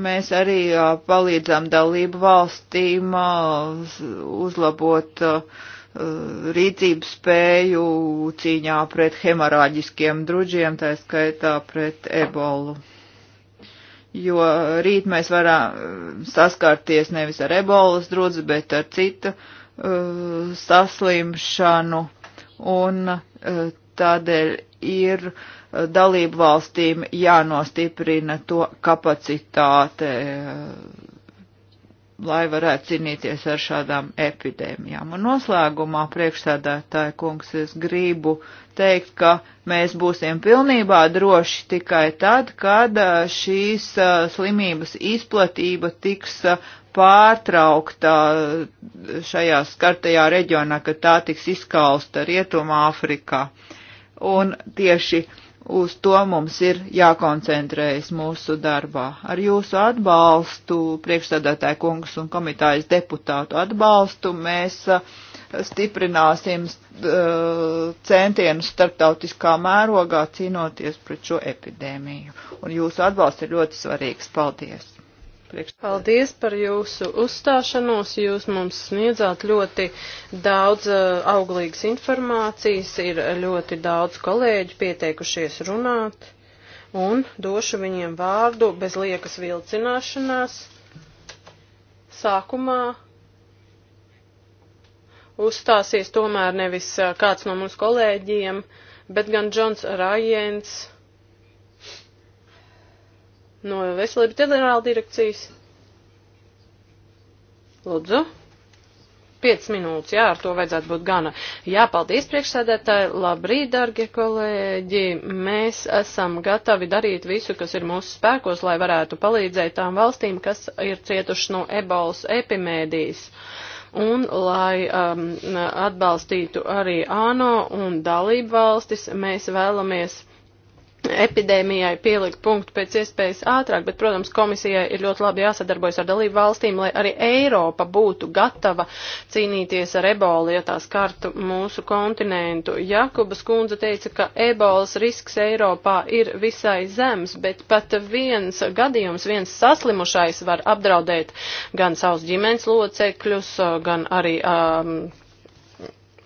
Mēs arī uh, palīdzam dalību valstīm uh, uzlabot uh, rīcības spēju cīņā pret hemorāģiskiem druģiem, tā skaitā pret ebolu jo rīt mēs varam eh, saskarties nevis ar ebolas drudzi, bet ar citu uh, saslimšanu. Un uh, tādēļ ir dalību valstīm jānostiprina to kapacitāte. Uh, lai varētu cīnīties ar šādām epidēmijām. Un noslēgumā priekšsēdētāja kungs es gribu teikt, ka mēs būsim pilnībā droši tikai tad, kad šīs slimības izplatība tiks pārtraukta šajā skartajā reģionā, kad tā tiks izskausta Rietumā Afrikā. Un tieši uz to mums ir jākoncentrējas mūsu darbā. Ar jūsu atbalstu, priekšstādātāja kungs un komitājas deputātu atbalstu, mēs uh, stiprināsim uh, centienus starptautiskā mērogā cīnoties pret šo epidēmiju. Un jūsu atbalsts ir ļoti svarīgs. Paldies! priekš. Paldies par jūsu uzstāšanos. Jūs mums sniedzāt ļoti daudz uh, auglīgas informācijas. Ir ļoti daudz kolēģi pieteikušies runāt. Un došu viņiem vārdu bez liekas vilcināšanās. Sākumā uzstāsies tomēr nevis uh, kāds no mūsu kolēģiem, bet gan Džons Rājens no veselības ģenerāla direkcijas. Lūdzu. 5 minūtes, jā, ar to vajadzētu būt gana. Jā, paldies priekšsēdētāji, labrīt, dargie kolēģi, mēs esam gatavi darīt visu, kas ir mūsu spēkos, lai varētu palīdzēt tām valstīm, kas ir cietuši no ebolas epimēdijas. Un, lai um, atbalstītu arī ANO un dalību valstis, mēs vēlamies epidēmijai pielikt punktu pēc iespējas ātrāk, bet, protams, komisijai ir ļoti labi jāsadarbojas ar dalību valstīm, lai arī Eiropa būtu gatava cīnīties ar ebolu, ja tās kartu mūsu kontinentu. Jakubas kundze teica, ka ebolas risks Eiropā ir visai zems, bet pat viens gadījums, viens saslimušais var apdraudēt gan savus ģimenes locekļus, gan arī um,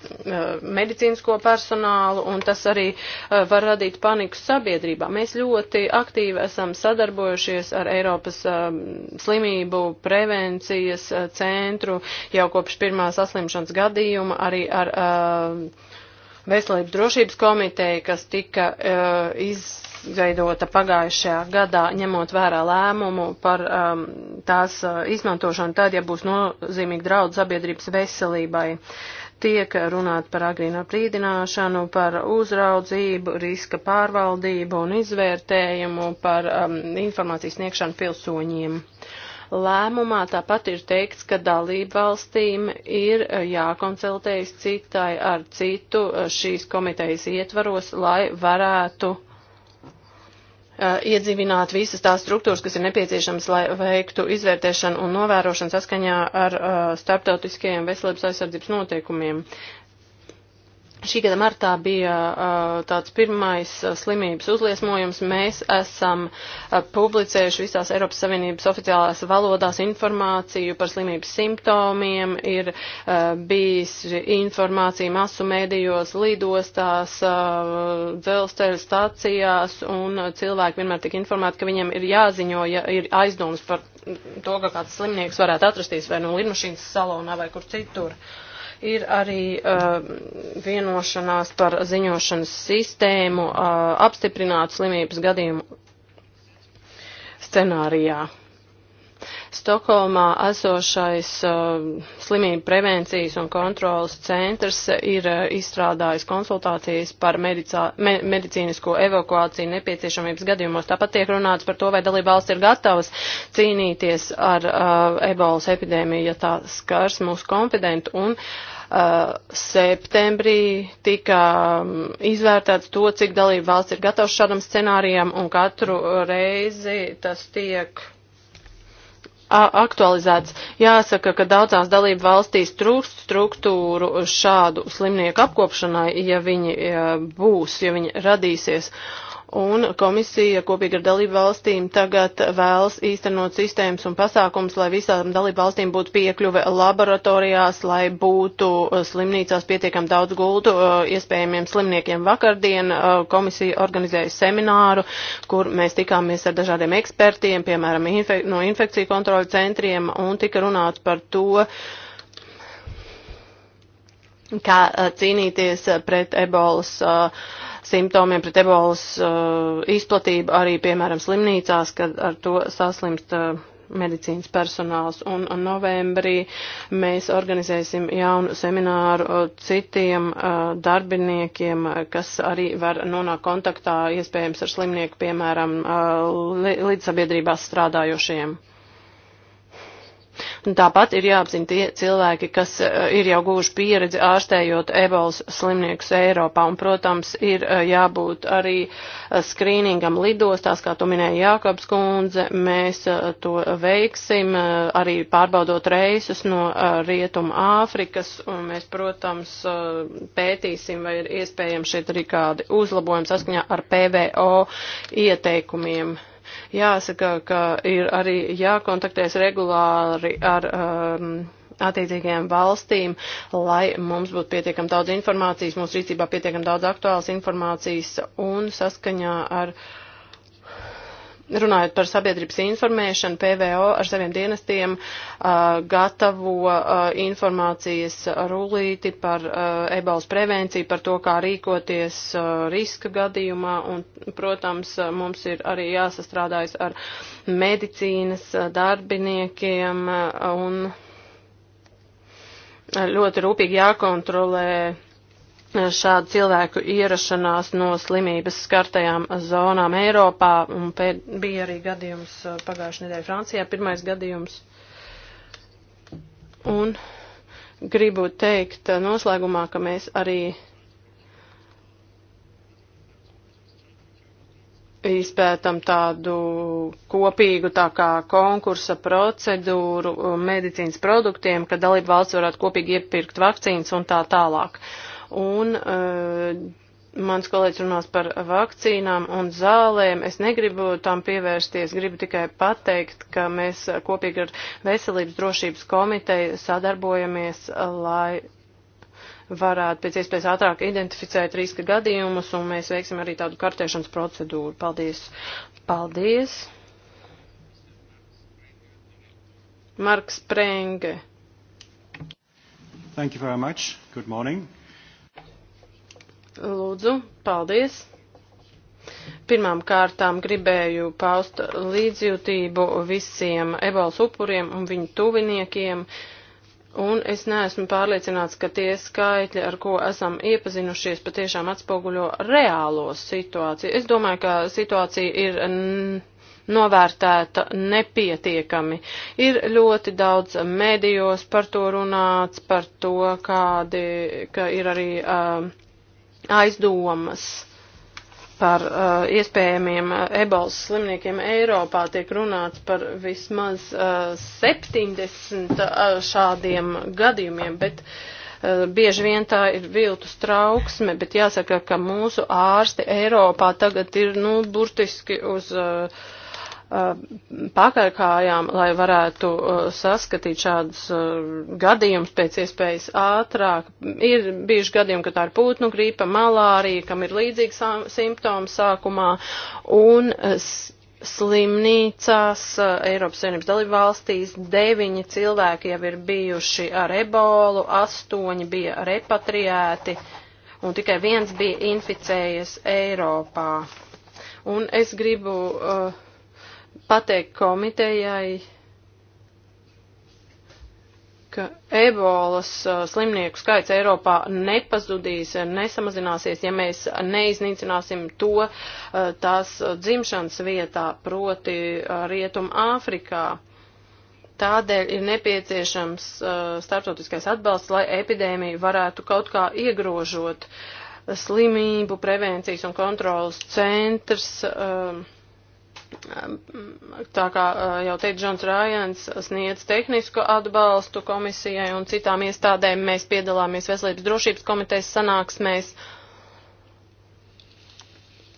Eh, medicīnisko personālu, un tas arī eh, var radīt paniku sabiedrībā. Mēs ļoti aktīvi esam sadarbojušies ar Eiropas eh, slimību prevencijas centru jau kopš pirmā saslimšanas gadījuma, arī ar Veselības drošības komiteja, kas tika uh, izveidota pagājušajā gadā, ņemot vērā lēmumu par um, tās uh, izmantošanu tad, ja būs nozīmīgi draudz sabiedrības veselībai. Uh, Tiek runāt par agrīno brīdināšanu, par uzraudzību, riska pārvaldību un izvērtējumu, par um, informācijas sniegšanu pilsoņiem lēmumā tāpat ir teikts, ka dalību valstīm ir uh, jākonsultējas citai ar citu uh, šīs komitejas ietvaros, lai varētu Eh, iedzīvināt visas tās struktūras, kas ir nepieciešamas, lai veiktu izvērtēšanu un novērošanu saskaņā ar eh, starptautiskajiem veselības aizsardzības noteikumiem. Šī gada martā bija uh, tāds pirmais uh, slimības uzliesmojums. Mēs esam uh, publicējuši visās Eiropas Savienības oficiālās valodās informāciju par slimības simptomiem, ir uh, bijis informācija masu mēdījos, lidostās, uh, dzelzceļa stacijās, un uh, cilvēki vienmēr tik informēti, ka viņiem ir jāziņo, ja ir aizdomas par to, ka kāds slimnieks varētu atrasties vai nu no lidmašīnas salonā vai kur citur. Uh, Ir arī uh, vienošanās par ziņošanas sistēmu uh, apstiprināt slimības gadījumu scenārijā. Stokholmā esošais uh, slimību prevencijas un kontrolas centrs ir uh, izstrādājis konsultācijas par medicā, me, medicīnisko evakuāciju nepieciešamības gadījumos. Tāpat tiek runāts par to, vai dalībvalsts ir gatavas cīnīties ar uh, ebolas epidēmiju, ja tā skars mūsu kompetentu. Un, Uh, septembrī tika um, izvērtēts to, cik dalība valsts ir gatavs šādam scenārijam, un katru reizi tas tiek uh, aktualizēts. Jāsaka, ka daudzās dalību valstīs trūkst struktūru šādu slimnieku apkopšanai, ja viņi būs, ja viņi radīsies. Uh, Un komisija kopīgi ar dalību valstīm tagad vēlas īstenot sistēmas un pasākums, lai visām dalību valstīm būtu piekļuve laboratorijās, lai būtu uh, slimnīcās pietiekam daudz gultu uh, iespējamiem slimniekiem. Vakardien uh, komisija organizēja semināru, kur mēs tikāmies ar dažādiem ekspertiem, piemēram, infe no infekciju kontroļu centriem, un tika runāts par to, kā cīnīties pret ebolas uh, simptomiem pret ebolas uh, izplatību arī, piemēram, slimnīcās, kad ar to saslimst uh, medicīnas personāls. Un, un novembrī mēs organizēsim jaunu semināru uh, citiem uh, darbiniekiem, uh, kas arī var nonākt kontaktā iespējams ar slimnieku, piemēram, uh, līdz sabiedrībās strādājošiem. Un tāpat ir jāapzina tie cilvēki, kas eh, ir jau guvuši pieredzi ārstējot ebolas slimniekus Eiropā. Un, protams, ir eh, jābūt arī eh, skrīningam lidostās, kā to minēja Jākabs kundze. Mēs to veiksim arī pārbaudot reisus no Rietuma Āfrikas. Un mēs, protams, pētīsim, vai ir iespējams šeit arī kādi uzlabojumi saskaņā ar PVO ieteikumiem. Jāsaka, ka ir arī jākontaktēs regulāri ar. Um, attiecīgajām valstīm, lai mums būtu pietiekam daudz informācijas, mūsu rīcībā pietiekam daudz aktuālas informācijas un saskaņā ar uh, Runājot par sabiedrības informēšanu, PVO ar saviem dienestiem uh, gatavo uh, informācijas rulīti par uh, ebolas prevenciju, par to, kā rīkoties uh, riska gadījumā. Un, protams, mums ir arī jāsastrādājas ar medicīnas darbiniekiem un ļoti rūpīgi jākontrolē šādu cilvēku ierašanās no slimības skartajām zonām Eiropā, un pēd, bija arī gadījums uh, pagājušajā nedēļā Francijā, pirmais gadījums. Un gribu teikt uh, noslēgumā, ka mēs arī izpētam tādu kopīgu tā kā konkursa procedūru uh, medicīnas produktiem, ka dalība valsts varētu kopīgi iepirkt vakcīnas un tā tālāk. Uh, Un, uh, mans kolēģis runās par vakcīnām un zālēm. Es negribu tam pievērsties, gribu tikai pateikt, ka mēs kopīgi ar Veselības drošības komiteju sadarbojamies, lai varētu pēc iespējas ātrāk identificēt riska gadījumus, un mēs veiksim arī tādu kartēšanas procedūru. Paldies! Paldies! Marks Prenge. Thank you very much. Good morning. Lūdzu, paldies! Pirmām kārtām gribēju paust līdzjūtību visiem ebolas upuriem un viņu tuviniekiem, un es neesmu pārliecināts, ka tie skaitļi, ar ko esam iepazinušies, patiešām atspoguļo reālo situāciju. Es domāju, ka situācija ir novērtēta nepietiekami. Ir ļoti daudz medijos par to runāts, par to, kādi, ka ir arī. Uh, aizdomas par uh, iespējamiem uh, ebolas slimniekiem Eiropā tiek runāts par vismaz uh, 70 uh, šādiem gadījumiem, bet uh, bieži vien tā ir viltus trauksme, bet jāsaka, ka mūsu ārsti Eiropā tagad ir, nu, burtiski uz uh, Uh, pakaļkājām, lai varētu uh, saskatīt šādus uh, gadījumus pēc iespējas ātrāk. Ir bijuši gadījumi, ka tā ir putnu gripa, malārija, kam ir līdzīgi simptomi sākumā, un slimnīcās Eiropas Savienības dalībvalstīs deviņi cilvēki jau ir bijuši ar ebolu, astoņi bija repatriēti, un tikai viens bija inficējies Eiropā. Un es gribu uh, pateikt komitejai, ka ebolas slimnieku skaits Eiropā nepazudīs, nesamazināsies, ja mēs neiznīcināsim to tās dzimšanas vietā, proti Rietum Āfrikā. Tādēļ ir nepieciešams uh, starptautiskais atbalsts, lai epidēmiju varētu kaut kā iegrožot. Slimību prevencijas un kontrolas centrs uh, tā kā eh, jau teica Džons Rājans, sniedz tehnisko atbalstu komisijai un citām iestādēm. Mēs piedalāmies veselības drošības komitejas sanāksmēs.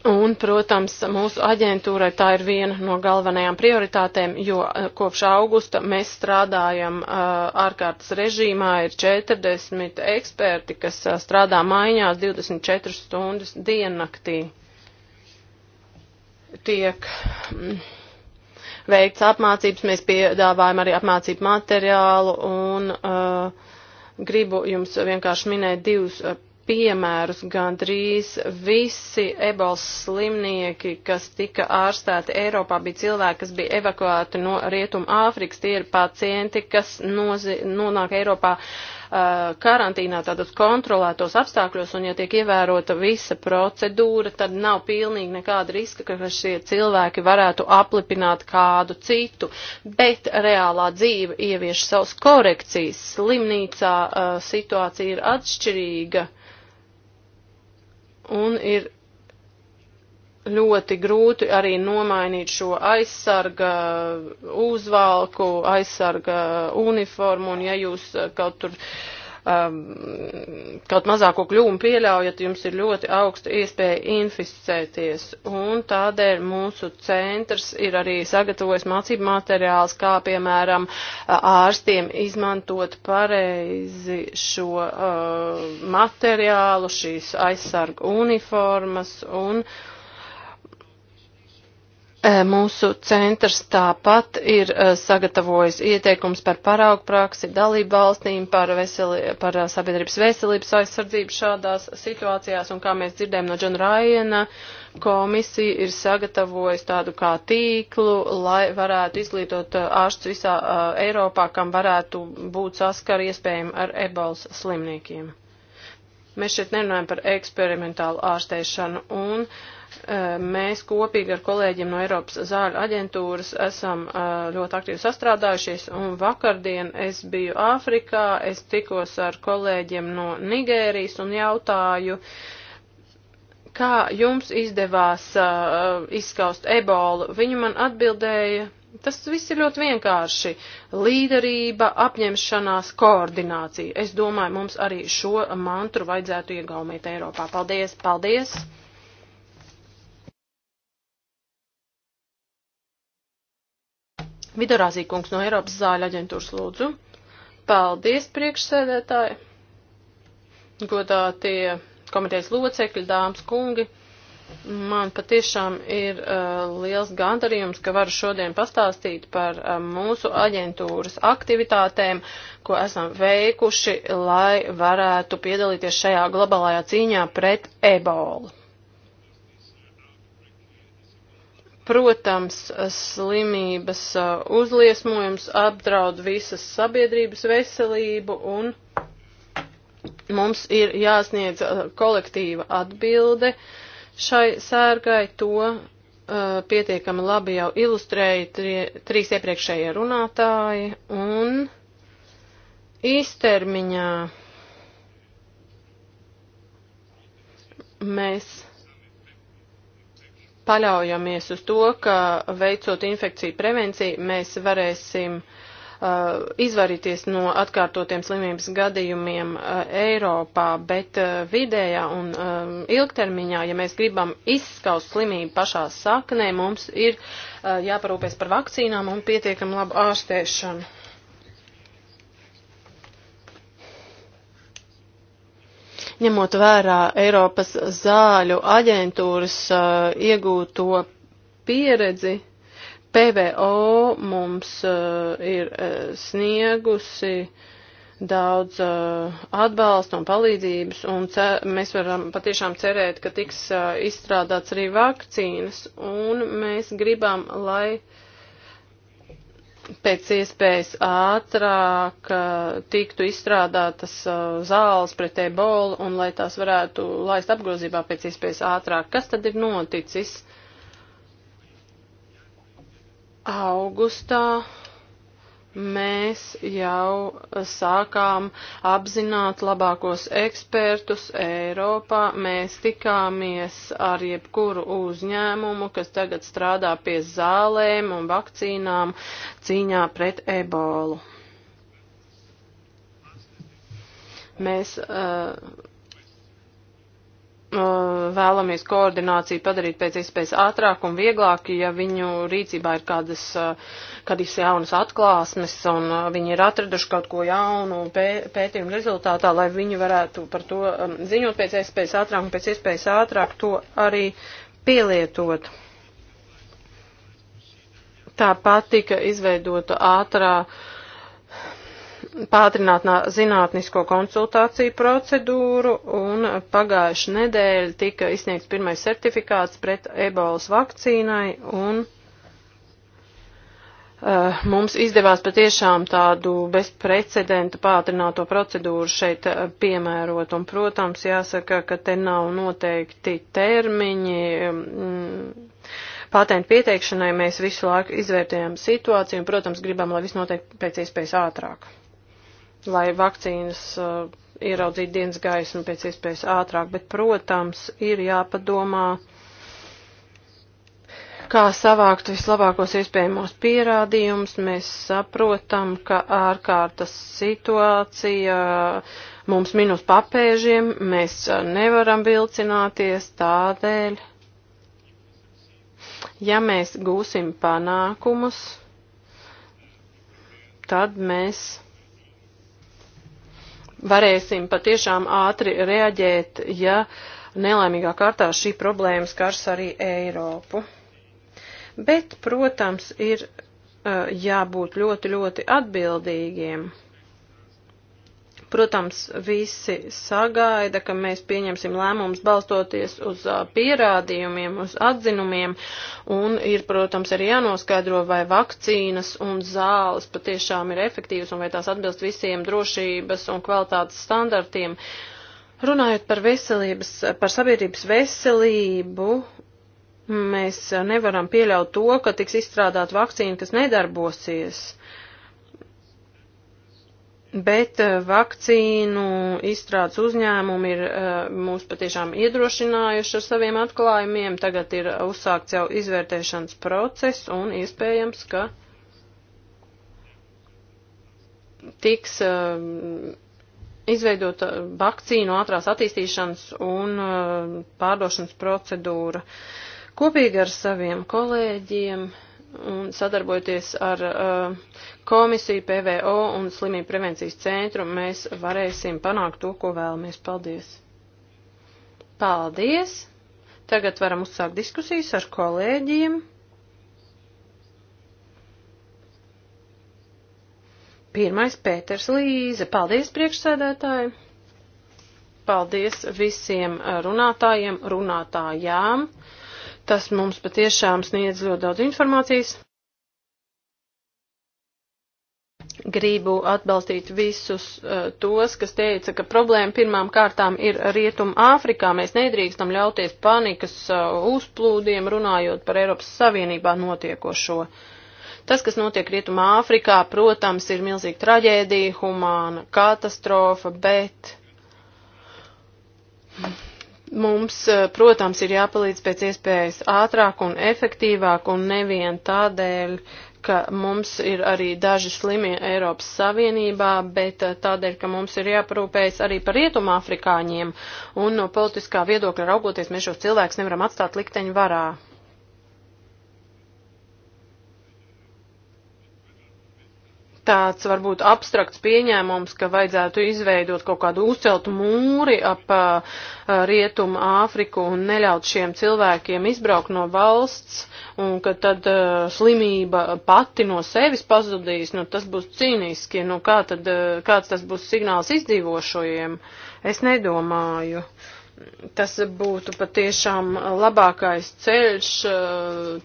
Un, protams, mūsu aģentūrai tā ir viena no galvenajām prioritātēm, jo eh, kopš augusta mēs strādājam eh, ārkārtas režīmā, ir 40 eksperti, kas strādā maiņās 24 stundas diennaktī tiek mm, veikts apmācības, mēs piedāvājam arī apmācību materiālu un uh, gribu jums vienkārši minēt divus uh, piemērus. Gandrīz visi ebols slimnieki, kas tika ārstēti Eiropā, bija cilvēki, kas bija evakuēti no Rietuma Āfrikas. Tie ir pacienti, kas nozi, nonāk Eiropā uh, Eh, karantīnā tādos kontrolētos apstākļos, un ja tiek ievērota visa procedūra, tad nav pilnīgi nekāda riska, ka šie cilvēki varētu aplipināt kādu citu, bet reālā dzīve ievieš savus korekcijas. Slimnīcā eh, situācija ir atšķirīga un ir ļoti grūti arī nomainīt šo aizsarga uzvalku, aizsarga uniformu, un ja jūs eh, kaut tur um, kaut mazāko kļūmu pieļaujat, jums ir ļoti augsta iespēja inficēties, un tādēļ mūsu centrs ir arī sagatavojis mācību materiāls, kā piemēram ārstiem izmantot pareizi šo uh, materiālu, šīs aizsarga uniformas, un uh, E, mūsu centrs tāpat ir e, sagatavojis ieteikums par paraugu praksi dalību valstīm, par, veseli, par e, sabiedrības veselības aizsardzību šādās situācijās, un kā mēs dzirdējam no Džona Rājena, komisija ir sagatavojis tādu kā tīklu, lai varētu izglītot ārstus visā Eiropā, kam varētu būt saskari iespējami ar ebols slimniekiem. Mēs šeit nerunājam par eksperimentālu ārstēšanu un uh, Eh, mēs kopīgi ar kolēģiem no Eiropas zāļu aģentūras esam eh, ļoti aktīvi sastrādājušies, un vakardien es biju Āfrikā, es tikos ar kolēģiem no Nigērijas un jautāju, kā jums izdevās eh, izskaust ebolu. Viņi man atbildēja, Tas viss ir ļoti vienkārši. Līderība, apņemšanās, koordinācija. Es domāju, mums arī šo mantru vajadzētu iegaumēt Eiropā. Paldies, paldies! Vidorāzī kungs no Eiropas zāļu aģentūras lūdzu. Paldies, priekšsēdētāji, godātie komitejas locekļi, dāmas kungi. Man patiešām ir uh, liels gandarījums, ka varu šodien pastāstīt par uh, mūsu aģentūras aktivitātēm, ko esam veikuši, lai varētu piedalīties šajā globālajā cīņā pret ebolu. Protams, slimības uzliesmojums apdraud visas sabiedrības veselību un mums ir jāsniedz kolektīva atbilde šai sērgai. To pietiekami labi jau ilustrēja trie, trīs iepriekšējie runātāji un īstermiņā mēs paļaujamies uz to, ka veicot infekciju prevenciju, mēs varēsim uh, izvarīties no atkārtotiem slimības gadījumiem uh, Eiropā, bet uh, vidējā un um, ilgtermiņā, ja mēs gribam izskaust slimību pašā saknē, mums ir uh, jāparūpēs par vakcīnām un pietiekam labu ārstēšanu. ņemot vērā Eiropas zāļu aģentūras uh, iegūto pieredzi, PVO mums uh, ir uh, sniegusi daudz uh, atbalsta un palīdzības, un cer, mēs varam patiešām cerēt, ka tiks uh, izstrādāts arī vakcīnas, un mēs gribam, lai uh, pēc iespējas ātrāk tiktu izstrādātas uh, zāles pret ebolu un lai tās varētu laist apgrozībā pēc iespējas ātrāk. Kas tad ir noticis? Augustā mēs jau sākām apzināt labākos ekspertus Eiropā. Mēs tikāmies ar jebkuru uzņēmumu, kas tagad strādā pie zālēm un vakcīnām cīņā pret ebolu. Mēs uh, Uh, vēlamies koordināciju padarīt pēc iespējas ātrāk un vieglāk, ja viņu rīcībā ir kādas, uh, kādas jaunas atklāsmes un uh, viņi ir atraduši kaut ko jaunu pētījumu rezultātā, lai viņi varētu par to um, ziņot pēc iespējas ātrāk un pēc iespējas ātrāk to arī pielietot. Tāpat tika izveidota ātrā uh, pātrināt zinātnisko konsultāciju procedūru un pagājuši nedēļa tika izsniegts pirmais certifikāts pret ebolas vakcīnai un uh, mums izdevās patiešām tādu bezprecedenta pātrināto procedūru šeit eh, piemērot un, protams, jāsaka, ka te nav noteikti termiņi. Mm, patentu pieteikšanai mēs visu laiku izvērtējam situāciju un, protams, gribam, lai viss notiek pēc iespējas ātrāk lai vakcīnas uh, ieraudzītu dienas gaismu pēc iespējas ātrāk, bet, protams, ir jāpadomā, kā savākt vislabākos iespējamos pierādījumus. Mēs saprotam, ka ārkārtas situācija uh, mums minus papēžiem, mēs uh, nevaram vilcināties tādēļ. Ja mēs gūsim panākumus, tad mēs varēsim patiešām ātri reaģēt, ja nelaimīgā kārtā šī problēma skars arī Eiropu. Bet, protams, ir eh, jābūt ļoti, ļoti atbildīgiem. Protams, visi sagaida, ka mēs pieņemsim lēmumus balstoties uz pierādījumiem, uz atzinumiem, un ir, protams, arī jānoskaidro, vai vakcīnas un zāles patiešām ir efektīvas un vai tās atbilst visiem drošības un kvalitātes standartiem. Runājot par veselības, par sabiedrības veselību mēs nevaram pieļaut to, ka tiks izstrādāt vakcīna, kas nedarbosies. Bet eh, vakcīnu izstrādes uzņēmumi ir eh, mūs patiešām iedrošinājuši ar saviem atklājumiem. Tagad ir uzsākts jau izvērtēšanas process un iespējams, ka tiks eh, izveidota vakcīnu ātrās attīstīšanas un pārdošanas procedūra kopīgi ar saviem kolēģiem un sadarbojoties ar uh, komisiju, PVO un slimību prevencijas centru, mēs varēsim panākt to, ko vēlamies. Paldies! Paldies! Tagad varam uzsākt diskusijas ar kolēģiem. Pirmais Pēters Līze. Paldies, priekšsēdētāji! Paldies visiem runātājiem, runātājām! Tas mums patiešām sniedz ļoti daudz informācijas. gribu atbalstīt visus uh, tos, kas teica, ka problēma pirmām kārtām ir Rietuma Āfrikā. Mēs nedrīkstam ļauties panikas uh, uzplūdiem, runājot par Eiropas Savienībā notiekošo. Tas, kas notiek Rietuma Āfrikā, protams, ir milzīga traģēdija, humāna katastrofa, bet Mums, eh, protams, ir jāpalīdz pēc iespējas ātrāk un efektīvāk un nevien tādēļ, ka mums ir arī daži slimie Eiropas Savienībā, bet eh, tādēļ, ka mums ir jāparūpējas arī par rietumāfrikāņiem un no politiskā viedokļa raugoties mēs šos cilvēkus nevaram atstāt likteņu varā. tāds varbūt abstrakts pieņēmums, ka vajadzētu izveidot kaut kādu uzceltu mūri ap uh, rietumu Āfriku un neļaut šiem cilvēkiem izbraukt no valsts, un ka tad uh, slimība pati no sevis pazudīs, nu tas būs cīniski, nu kā tad, uh, kāds tas būs signāls izdzīvošajiem, es nedomāju. Uh, tas būtu patiešām labākais ceļš,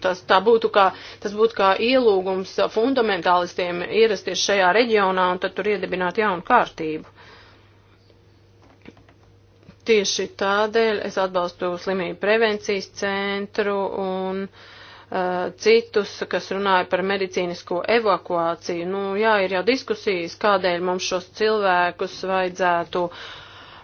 tas, tā būtu kā, tas būtu kā ielūgums fundamentālistiem ierasties šajā reģionā un tad tur iedibināt jaunu kārtību. Tieši tādēļ es atbalstu slimību prevencijas centru un uh, citus, kas runāja par medicīnisko evakuāciju. Nu, jā, ir jau diskusijas, kādēļ mums šos cilvēkus vajadzētu uh,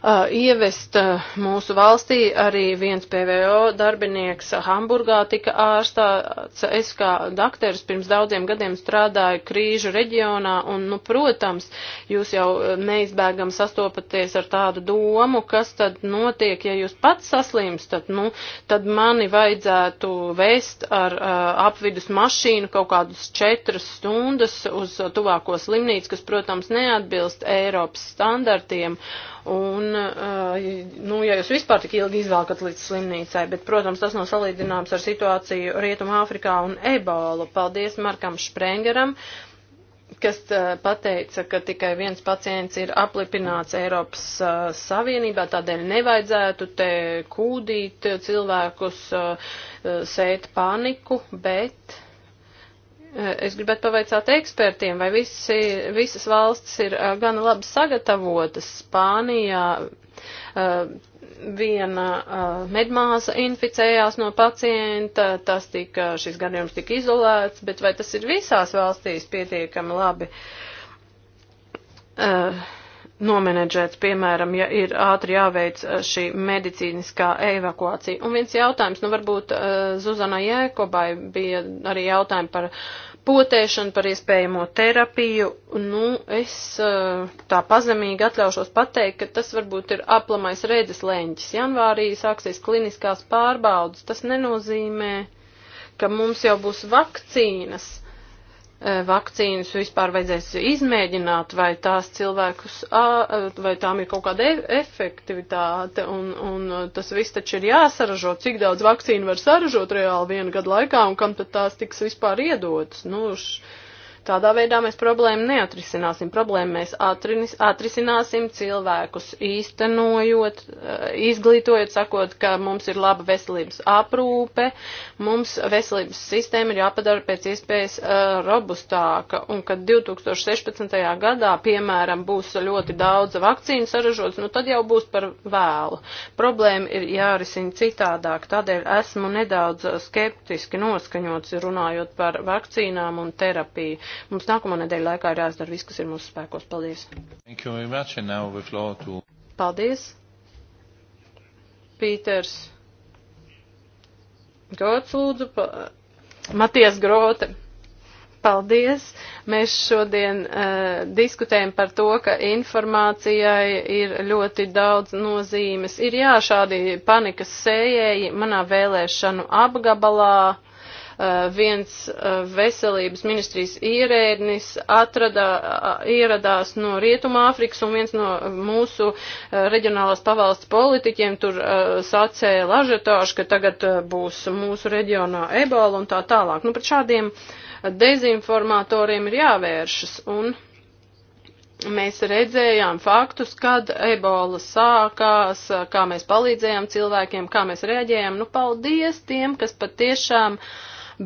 uh, ievest uh, mūsu valstī. Arī viens PVO darbinieks Hamburgā tika ārstāts. Es kā dakteris pirms daudziem gadiem strādāju krīžu reģionā un, nu, protams, jūs jau uh, neizbēgam sastopaties ar tādu domu, kas tad notiek, ja jūs pats saslimstat, nu, tad mani vajadzētu vest ar uh, apvidus mašīnu kaut kādus četras stundas uz tuvāko slimnīcu, kas, protams, neatbilst Eiropas standartiem. Uh, Un, eh, nu, ja jūs vispār tik ilgi izvelkat līdz slimnīcai, bet, protams, tas nav salīdzināms ar situāciju Rietumā Afrikā un ebolu. Paldies Markam Šprengeram, kas eh, pateica, ka tikai viens pacients ir aplipināts Eiropas eh, Savienībā, tādēļ nevajadzētu te kūdīt cilvēkus, sēt paniku, bet Es gribētu pavaicāt ekspertiem, vai visi, visas valstis ir gan labi sagatavotas. Spānijā viena medmāsa inficējās no pacienta, tas tika, šis gadījums tika izolēts, bet vai tas ir visās valstīs pietiekami labi? Uh, nomenedžēts, piemēram, ja ir ātri jāveic eh, šī medicīniskā evakuācija. Un viens jautājums, nu varbūt uh, Zuzana Jēkobai bija arī jautājumi par potēšanu, par iespējamo terapiju. Nu, es uh, tā pazemīgi atļaušos pateikt, ka tas varbūt ir aplamais redzes leņķis. Janvārī sāksies kliniskās pārbaudas. Tas nenozīmē, ka mums jau būs vakcīnas Eh, vakcīnas vispār vajadzēs izmēģināt, vai tās cilvēkus, eh, vai tām ir kaut kāda e, efektivitāte, un, un eh, tas viss taču ir jāsaražo, cik daudz vakcīnu var saražot reāli vienu gadu laikā, un kam tad tās tiks vispār iedotas. Nu, š, Tādā veidā mēs problēmu neatrisināsim. Problēmu mēs atrinis, atrisināsim cilvēkus īstenojot, eh, izglītojot, sakot, ka mums ir laba veselības aprūpe, mums veselības sistēma ir jāpadara pēc iespējas uh, robustāka, un kad 2016. gadā, piemēram, būs ļoti daudz vakcīnu saražots, nu tad jau būs par vēlu. Problēma ir jārisina citādāk, tādēļ esmu nedaudz skeptiski noskaņots runājot par vakcīnām un terapiju. Mums nākamā nedēļa laikā ir jāizdara viss, kas ir mūsu spēkos. Paldies! To... Paldies! Pīters Grots lūdzu, pa... Matijas Grote paldies. Mēs šodien uh, diskutējam par to, ka informācijai ir ļoti daudz nozīmes. Ir jā, šādi panikas sējēji manā vēlēšanu apgabalā. Eh, viens eh, veselības ministrijas ierēdnis atradā, eh, ieradās no Rietumāfrikas un viens no mūsu reģionālās pavalsts politiķiem tur sacēja lažetāšu, ka tagad būs mūsu reģionā ebola un tā tālāk. Nu, pret šādiem dezinformatoriem ir jāvēršas un mēs redzējām faktus, kad ebola sākās, kā mēs palīdzējām cilvēkiem, kā mēs reaģējām. Nu, paldies tiem, kas patiešām uh,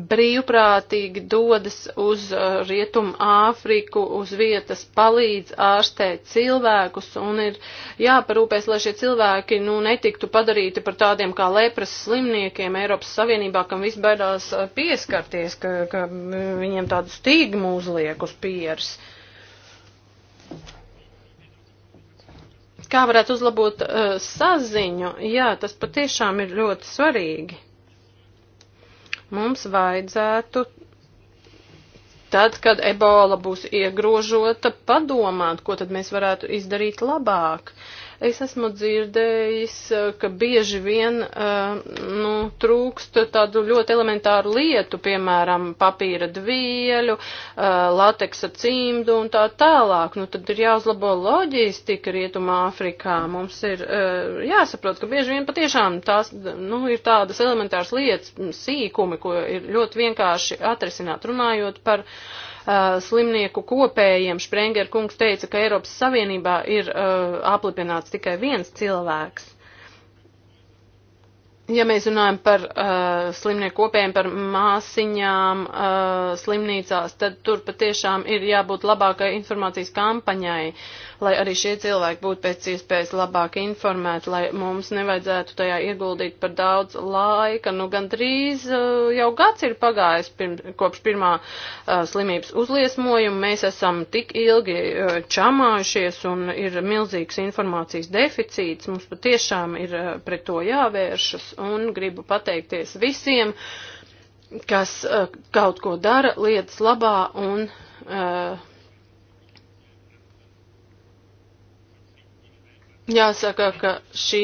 brīvprātīgi dodas uz uh, Rietumu Āfriku, uz vietas palīdz ārstēt cilvēkus un ir jāparūpēs, lai šie cilvēki nu, netiktu padarīti par tādiem kā lepras slimniekiem Eiropas Savienībā, kam viss baidās uh, pieskarties, ka, ka mm, viņiem tādu stīgmu uzliek uz pieres. Kā varētu uzlabot uh, saziņu? Jā, tas patiešām ir ļoti svarīgi. Mums vajadzētu tad, kad ebola būs iegrožota, padomāt, ko tad mēs varētu izdarīt labāk. Uh, Es esmu dzirdējis, eh, ka bieži vien eh, nu, trūkst tādu ļoti elementāru lietu, piemēram, papīra dvieļu, eh, lateksa cimdu un tā tālāk. Nu, tad ir jāuzlabo loģistika Rietumā Afrikā. Mums ir jāsaprot, ka bieži vien patiešām tās nu, ir tādas elementāras lietas, sīkumi, ko ir ļoti vienkārši atrisināt runājot par. Uh, uh, slimnieku kopējiem Sprenger kungs teica, ka Eiropas Savienībā ir uh, aplipināts tikai viens cilvēks ja mēs runājam par uh, slimnieku kopējiem, par māsiņām uh, slimnīcās, tad tur patiešām ir jābūt labākai informācijas kampaņai, lai arī šie cilvēki būtu pēc iespējas labāk informēti, lai mums nevajadzētu tajā ieguldīt par daudz laika. Nu, gan drīz uh, jau gads ir pagājis pirms, kopš pirmā uh, slimības uzliesmojuma. Mēs esam tik ilgi uh, čamājušies un ir milzīgs informācijas deficīts. Mums patiešām ir uh, pret to jāvēršas un gribu pateikties visiem, kas uh, kaut ko dara lietas labā un. Uh, jāsaka, ka šī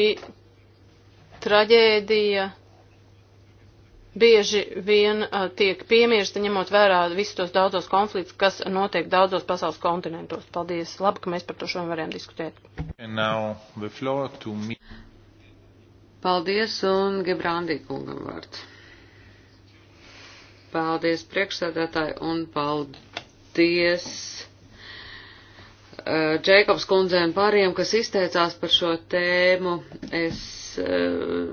traģēdija bieži vien uh, tiek piemirsta, ņemot vērā visus tos daudzos konfliktus, kas notiek daudzos pasaules kontinentos. Paldies! Labi, ka mēs par to šodien varējām diskutēt. Paldies un Gebrandī kungam vārds. Paldies priekšsēdētāji un paldies uh, eh, Džekobs kundzei un pāriem, kas izteicās par šo tēmu. Es uh,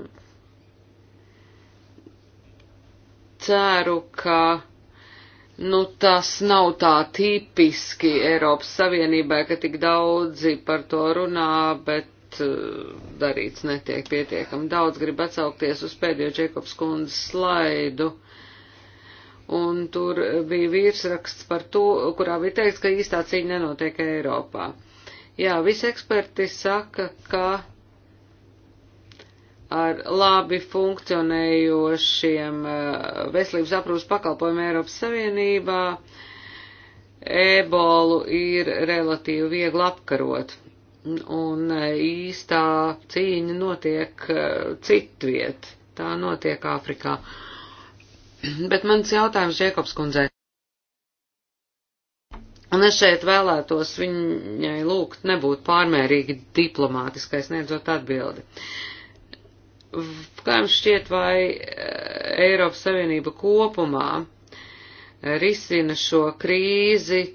ceru, ka nu, tas nav tā tipiski Eiropas Savienībai, ka tik daudzi par to runā, bet šeit eh, darīts netiek pietiekam daudz. Gribu atsaukties uz pēdējo Džekobs kundzes slaidu. Un tur bija vīrsraksts par to, kurā bija teikts, ka īstā cīņa nenotiek Eiropā. Jā, visi eksperti saka, ka ar labi funkcionējošiem eh, veselības aprūpas pakalpojumiem Eiropas Savienībā ebolu ir relatīvi viegli apkarot un e, īstā cīņa notiek e, citviet. Tā notiek Āfrikā. [CLEARS THROAT] Bet mans jautājums Žiekops kundzei. Un es šeit vēlētos viņai lūgt nebūt pārmērīgi diplomātiskai, sniedzot atbildi. Kā jums šķiet, vai e, Eiropas Savienība kopumā risina šo krīzi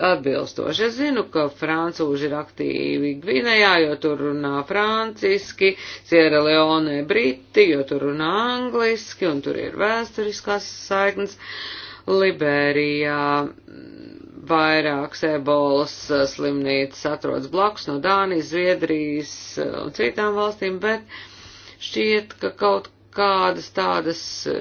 atbilstoši. Es zinu, ka francūži ir aktīvi Gvinējā, jo tur runā franciski, Sierra Leone briti, jo tur runā angliski, un tur ir vēsturiskās saiknes. Liberijā vairākas ebolas slimnīcas atrodas blakus no Dānijas, Zviedrijas un citām valstīm, bet šķiet, ka kaut kādas tādas eh,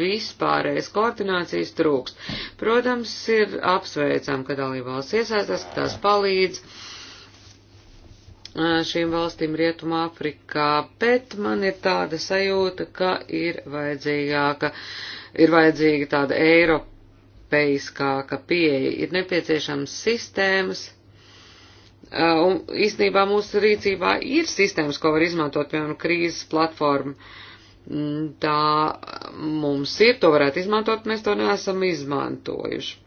vispārējas koordinācijas trūkst. Protams, ir apsveicam, ka dalībvalsts iesaistās, ka tās palīdz eh, šīm valstīm Rietumā Afrikā, bet man ir tāda sajūta, ka ir vajadzīgāka, ir vajadzīga tāda eiropeiskāka pieeja, ir nepieciešams sistēmas, eh, un īstenībā mūsu rīcībā ir sistēmas, ko var izmantot, piemēram, krīzes platforma. Uh, tā mums ir, to varētu izmantot, mēs to neesam izmantojuši.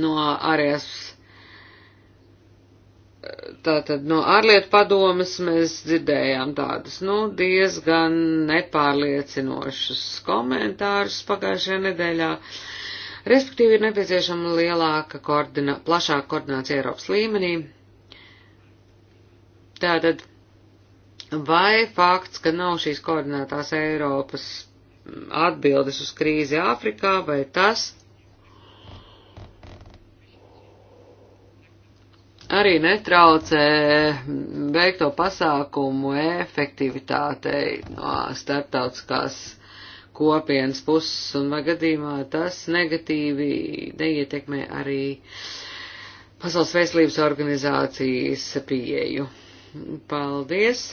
No ārējās, tātad no ārlietu padomas mēs dzirdējām tādus, nu, diezgan nepārliecinošus komentārus pagājušajā nedēļā. Respektīvi ir nepieciešama lielāka, koordinā, plašāka koordinācija Eiropas līmenī. Tātad Vai fakts, ka nav šīs koordinētās Eiropas atbildes uz krīzi Āfrikā, vai tas arī netraucē veikto pasākumu efektivitātei no starptautiskās kopienas puses, un vai gadījumā tas negatīvi neietekmē arī Pasaules veselības organizācijas pieeju. Paldies!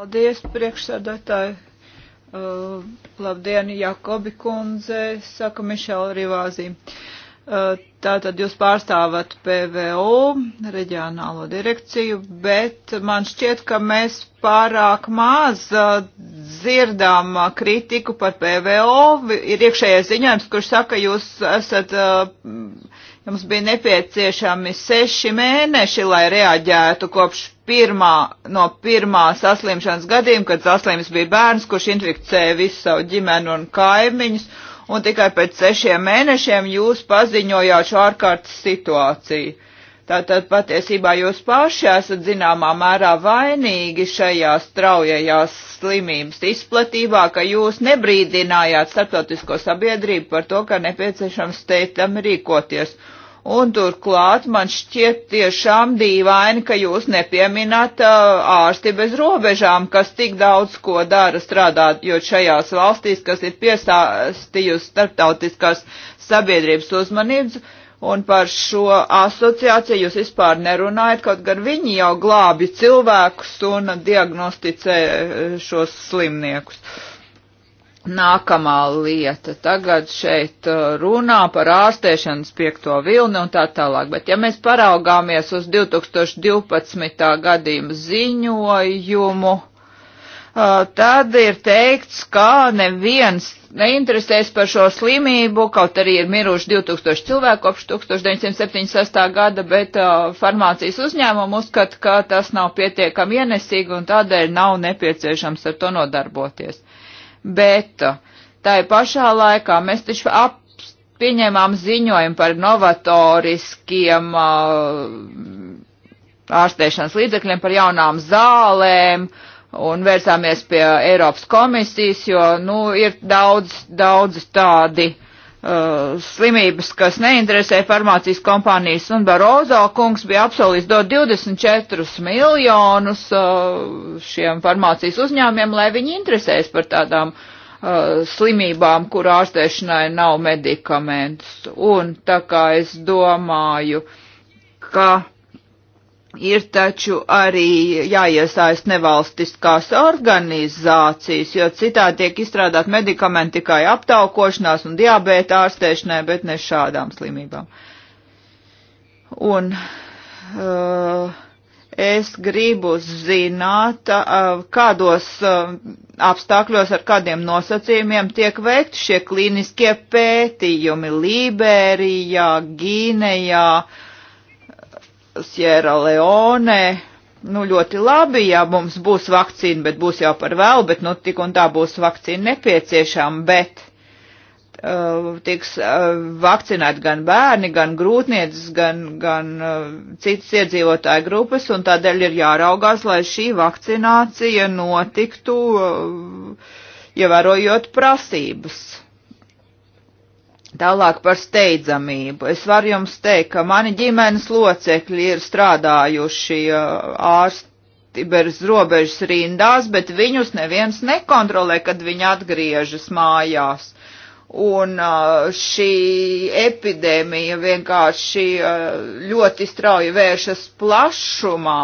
Paldies, priekšsēdētāji. Uh, labdien, Jakobi kundze, saka Mišela Rivāzī. Uh, tātad jūs pārstāvat PVO, reģionālo direkciju, bet man šķiet, ka mēs pārāk maz uh, dzirdām uh, kritiku par PVO. Ir iekšējais ziņojums, kurš saka, jūs esat uh, Jums bija nepieciešami seši mēneši, lai reaģētu kopš pirmā, no pirmā saslimšanas gadījuma, kad saslims bija bērns, kurš inficēja visu savu ģimeni un kaimiņus, un tikai pēc sešiem mēnešiem jūs paziņojāt šo ārkārtas situāciju. Tātad patiesībā jūs paši esat zināmā mērā vainīgi šajā straujajās slimības izplatībā, ka jūs nebrīdinājāt starptautisko sabiedrību par to, ka nepieciešams steidzam rīkoties. Un turklāt man šķiet tiešām dīvaini, ka jūs nepieminat ārsti bez robežām, kas tik daudz ko dara strādāt, jo šajās valstīs, kas ir piesāstījusi starptautiskās sabiedrības uzmanības, Un par šo asociāciju jūs vispār nerunājat, kaut gan viņi jau glābi cilvēkus un diagnosticē eh, šos slimniekus. Nākamā lieta. Tagad šeit eh, runā par ārstēšanas piekto vilni un tā tālāk. Bet ja mēs paraugāmies uz 2012. gadījumu ziņojumu, tad ir teikts, ka neviens neinteresēs par šo slimību, kaut arī ir miruši 2000 cilvēku kopš 1976. gada, bet uh, farmācijas uzņēmumu uzskata, ka tas nav pietiekami ienesīgi un tādēļ nav nepieciešams ar to nodarboties. Bet tā ir pašā laikā mēs taču ap pieņēmām ziņojumu par novatoriskiem uh, ārstēšanas līdzekļiem, par jaunām zālēm, uh, un vērsāmies pie Eiropas komisijas, jo, nu, ir daudz, daudz tādi uh, slimības, kas neinteresē farmācijas kompānijas, un Barozo kungs bija apsolījis dot 24 miljonus uh, šiem farmācijas uzņēmiem, lai viņi interesēs par tādām uh, slimībām, kur ārstēšanai nav medikaments. Un tā kā es domāju, ka Ir taču arī jāiesaist nevalstiskās organizācijas, jo citādi tiek izstrādāt medikamenti tikai aptaukošanās un diabēta ārstēšanai, bet ne šādām slimībām. Un uh, es gribu zināt, uh, kādos uh, apstākļos ar kādiem nosacījumiem tiek veikti šie klīniskie pētījumi Lībērijā, Gīnejā, uh, Sierra Leone. Nu, ļoti labi, ja mums būs vakcīna, bet būs jau par vēl, bet nu tik un tā būs vakcīna nepieciešama, bet uh, tiks uh, vakcinēti gan bērni, gan grūtniecis, gan, gan uh, citas iedzīvotāju grupas, un tādēļ ir jāraugās, lai šī vakcinācija notiktu, uh, ievērojot prasības Tālāk par steidzamību. Es varu jums teikt, ka mani ģimenes locekļi ir strādājuši uh, ārsti bez robežas rindās, bet viņus neviens nekontrolē, kad viņi atgriežas mājās. Un uh, šī epidēmija vienkārši uh, ļoti strauji vēršas plašumā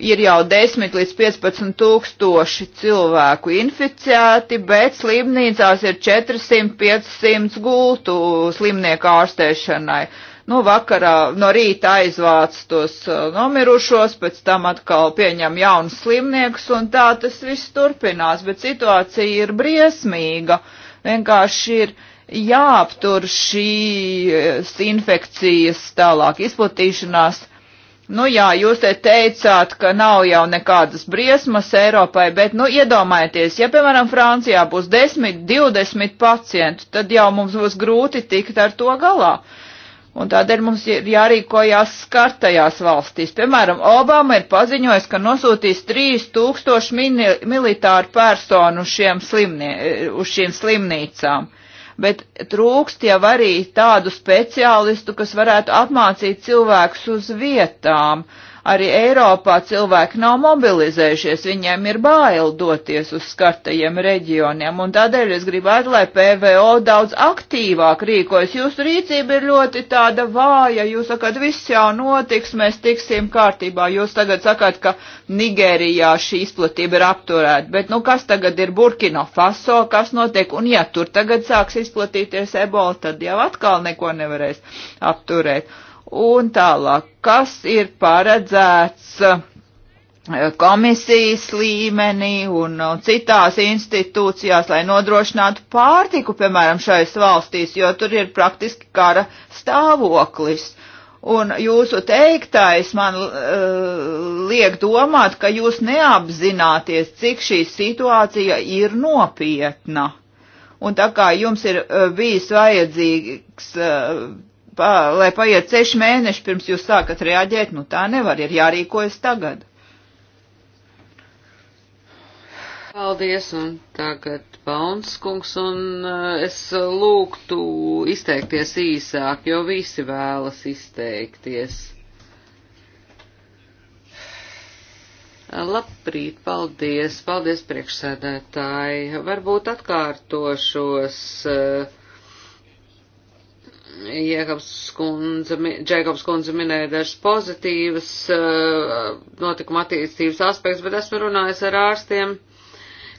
ir jau 10 līdz 15 tūkstoši cilvēku inficēti, bet slimnīcās ir 400-500 gultu slimnieku ārstēšanai. Nu, vakarā no rīta aizvāc tos uh, nomirušos, pēc tam atkal pieņem jaunus slimniekus, un tā tas viss turpinās, bet situācija ir briesmīga. Vienkārši ir jāaptur šīs infekcijas tālāk izplatīšanās Nu jā, jūs te teicāt, ka nav jau nekādas briesmas Eiropai, bet, nu, iedomājieties, ja, piemēram, Francijā būs 10, 20 pacientu, tad jau mums būs grūti tikt ar to galā. Un tādēļ mums ir jārīkojās skartajās valstīs. Piemēram, Obama ir paziņojis, ka nosūtīs 3000 mini, militāru personu šiem slimnie, uz šīm slimnīcām bet trūkst jau arī tādu speciālistu, kas varētu apmācīt cilvēkus uz vietām. Uh, Arī Eiropā cilvēki nav mobilizējušies, viņiem ir bail doties uz skartajiem reģioniem, un tādēļ es gribētu, lai PVO daudz aktīvāk rīkojas. Jūsu rīcība ir ļoti tāda vāja, jūs sakat, viss jau notiks, mēs tiksim kārtībā. Jūs tagad sakat, ka Nigērijā šī izplatība ir apturēta, bet nu kas tagad ir Burkina Faso, kas notiek, un ja tur tagad sāks izplatīties ebola, tad jau atkal neko nevarēs apturēt. Un tālāk, kas ir paredzēts eh, komisijas līmenī un eh, citās institūcijās, lai nodrošinātu pārtiku, piemēram, šais valstīs, jo tur ir praktiski kara stāvoklis. Un jūsu teiktais man uh, liek domāt, ka jūs neapzināties, cik šī situācija ir nopietna. Un tā kā jums ir uh, bijis vajadzīgs uh, pa, lai paiet seši mēneši pirms jūs sākat reaģēt, nu tā nevar, ir jārīkojas tagad. Paldies, un tagad Pauns kungs, un eh, es lūgtu izteikties īsāk, jo visi vēlas izteikties. Labrīt, paldies, paldies priekšsēdētāji. Varbūt atkārtošos. Uh, Jēkabs kundze, Džēkabs kundze minēja dažas pozitīvas eh, notikuma attīstības aspekts, bet esmu runājis ar ārstiem,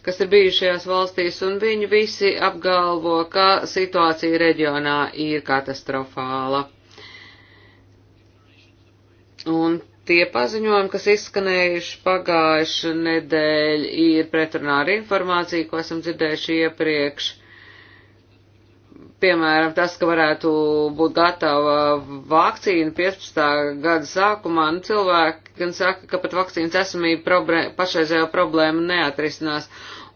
kas ir bijušajās valstīs, un viņi visi apgalvo, ka situācija reģionā ir katastrofāla. Un tie paziņojumi, kas izskanējuši pagājuši nedēļ, ir pretrunā ar informāciju, ko esam dzirdējuši iepriekš piemēram, tas, ka varētu būt gatava vakcīna 15. gada sākumā, nu, cilvēki gan saka, ka pat vakcīnas esamība problēma, pašreizējo problēmu neatrisinās,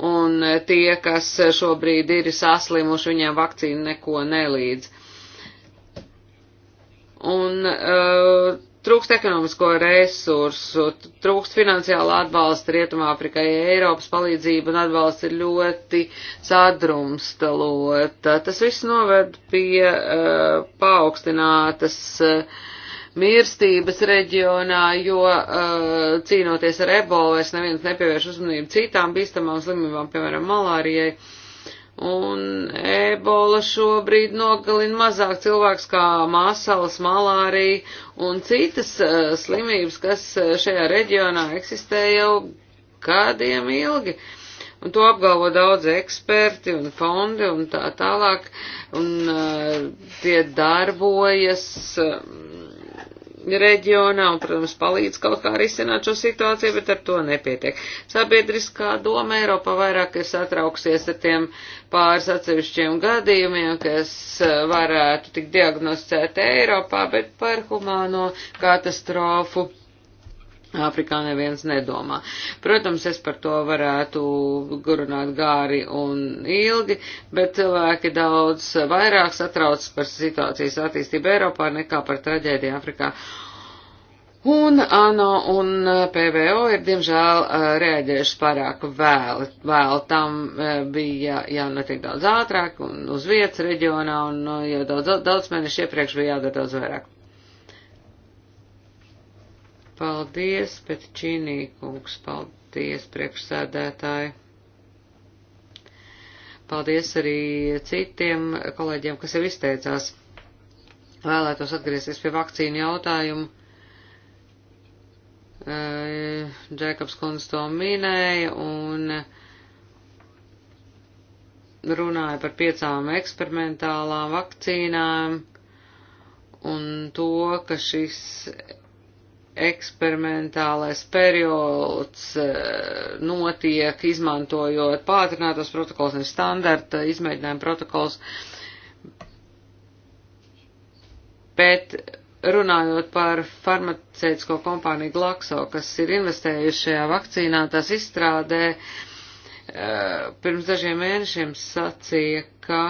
un e, tie, kas šobrīd ir saslimuši, viņiem vakcīna neko nelīdz. Un, uh, Trūkst ekonomisko resursu, trūkst finansiāla atbalsta Rietumāfrikai, Eiropas palīdzība un atbalsts ir ļoti sadrumstalota. Tas viss noved pie uh, paaugstinātas uh, mirstības reģionā, jo uh, cīnoties ar ebolu, es neviens nepievērš uzmanību citām bīstamām slimībām, piemēram, malārijai. Uh, un ebola šobrīd nogalina mazāk cilvēks kā māsals, malārija un citas uh, slimības, kas eh, šajā reģionā eksistē jau gadiem ilgi. Un to apgalvo daudz eksperti un fondi un tā tālāk, un uh, tie darbojas. Uh, reģionā un, protams, palīdz kaut kā risināt šo situāciju, bet ar to nepietiek. Sabiedriskā doma Eiropā vairāk ir satrauksies ar tiem pāris atsevišķiem gadījumiem, kas eh, varētu tik diagnosticēt Eiropā, bet par humāno katastrofu Āfrikā neviens nedomā. Protams, es par to varētu gurunāt gāri un ilgi, bet cilvēki daudz vairāk satrauc par situācijas attīstību Eiropā nekā par traģēdiju Āfrikā. Un ANO un PVO ir, diemžēl, reaģējuši pārāk vēli. Vēl tam eh, bija jānotiek daudz ātrāk un uz vietas reģionā, un eh, jau daudz, daudz mēnešu iepriekš bija jādara daudz vairāk. Paldies, bet Čīnīkungs, paldies, priekšsēdētāji. Paldies arī citiem kolēģiem, kas jau izteicās. Vēlētos atgriezties pie vakcīnu jautājumu. Eh, Džekabs kundze to minēja un runāja par piecām eksperimentālām vakcīnām un to, ka šis eksperimentālais periods e, notiek, izmantojot pātrinātos protokols, nevis standarta izmēģinājumu protokols. Bet runājot par farmaceitisko kompāniju Glaxo, kas ir investējuši šajā vakcīnā, tās izstrādē, e, pirms dažiem mēnešiem sacīja, ka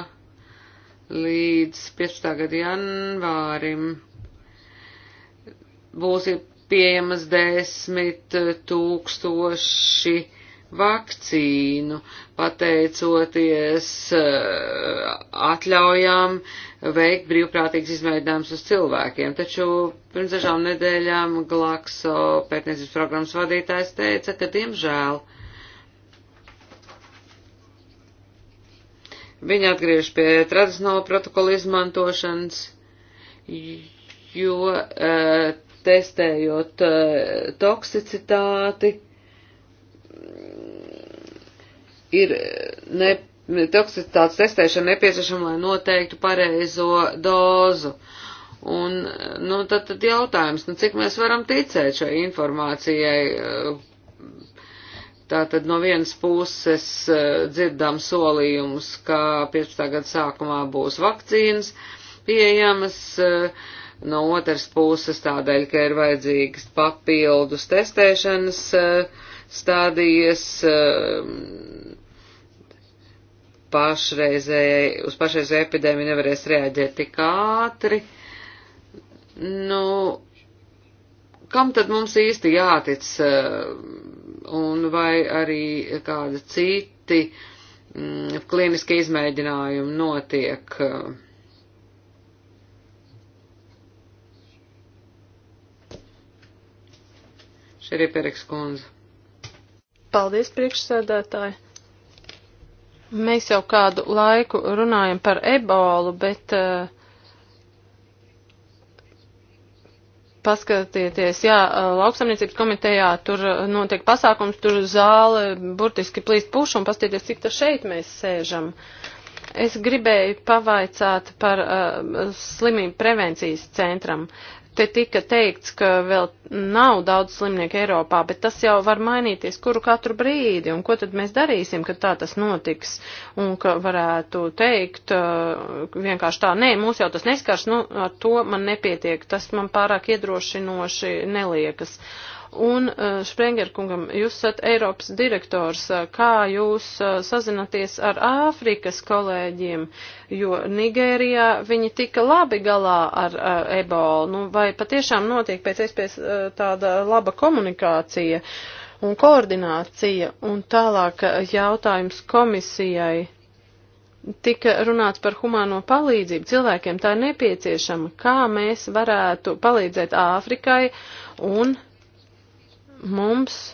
līdz 15. gada janvārim būs pieejamas desmit tūkstoši vakcīnu, pateicoties eh, atļaujām veikt brīvprātīgs izmēģinājums uz cilvēkiem. Taču pirms dažām nedēļām Glakso pētniecības programmas vadītājs teica, ka diemžēl viņi atgriež pie tradicionāla protokola izmantošanas, jo uh, testējot eh, toksicitāti, ir eh, ne, toksicitātes testēšana nepieciešama, lai noteiktu pareizo dozu. Un, eh, nu, tad, tad jautājums, nu, cik mēs varam ticēt šai informācijai, Tātad no vienas puses dzirdām solījumus, ka 15. gada sākumā būs vakcīnas pieejamas, no otras puses tādēļ, ka ir vajadzīgas papildus testēšanas eh, stādījas eh, pašreizējai, uz pašreizēju epidēmiju nevarēs reaģēt tik ātri. Nu, kam tad mums īsti jātic, eh, un vai arī kādi citi mm, klīniskie izmēģinājumi notiek? Uh, Šerī Pereks kundze. Paldies, priekšsēdētāji. Mēs jau kādu laiku runājam par ebolu, bet uh, paskatieties, jā, lauksamniecības komitejā tur eh, notiek pasākums, tur zāle burtiski plīst pušu un paskatieties, cik ta šeit mēs sēžam. Es gribēju pavaicāt par uh, slimību prevencijas centram. Te tika teikts, ka vēl nav daudz slimnieku Eiropā, bet tas jau var mainīties kuru katru brīdi, un ko tad mēs darīsim, kad tā tas notiks, un ka varētu teikt uh, vienkārši tā, nē, mūs jau tas neskars, nu, ar to man nepietiek, tas man pārāk iedrošinoši neliekas. Uh, Un uh, Sprenger kungam, jūs esat Eiropas direktors, eh, kā jūs uh, sazināties ar Āfrikas kolēģiem, jo Nigērijā viņi tika labi galā ar uh, ebolu, nu vai patiešām notiek pēc iespējas uh, tāda laba komunikācija un koordinācija, un tālāk jautājums komisijai tika runāts par humāno palīdzību cilvēkiem, tā ir nepieciešama, kā mēs varētu palīdzēt Āfrikai un mums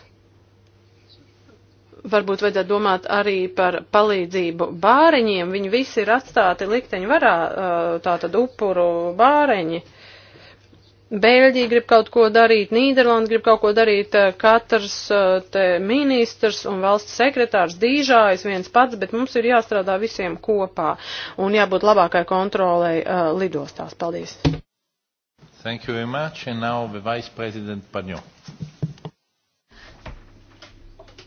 varbūt vajadzētu domāt arī par palīdzību bāriņiem. Viņi visi ir atstāti likteņu varā, tātad upuru bāriņi. Bēļģija grib kaut ko darīt, Nīderlanda grib kaut ko darīt, katrs te ministrs un valsts sekretārs dīžājas viens pats, bet mums ir jāstrādā visiem kopā un jābūt labākai kontrolei uh, lidostās. Paldies! Thank you very much and now the Vice President Pagnot.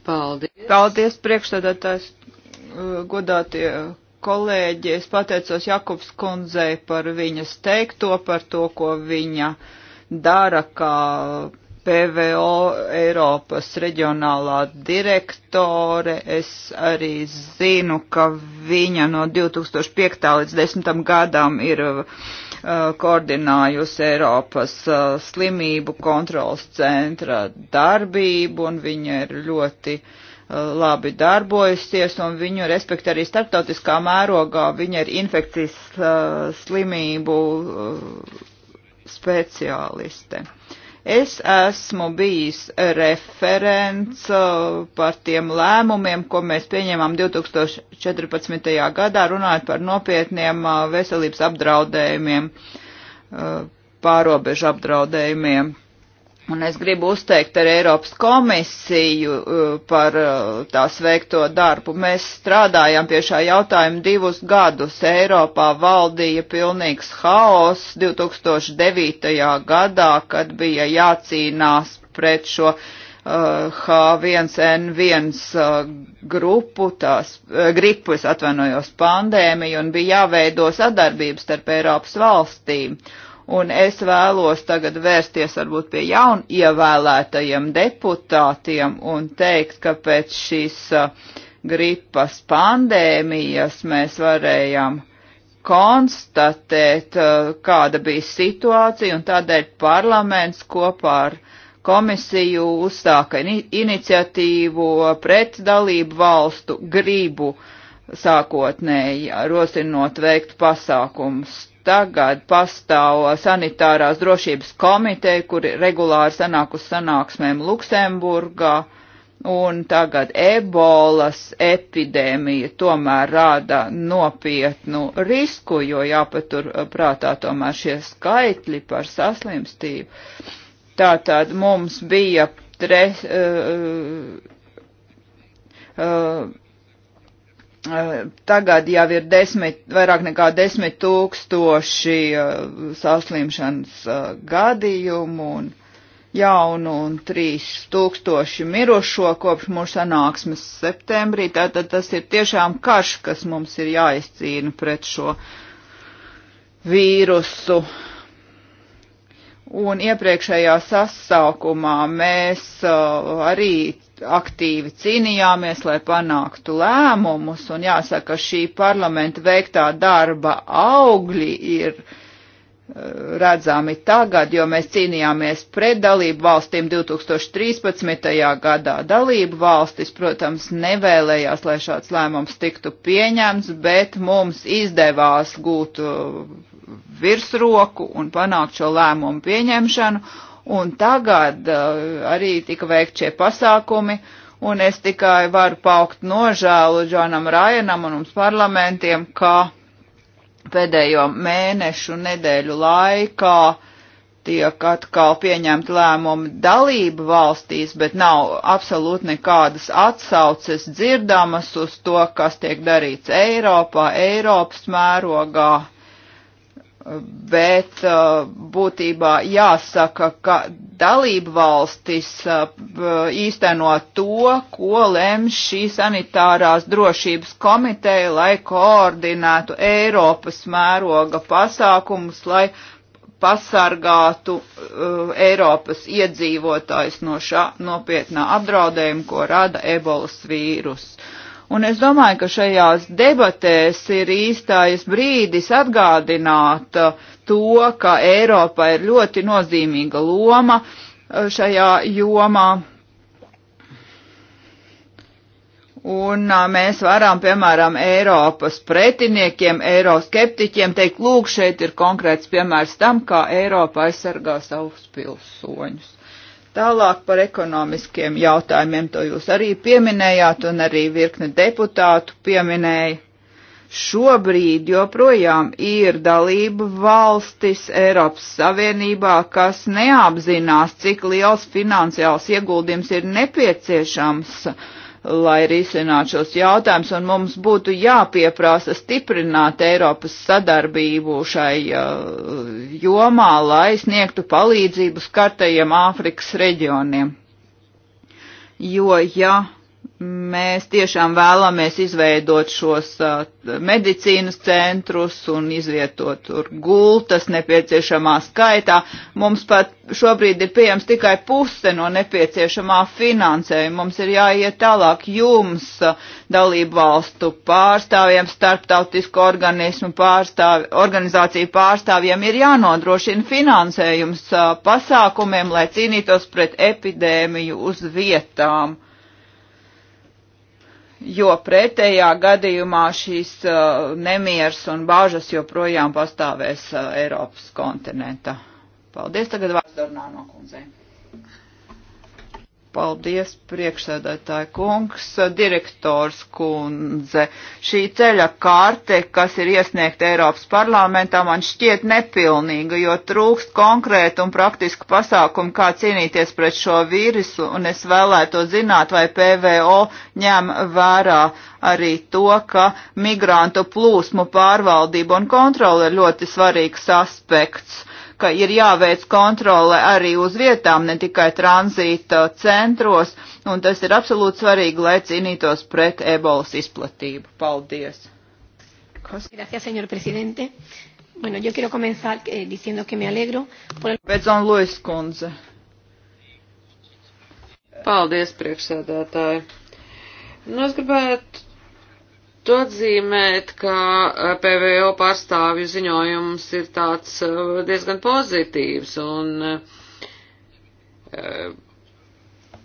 Paldies. Paldies, priekšstādātājs, uh, godātie kolēģi. Es pateicos Jakobs kundzei par viņas teikto, par to, ko viņa dara kā PVO Eiropas reģionālā direktore. Es arī zinu, ka viņa no 2005. līdz 10. gadam ir Eh, koordinājusi Eiropas eh, slimību kontrolas centra darbību, un viņa ir ļoti eh, labi darbojusies, un viņu respekti arī starptautiskā mērogā. Viņa ir infekcijas slimību speciāliste. Es esmu bijis referents uh, par tiem lēmumiem, ko mēs pieņēmām 2014. gadā, runājot par nopietniem uh, veselības apdraudējumiem, uh, pārobežu apdraudējumiem. Un es gribu uzteikt ar Eiropas komisiju uh, par uh, tās veikto darbu. Mēs strādājām pie šā jautājuma divus gadus. Eiropā valdīja pilnīgs haoss 2009. gadā, kad bija jācīnās pret šo H1N1 uh, grupu, tās gripu, es atvainojos, pandēmiju, un bija jāveido sadarbības starp Eiropas valstīm. Uh, un es vēlos tagad vērsties varbūt pie jaun ievēlētajiem deputātiem un teikt, ka pēc šīs uh, gripas pandēmijas mēs varējām konstatēt, uh, kāda bija situācija, un tādēļ parlaments kopā ar komisiju uzsāka iniciatīvu pret dalību valstu gribu sākotnēji rosinot veikt pasākumus Tagad pastāv sanitārās drošības komiteja, kuri regulāri sanāk uz sanāksmēm Luksemburgā, un tagad ebolas epidēmija tomēr rāda nopietnu risku, jo jāpatur prātā tomēr šie skaitļi par saslimstību. Tātad mums bija tre, uh, uh, Eh, tagad jau ir desmit, vairāk nekā desmit tūkstoši eh, saslimšanas eh, gadījumu un jaunu un trīs tūkstoši mirušo kopš mūsu sanāksmes septembrī. Tātad tas ir tiešām karš, kas mums ir jāizcīna pret šo vīrusu. Un iepriekšējā sasaukumā mēs arī aktīvi cīnījāmies, lai panāktu lēmumus, un jāsaka, šī parlamenta veiktā darba augļi ir eh, redzami tagad, jo mēs cīnījāmies pret dalību valstīm 2013. gadā. Dalību valstis, protams, nevēlējās, lai šāds lēmums tiktu pieņemts, bet mums izdevās gūt eh, virsroku un panākt šo lēmumu pieņemšanu un tagad uh, arī tika veikt šie pasākumi, un es tikai varu paukt nožēlu Džonam Rajanam un mums parlamentiem, ka pēdējo mēnešu nedēļu laikā tiek atkal pieņemti lēmumi dalību valstīs, bet nav absolūti nekādas atsauces dzirdamas uz to, kas tiek darīts Eiropā, Eiropas mērogā bet uh, būtībā jāsaka, ka dalību valstis uh, īsteno to, ko lems šī sanitārās drošības komiteja, lai koordinētu Eiropas mēroga pasākumus, lai pasargātu uh, Eiropas iedzīvotājs no šā nopietnā apdraudējuma, ko rada ebolas vīrus. Un es domāju, ka šajās debatēs ir īstais brīdis atgādināt uh, to, ka Eiropa ir ļoti nozīmīga loma uh, šajā jomā. Un a, uh, mēs varam, piemēram, Eiropas pretiniekiem, eiroskeptiķiem teikt, lūk, šeit ir konkrēts piemērs tam, kā Eiropa aizsargā savus pilsoņus. Tālāk par ekonomiskiem jautājumiem to jūs arī pieminējāt un arī virkne deputātu pieminēja. Šobrīd joprojām ir dalība valstis Eiropas Savienībā, kas neapzinās, cik liels finansiāls ieguldījums ir nepieciešams uh, lai risinātu šos jautājumus, un mums būtu jāpieprasa stiprināt Eiropas sadarbību šai uh, jomā, lai sniegtu palīdzību skartajiem Āfrikas reģioniem. Jo, ja Mēs tiešām vēlamies izveidot šos uh, medicīnas centrus un izvietot tur gultas nepieciešamā skaitā. Mums pat šobrīd ir pieejams tikai puse no nepieciešamā finansējuma. Mums ir jāiet tālāk jums, uh, dalību valstu pārstāvjiem, starptautisku organismu pārstāvju, organizāciju pārstāvjiem, ir jānodrošina finansējums uh, pasākumiem, lai cīnītos pret epidēmiju uz vietām jo pretējā gadījumā šīs uh, nemieras un bāžas joprojām pastāvēs uh, Eiropas kontinentā. Paldies, tagad vārds Dornāno kundzei. Paldies, priekšsēdētāji kungs, direktors kundze. Šī ceļa kārte, kas ir iesniegta Eiropas parlamentā, man šķiet nepilnīga, jo trūkst konkrētu un praktisku pasākumu, kā cīnīties pret šo vīrisu, un es vēlētos zināt, vai PVO ņem vērā arī to, ka migrantu plūsmu pārvaldība un kontrole ir ļoti svarīgs aspekts ka ir jāveic kontrole arī uz vietām, ne tikai tranzīta centros, un tas ir absolūti svarīgi, lai cīnītos pret ebolas izplatību. Paldies! Kas? Gracias, señor presidente. Bueno, yo quiero comenzar eh, diciendo que me alegro por el... Bedzon Luis Kunze. Paldies, priekšsēdētāji. Nu, es gribētu To atzīmēt, ka eh, PVO pārstāvju ziņojums ir tāds eh, diezgan pozitīvs un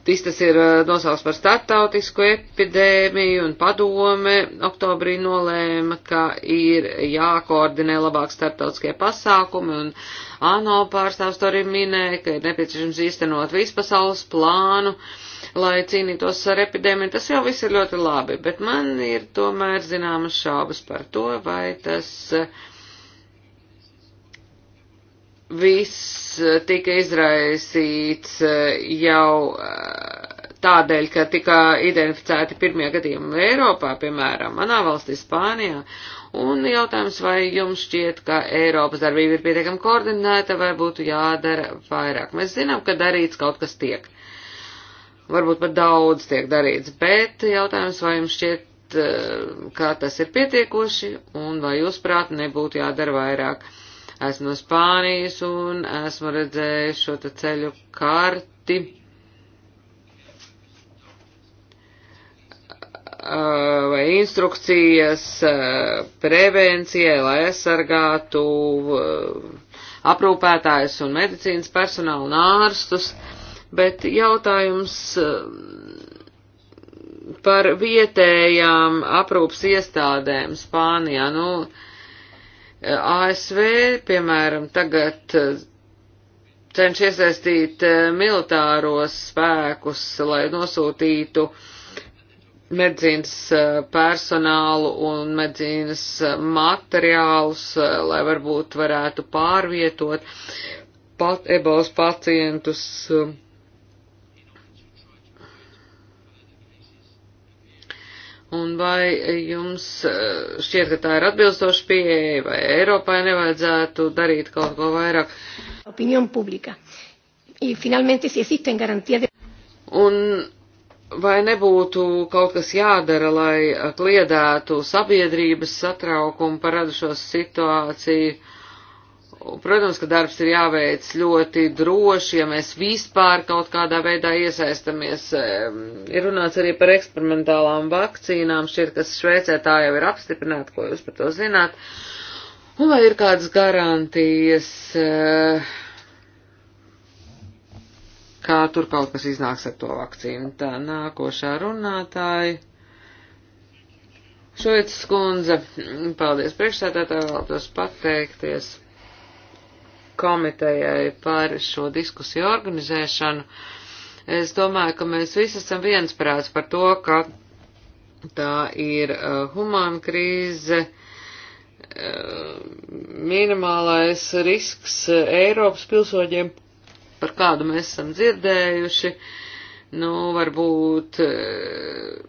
Tis eh, tas ir nosaukts par startautisku epidēmiju un padome oktobrī nolēma, ka ir jākoordinē labāk startautiskie pasākumi un ANO pārstāvs to arī minēja, ka ir nepieciešams īstenot vispasaules plānu. Uh, lai cīnītos ar epidēmiju, tas jau viss ir ļoti labi, bet man ir tomēr zināmas šaubas par to, vai tas eh, viss eh, tika izraisīts eh, jau tādēļ, ka tika identificēti pirmie gadījumi Eiropā, piemēram, manā valstī Spānijā. Un jautājums, vai jums šķiet, ka Eiropas darbība ir pietiekami koordinēta vai būtu jādara vairāk? Mēs zinām, ka darīts kaut kas tiek. Uh, varbūt pat daudz tiek darīts, bet jautājums, vai jums šķiet, eh, kā tas ir pietiekoši un vai jūs prāt nebūtu jādara vairāk. Esmu no Spānijas un esmu redzējis šo te ceļu karti. Eh, vai instrukcijas eh, prevencijai, lai aizsargātu aprūpētājus un medicīnas personālu un ārstus. Uh, bet jautājums eh, par vietējām aprūpas iestādēm Spānijā. Nu, eh, ASV, piemēram, tagad eh, cenš iesaistīt militāros spēkus, lai nosūtītu medzīnas personālu un medzīnas materiālus, lai varbūt varētu pārvietot pat ebolas pacientus. Uh, Un vai jums eh, šķiet, ka tā ir atbilstoša pieeja, vai Eiropai nevajadzētu darīt kaut ko vairāk? Opinion publika. Y finalmente, si existen garantías de... Un vai nebūtu kaut kas jādara, lai kliedētu sabiedrības satraukumu par radušos situāciju? Protams, ka darbs ir jāveic ļoti droši, ja mēs vispār kaut kādā veidā iesaistamies. Ir runāts arī par eksperimentālām vakcīnām, šķiet, kas Šveicē tā jau ir apstiprināta, ko jūs par to zināt. Un vai ir kādas garantijas, eh, kā tur kaut kas iznāks ar to vakcīnu? Tā nākošā runātāja. Šoicis kundze, paldies priekšsēdētāji, vēlētos pateikties komitejai par šo diskusiju organizēšanu. Es domāju, ka mēs visi esam viensprāts par to, ka tā ir uh, humāna krīze, uh, minimālais risks uh, Eiropas pilsoņiem, par kādu mēs esam dzirdējuši. Nu, varbūt uh,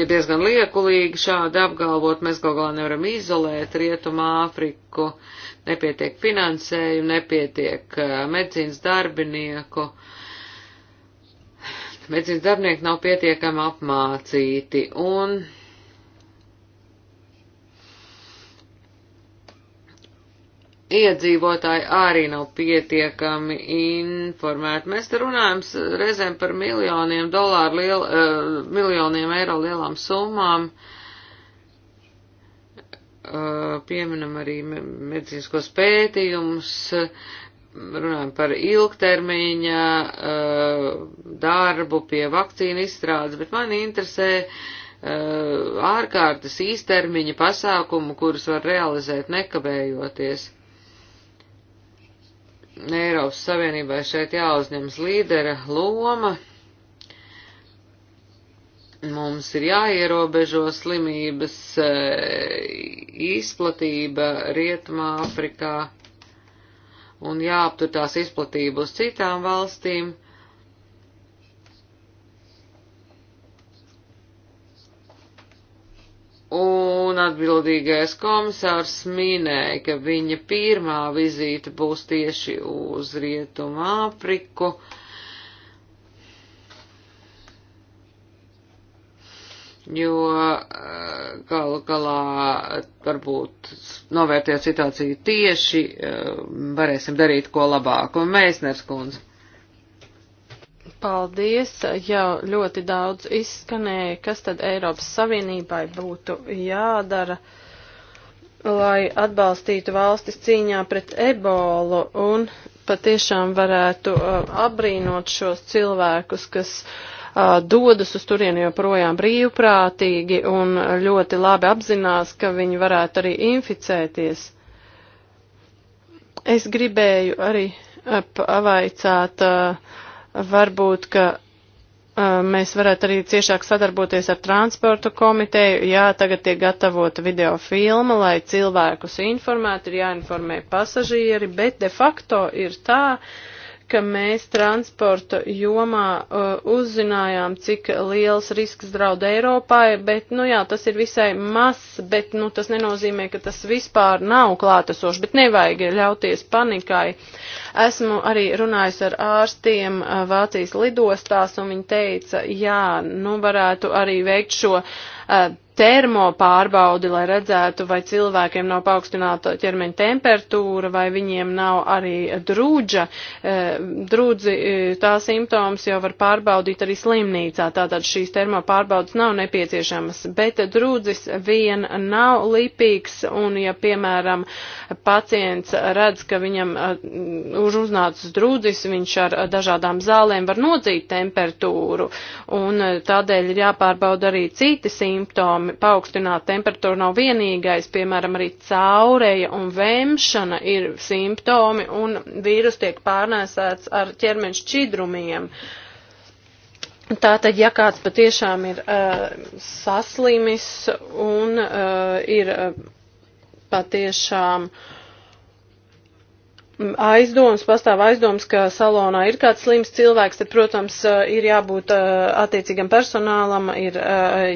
ir diezgan liekulīgi šādi apgalvot, mēs kaut galā nevaram izolēt Rietumā Āfriku, nepietiek finansējumu, nepietiek eh, medicīnas darbinieku. Medicīnas darbinieki nav pietiekami apmācīti, un iedzīvotāji arī nav pietiekami informēti. Mēs te runājam reizēm par miljoniem dolāru, liel, uh, miljoniem eiro lielām summām. Uh, pieminam arī medicīniskos pētījumus, runājam par ilgtermiņa uh, darbu pie vakcīnu izstrādes, bet mani interesē ārkārtas īstermiņa pasākumu, kurus var realizēt nekavējoties. Eiropas Savienībai šeit jāuzņemas līdera loma. Mums ir jāierobežo slimības eh, izplatība Rietumā Afrikā un jāaptur tās izplatību uz citām valstīm. Un un atbildīgais komisārs minēja, ka viņa pirmā vizīte būs tieši uz Rietumu Āfriku. Jo eh, gal galā varbūt novērtējot situāciju tieši, eh, varēsim darīt ko labāku. Un Meisners kundze. Paldies, jau ļoti daudz izskanēja, kas tad Eiropas Savienībai būtu jādara, lai atbalstītu valstis cīņā pret ebolu un patiešām varētu uh, apbrīnot šos cilvēkus, kas uh, dodas uz turieni joprojām brīvprātīgi un ļoti labi apzinās, ka viņi varētu arī inficēties. Es gribēju arī pavaicāt uh, Varbūt, ka mēs varētu arī ciešāk sadarboties ar transportu komiteju. Jā, tagad tiek gatavota video filma, lai cilvēkus informētu, ir jāinformē pasažieri, bet de facto ir tā, ka mēs transporta jomā uh, uzzinājām, cik liels risks draud Eiropai, bet, nu jā, tas ir visai mazs, bet, nu, tas nenozīmē, ka tas vispār nav klātesošs, bet nevajag ļauties panikai. Uh, Esmu arī runājusi ar ārstiem eh, Vācijas lidostās, un viņi teica, jā, nu varētu arī veikt šo eh, termopārbaudi, lai redzētu, vai cilvēkiem nav paaugstināta ķermeņa temperatūra, vai viņiem nav arī drūdža. E, Drūdzi e, tā simptoms jau var pārbaudīt arī slimnīcā, tātad šīs termopārbaudas nav nepieciešamas, bet drūdzis vien nav lipīgs, un ja, piemēram, pacients redz, ka viņam e, už uznācis drūdzis, viņš ar dažādām zālēm var nodzīt temperatūru, un tādēļ ir jāpārbauda arī citi simptomi piemēram, paaugstināt temperatūru nav vienīgais, piemēram, arī caureja un vemšana ir simptomi un vīrus tiek pārnēsēts ar ķermeņa šķidrumiem. Tātad, ja kāds patiešām ir uh, saslimis un uh, ir uh, patiešām uh, aizdoms, pastāv aizdoms, ka salonā ir kāds slims cilvēks, tad, protams, ir jābūt attiecīgam personālam, ir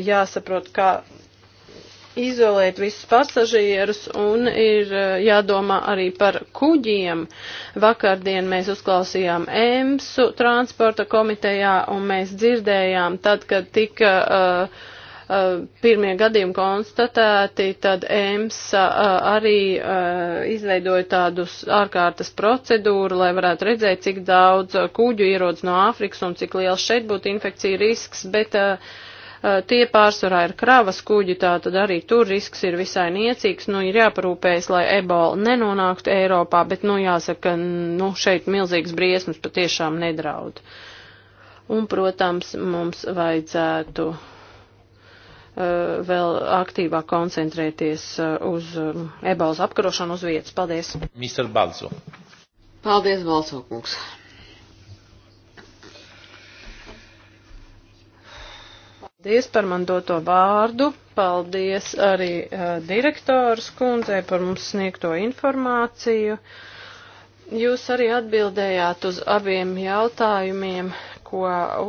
jāsaprot, kā izolēt visus pasažierus un ir jādomā arī par kuģiem. Vakardien mēs uzklausījām EMSU transporta komitejā un mēs dzirdējām tad, kad tika uh, Uh, pirmie gadījumi konstatēti, tad EMSA uh, arī uh, izveidoja tādus ārkārtas procedūru, lai varētu redzēt, cik daudz kuģu ierodas no Āfrikas un cik liels šeit būtu infekcija risks, bet tie pārsvarā ir kravas kuģi, tā tad arī tur risks ir visai niecīgs, nu ir jāparūpējas, lai ebola nenonāktu Eiropā, bet nu jāsaka, nu šeit milzīgas briesmas patiešām nedraud. Un, protams, mums vajadzētu Eh, vēl aktīvāk koncentrēties eh, uz um, ebalas apkarošanu uz vietas. Paldies! Mr. Balso. Paldies, Balso kungs! Paldies par man doto vārdu, paldies arī uh, direktors kundzei par mums sniegto informāciju. Jūs arī atbildējāt uz abiem jautājumiem, ko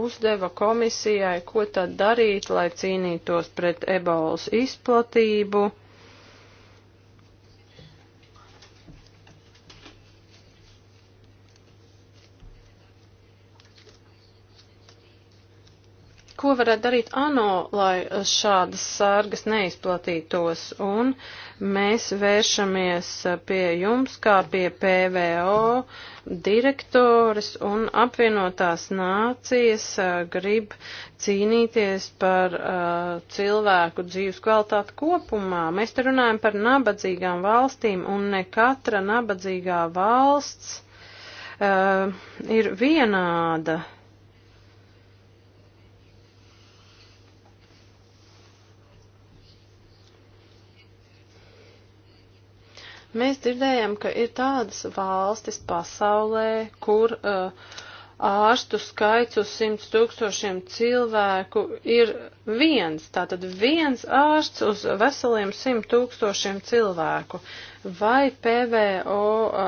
uzdeva komisijai, ko tad darīt, lai cīnītos pret ebolas izplatību. Ko varētu darīt ANO, lai eh, šādas sārgas neizplatītos? Un mēs vēršamies eh, pie jums, kā pie PVO direktores un apvienotās nācijas eh, grib cīnīties par uh, cilvēku dzīves kvalitāti kopumā. Mēs te runājam par nabadzīgām valstīm un ne katra nabadzīgā valsts uh, ir vienāda. Uh, Mēs dzirdējam, ka ir tādas valstis pasaulē, kur uh, ārstu skaits uz 100 tūkstošiem cilvēku ir viens, tātad viens ārsts uz veseliem 100 tūkstošiem cilvēku. Vai PVO uh,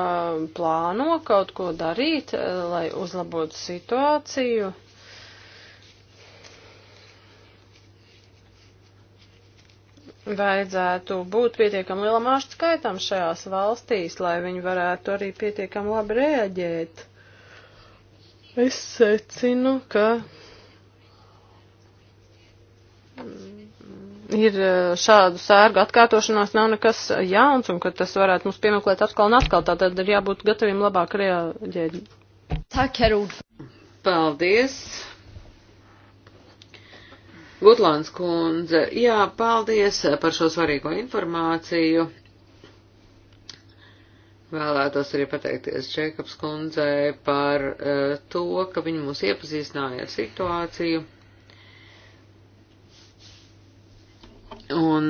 plāno kaut ko darīt, uh, lai uzlabotu situāciju? vajadzētu būt pietiekam lielam ārstu skaitam šajās valstīs, lai viņi varētu arī pietiekam labi reaģēt. Es secinu, ka ir e, šādu sērgu atkārtošanās nav nekas jauns un ka tas varētu mums piemeklēt atkal un atkal, tātad ir jābūt gataviem labāk reaģēt. Tā, Kerūd. Paldies! Gutlands kundze, jā, paldies par šo svarīgo informāciju. Vēlētos arī pateikties Čekaps kundzei par uh, to, ka viņi mūs iepazīstināja ar situāciju. Un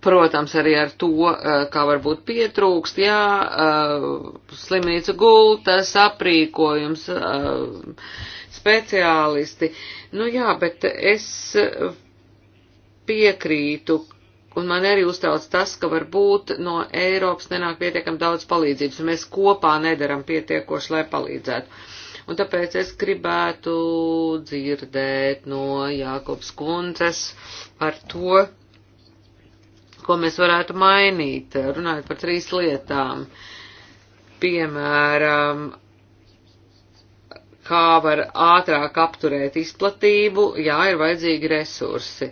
Protams, arī ar to, eh, kā varbūt pietrūkst, jā, eh, slimnīca gultas, aprīkojums, eh, speciālisti. Nu jā, bet es piekrītu, Un man arī uztrauc tas, ka varbūt no Eiropas nenāk pietiekam daudz palīdzības, un mēs kopā nedaram pietiekoši, lai palīdzētu. Un tāpēc es gribētu dzirdēt no Jākobs kundzes par to, ko mēs varētu mainīt, runājot par trīs lietām. Piemēram, kā var ātrāk apturēt izplatību, jā, ir vajadzīgi resursi.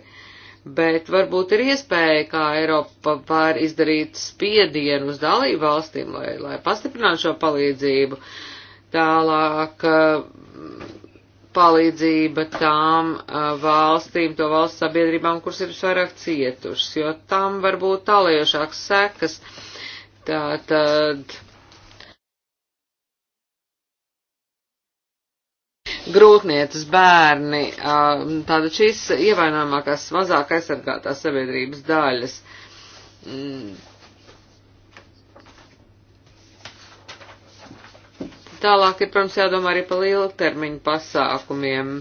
Bet varbūt ir iespēja, kā Eiropa var izdarīt spiedienu uz dalību valstīm, lai, lai pastiprinātu šo palīdzību. Tālāk palīdzība tām valstīm, to valsts sabiedrībām, kuras ir visvairāk cietušas, jo tam var būt tālējošākas sekas. Tātad. Grūtniecis bērni, tāda šīs ievainojamākās, mazāk aizsargātās sabiedrības daļas mm. Tālāk ir, protams, jādomā arī par ilgtermiņu pasākumiem.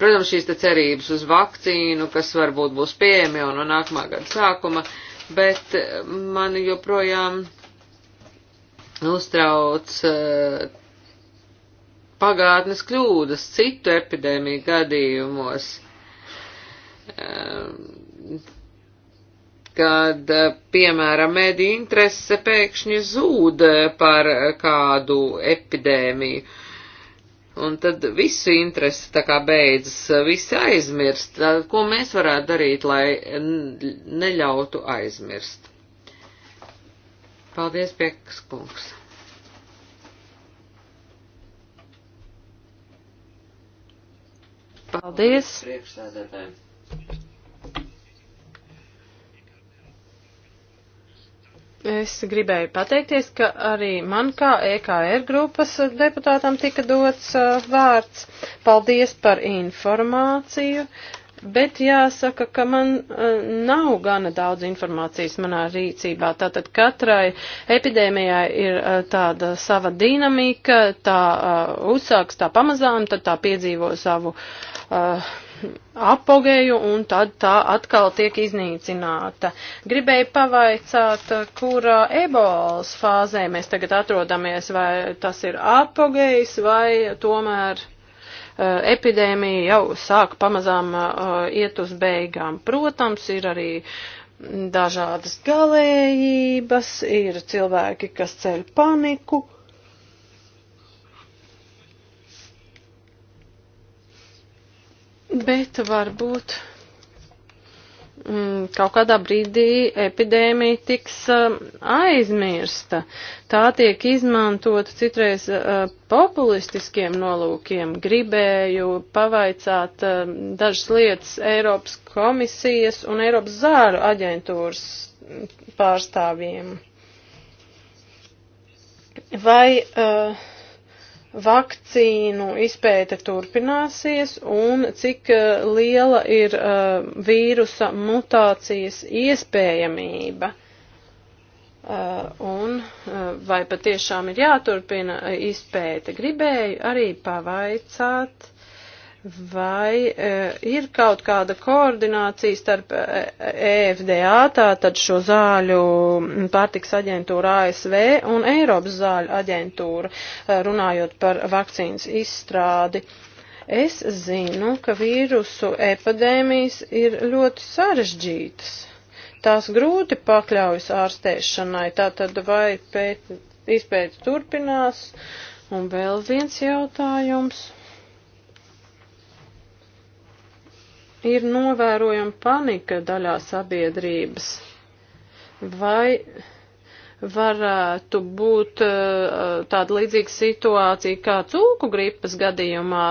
Protams, šīs te cerības uz vakcīnu, kas varbūt būs pieejami jau no nākamā gada sākuma, bet eh, man joprojām uztrauc uh, pagātnes kļūdas citu epidēmiju gadījumos. Uh, kad, eh, piemēram, mediju interese pēkšņi zūd eh, par kādu epidēmiju. Un tad visu interesi tā kā beidzas, visi aizmirst. Tad, ko mēs varētu darīt, lai neļautu aizmirst? Paldies, Piekas kungs. Paldies. Priekšsēdētājiem. Es gribēju pateikties, ka arī man kā EKR grupas deputātam tika dots uh, vārds. Paldies par informāciju, bet jāsaka, ka man uh, nav gana daudz informācijas manā rīcībā. Tātad katrai epidēmijai ir uh, tāda sava dinamika, tā uzsāks tā pamazām, tad tā piedzīvo savu. Uh, apogēju un tad tā atkal tiek iznīcināta. Gribēju pavaicāt, kurā uh, ebolas fāzē mēs tagad atrodamies, vai tas ir apogējs vai tomēr uh, epidēmija jau sāk pamazām uh, iet uz beigām. Protams, ir arī dažādas galējības, ir cilvēki, kas ceļ paniku Bet varbūt mm, kaut kādā brīdī epidēmija tiks um, aizmirsta. Tā tiek izmantota citreiz uh, populistiskiem nolūkiem. Gribēju pavaicāt um, dažas lietas Eiropas komisijas un Eiropas zāru aģentūras pārstāvjiem. Vai uh, Vakcīnu izpēte turpināsies un cik eh, liela ir uh, vīrusa mutācijas iespējamība. Uh, un uh, vai patiešām ir jāturpina izpēte? Gribēju arī pavaicāt Vai e, ir kaut kāda koordinācija starp EFDA, e tātad šo zāļu pārtiks aģentūru ASV un Eiropas zāļu aģentūru, e, runājot par vakcīnas izstrādi? Es zinu, ka vīrusu epidēmijas ir ļoti sarežģītas. Tās grūti pakļaujas ārstēšanai, tātad vai pēt, izpētes turpinās? Un vēl viens jautājums ir novērojama panika daļā sabiedrības. Vai varētu būt uh, tāda līdzīga situācija kā cūku gripas gadījumā,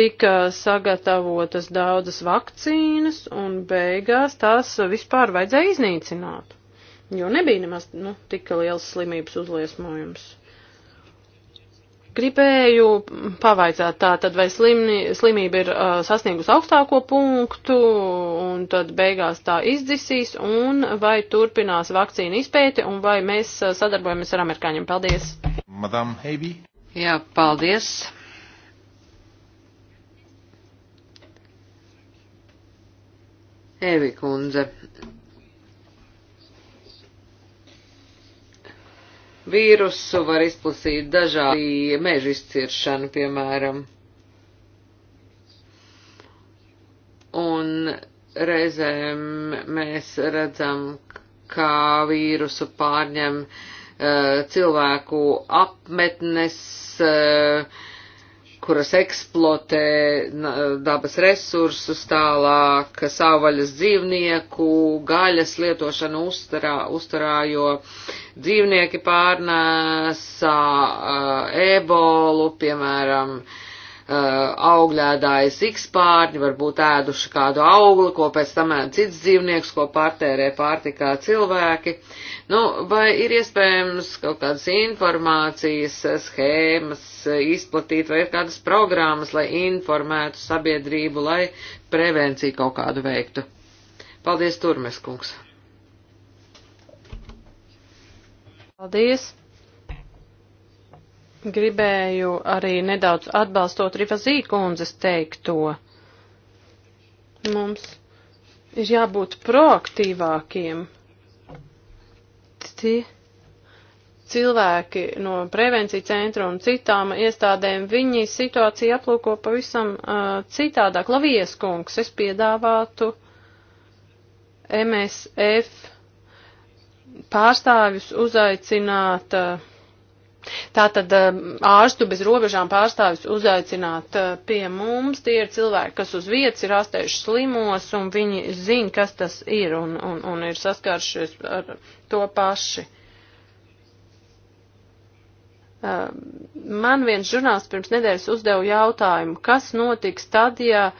tika sagatavotas daudzas vakcīnas un beigās tās vispār vajadzēja iznīcināt, jo nebija nemaz nu, tik liels slimības uzliesmojums. Gribēju pavaicāt tā, tad vai slimni, slimība ir uh, sasniegusi augstāko punktu un tad beigās tā izdzisīs un vai turpinās vakcīnu izpēti un vai mēs uh, sadarbojamies ar amerikāņiem. Paldies! Madam Heibī. Jā, paldies! Evi kundze. Vīrusu var izplatīt dažādi meža izciršana, piemēram. Un reizēm mēs redzam, kā vīrusu pārņem uh, cilvēku apmetnes, uh, kuras eksploatē dabas resursus, tālāk savvaļas dzīvnieku, gaļas lietošanu uzturā, uzturā jo dzīvnieki pārnēsā ebolu, piemēram, uh, Eh, augļēdājas ikspārņi, varbūt ēduši kādu augli, ko pēc tam ēd cits dzīvnieks, ko pārtērē pārtikā cilvēki. Nu, vai ir iespējams kaut kādas informācijas, schēmas izplatīt, vai ir kādas programmas, lai informētu sabiedrību, lai prevenciju kaut kādu veiktu? Paldies, Turmes kungs! Paldies! Gribēju arī nedaudz atbalstot Riva Zīkundzes teikto. Mums ir jābūt proaktīvākiem. Tie cilvēki no prevenciju centra un citām iestādēm, viņi situāciju aplūko pavisam uh, citādāk. Lavijas kungs, es piedāvātu MSF pārstāvjus uzaicināt uh, Tātad um, ārstu bez robežām pārstāvis uzaicināt uh, pie mums, tie ir cilvēki, kas uz vietas ir astējuši slimos un viņi zina, kas tas ir un, un, un ir saskāršies ar to paši. Um, man viens žurnāls pirms nedēļas uzdeva jautājumu, kas notiks tad, ja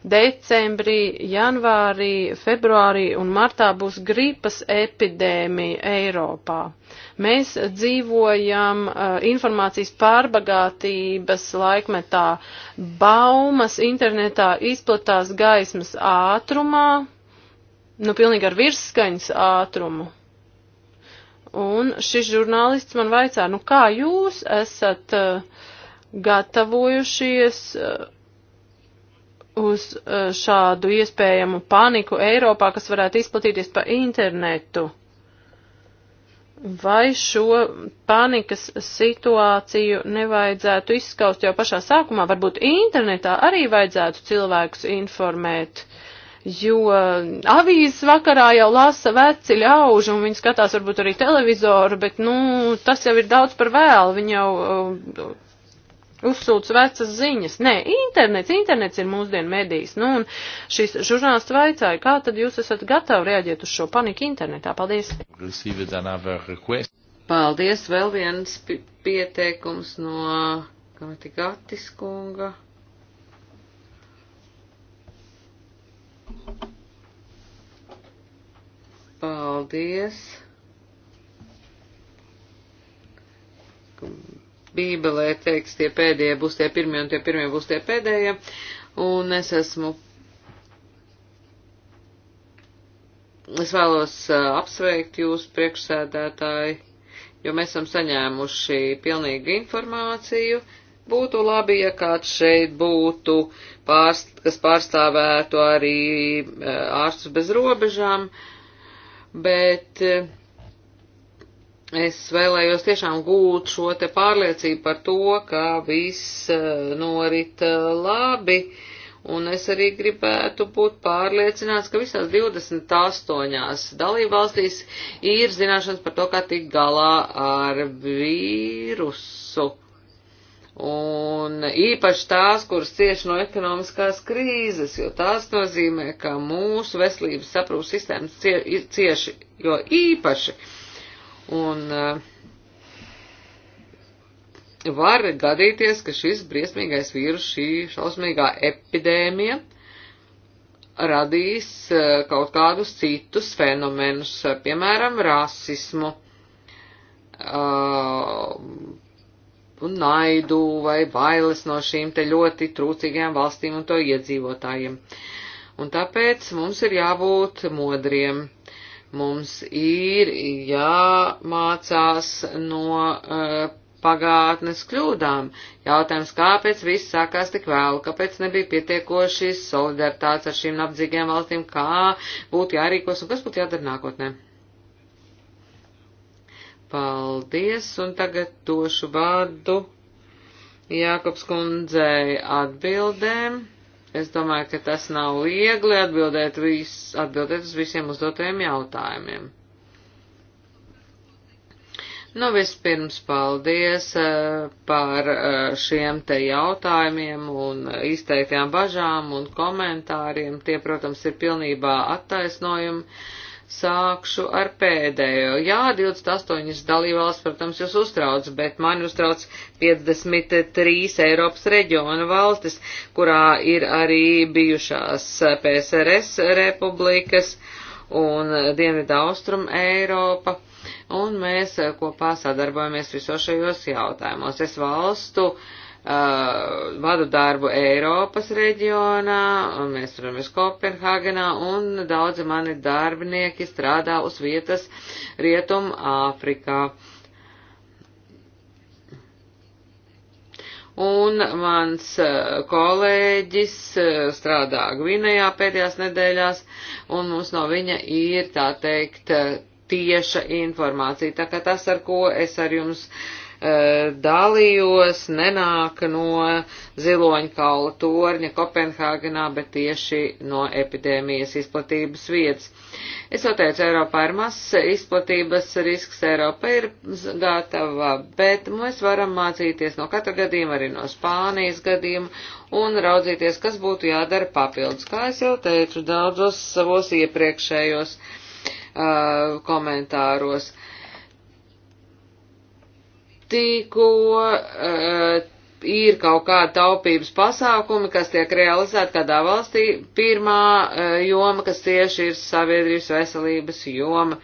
decembrī, janvārī, februārī un martā būs gripas epidēmija Eiropā. Uh, Mēs dzīvojam uh, informācijas pārbagātības laikmetā. Baumas internetā izplatās gaismas ātrumā, nu pilnīgi ar virsskaņas ātrumu. Un šis žurnālists man vaicā, nu kā jūs esat uh, gatavojušies uh, uz uh, šādu iespējamu paniku Eiropā, kas varētu izplatīties pa internetu? Vai šo panikas situāciju nevajadzētu izskaust jau pašā sākumā? Varbūt internetā arī vajadzētu cilvēkus informēt, jo avīzes vakarā jau lasa veci ļauži un viņi skatās varbūt arī televizoru, bet, nu, tas jau ir daudz par vēlu. Viņi jau uzsūc vecas ziņas. Nē, internets, internets ir mūsdienu medijas. Nu, un šis žurnālists vaicāja, kā tad jūs esat gatavi reaģēt uz šo paniku internetā? Paldies! Paldies, vēl viens pieteikums no Gatigatis kunga. Paldies! Bībelē teiks, tie pēdējie būs tie pirmie un tie pirmie būs tie pēdējie. Un es esmu. Es vēlos uh, apsveikt jūs priekšsēdētāji, jo mēs esam saņēmuši pilnīgu informāciju. Būtu labi, ja kāds šeit būtu, pārst, kas pārstāvētu arī uh, ārstus bez robežām, bet. Uh, es vēlējos tiešām gūt šo te pārliecību par to, ka viss eh, norit eh, labi, un es arī gribētu būt pārliecināts, ka visās 28 dalībvalstīs ir zināšanas par to, kā tikt galā ar vīrusu. Un īpaši tās, kuras cieši no ekonomiskās krīzes, jo tās nozīmē, ka mūsu veselības saprūs sistēmas cieši, jo īpaši Un uh, var gadīties, ka šis briesmīgais vīrus, šī šausmīgā epidēmija radīs uh, kaut kādus citus fenomenus, eh, piemēram, rasismu uh, un naidu vai bailes no šīm te ļoti trūcīgajām valstīm un to iedzīvotājiem. Un tāpēc mums ir jābūt modriem Mums ir jāmācās no uh, pagātnes kļūdām. Jautājums, kāpēc viss sākās tik vēlu, kāpēc nebija pietiekoši solidaritātes ar šīm nabadzīgajām valstīm, kā būtu jārīkos un kas būtu jādara nākotnē. Paldies, un tagad došu vārdu Jākobs kundzei atbildēm. Es domāju, ka tas nav viegli atbildēt, vis, atbildēt uz visiem uzdotajiem jautājumiem. Nu, vispirms paldies eh, par eh, šiem te jautājumiem un izteiktajām bažām un komentāriem. Tie, protams, ir pilnībā attaisnojumi Sākšu ar pēdējo. Jā, 28 dalībvalsts, protams, jūs uztrauc, bet mani uztrauc 53 Eiropas reģiona valstis, kurā ir arī bijušās PSRS republikas un Dienvidā Austrum Eiropa, un mēs kopā sadarbojamies visos šajos jautājumos. Es valstu uh, Uh, vadu darbu Eiropas reģionā, un mēs turamies Kopenhāgenā, un daudzi mani darbinieki strādā uz vietas Rietum Āfrikā. Un mans uh, kolēģis uh, strādā Gvinējā pēdējās nedēļās, un mums no viņa ir, tā teikt, tieša informācija. Tā kā tas, ar ko es ar jums uh, Eh, dalījos nenāk no ziloņkaula torņa Kopenhāgenā, bet tieši no epidēmijas izplatības vietas. Es jau teicu, Eiropā ir mazs izplatības risks, Eiropa ir gatava, bet mēs varam mācīties no katra gadījuma, arī no Spānijas gadījuma, un raudzīties, kas būtu jādara papildus. Kā es jau teicu, daudzos savos iepriekšējos uh, komentāros. Uh, tikko uh, eh, ir kaut kāda taupības pasākumi, kas tiek realizēti kādā valstī. Pirmā uh, joma, kas tieši ir sabiedrības veselības joma.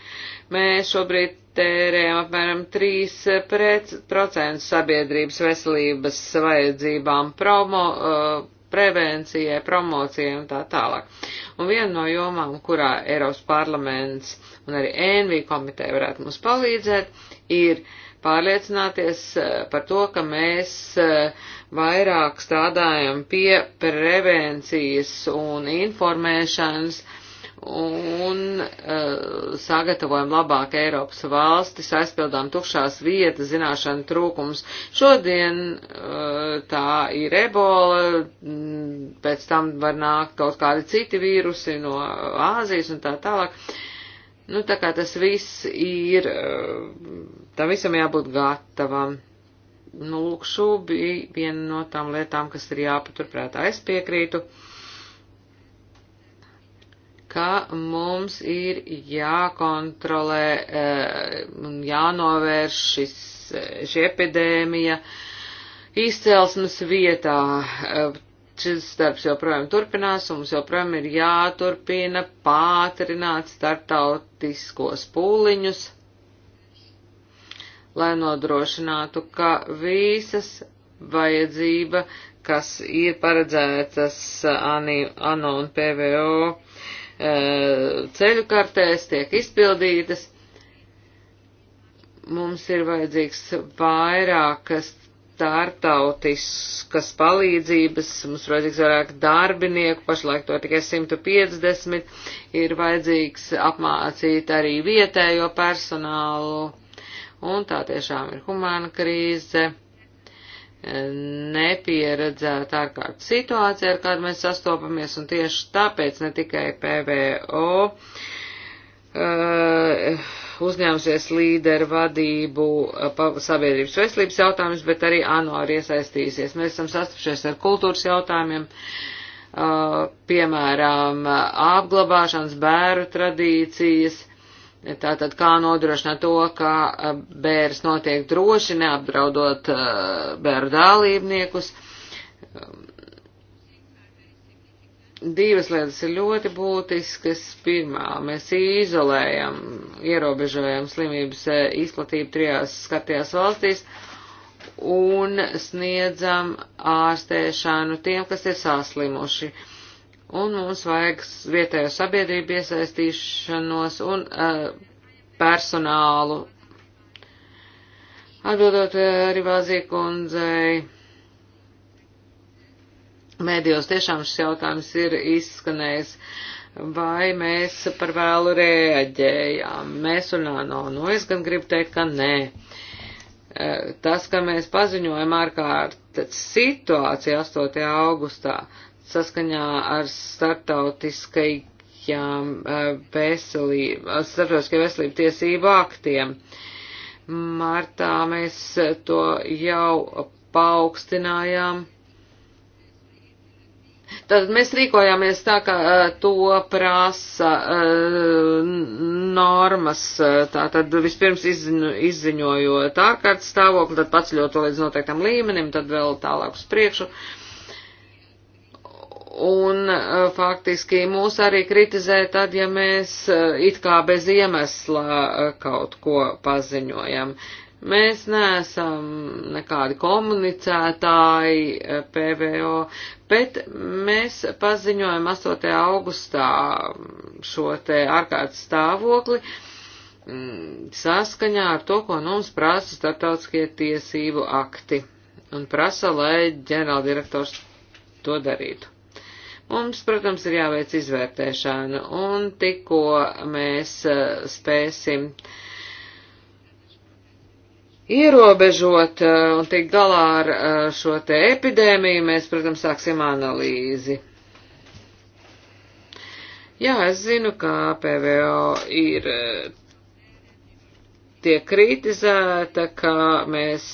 Mēs šobrīd tērējam apmēram 3% eh, sabiedrības veselības vajadzībām promo, uh, prevencijai, promocijai un tā tālāk. Un viena no jomām, kurā Eiropas parlaments un arī ENVI komiteja varētu mums palīdzēt, ir uh, pārliecināties eh, par to, ka mēs eh, vairāk strādājam pie prevencijas un informēšanas un eh, sagatavojam labāk Eiropas valstis, aizpildām tukšās vietas, zināšana trūkums. Šodien tā ir ebola, mm, pēc tam var nākt kaut kādi citi vīrusi no Āzijas un tā tālāk. Nu, tā kā tas viss ir uh, Tā visam jābūt gatavam. Nu, lūk, šū bija viena no tām lietām, kas ir jāpaturprātā. Es piekrītu, ka mums ir jākontrolē eh, un jānovērš šis, eh, šī epidēmija izcelsmes vietā eh, šis darbs joprojām turpinās, un mums joprojām ir jāturpina pātrināt startautiskos pūliņus, lai nodrošinātu, ka visas vajadzība, kas ir paredzētas ANO un PVO e, ceļu kartēs, tiek izpildītas. Mums ir vajadzīgs vairākas startautiskas palīdzības, mums ir vajadzīgs vairāk darbinieku, pašlaik to tikai 150, ir vajadzīgs apmācīt arī vietējo personālu un tā tiešām ir humāna krīze, nepieredzēta ārkārtas situācija, ar kādu mēs sastopamies, un tieši tāpēc ne tikai PVO uh, eh, uzņēmusies līderu vadību uh, sabiedrības veselības jautājumus, bet arī ANO ir iesaistījusies. Mēs esam sastapušies ar kultūras jautājumiem, uh, piemēram, apglabāšanas bēru tradīcijas, Tātad, kā nodrošināt to, ka eh, bērs notiek droši, neapdraudot eh, bēru dālībniekus. Divas lietas ir ļoti būtiskas. Pirmā, mēs izolējam, ierobežojam slimības eh, izplatību trijās skatajās valstīs un sniedzam ārstēšanu tiem, kas ir saslimuši. Uh, un mums vajag vietējo sabiedrību iesaistīšanos un uh, personālu. Atbildot uh, eh, Rivāzija kundzei, mēdījos tiešām šis jautājums ir izskanējis, vai mēs par vēlu rēģējām, mēs un ANO. Nu, es gan gribu teikt, ka nē. Uh, tas, ka mēs paziņojam ārkārtas situāciju 8. augustā, uh, saskaņā ar startautiskajām eh, veselību, startautiskajā veselību tiesību aktiem. Martā mēs to jau paaugstinājām. Tātad mēs rīkojāmies tā, ka eh, to prasa uh, normas, tātad vispirms izziņu, izziņojot ārkārtas stāvokli, tad paceļot to līdz noteiktam līmenim, tad vēl tālāk uz priekšu. Uh, Un uh, faktiski mūs arī kritizē tad, ja mēs uh, it kā bez iemesla uh, kaut ko paziņojam. Mēs neesam nekādi komunicētāji PVO, bet mēs paziņojam 8. augustā um, šo te ārkārtas stāvokli mm, saskaņā ar to, ko mums prasa starptautiskie tiesību akti un prasa, lai ģenerāldirektors to darītu. Mums, protams, ir jāveic izvērtēšana, un tikko mēs eh, spēsim ierobežot eh, un tikt galā ar eh, šo te epidēmiju, mēs, protams, sāksim analīzi. Jā, es zinu, ka PVO ir tiek kritizēta, ka mēs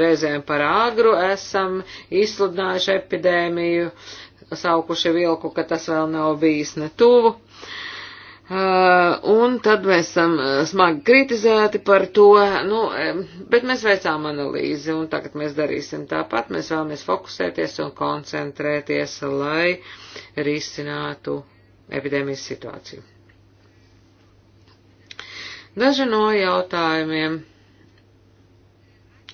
reizēm par agru esam izsludinājuši epidēmiju, saukuši vilku, ka tas vēl nav bijis ne tuvu. Uh, un tad mēs esam uh, smagi kritizēti par to, nu, bet mēs veicām analīzi un tagad mēs darīsim tāpat, mēs vēlamies fokusēties un koncentrēties, lai risinātu epidēmijas situāciju. Daži no jautājumiem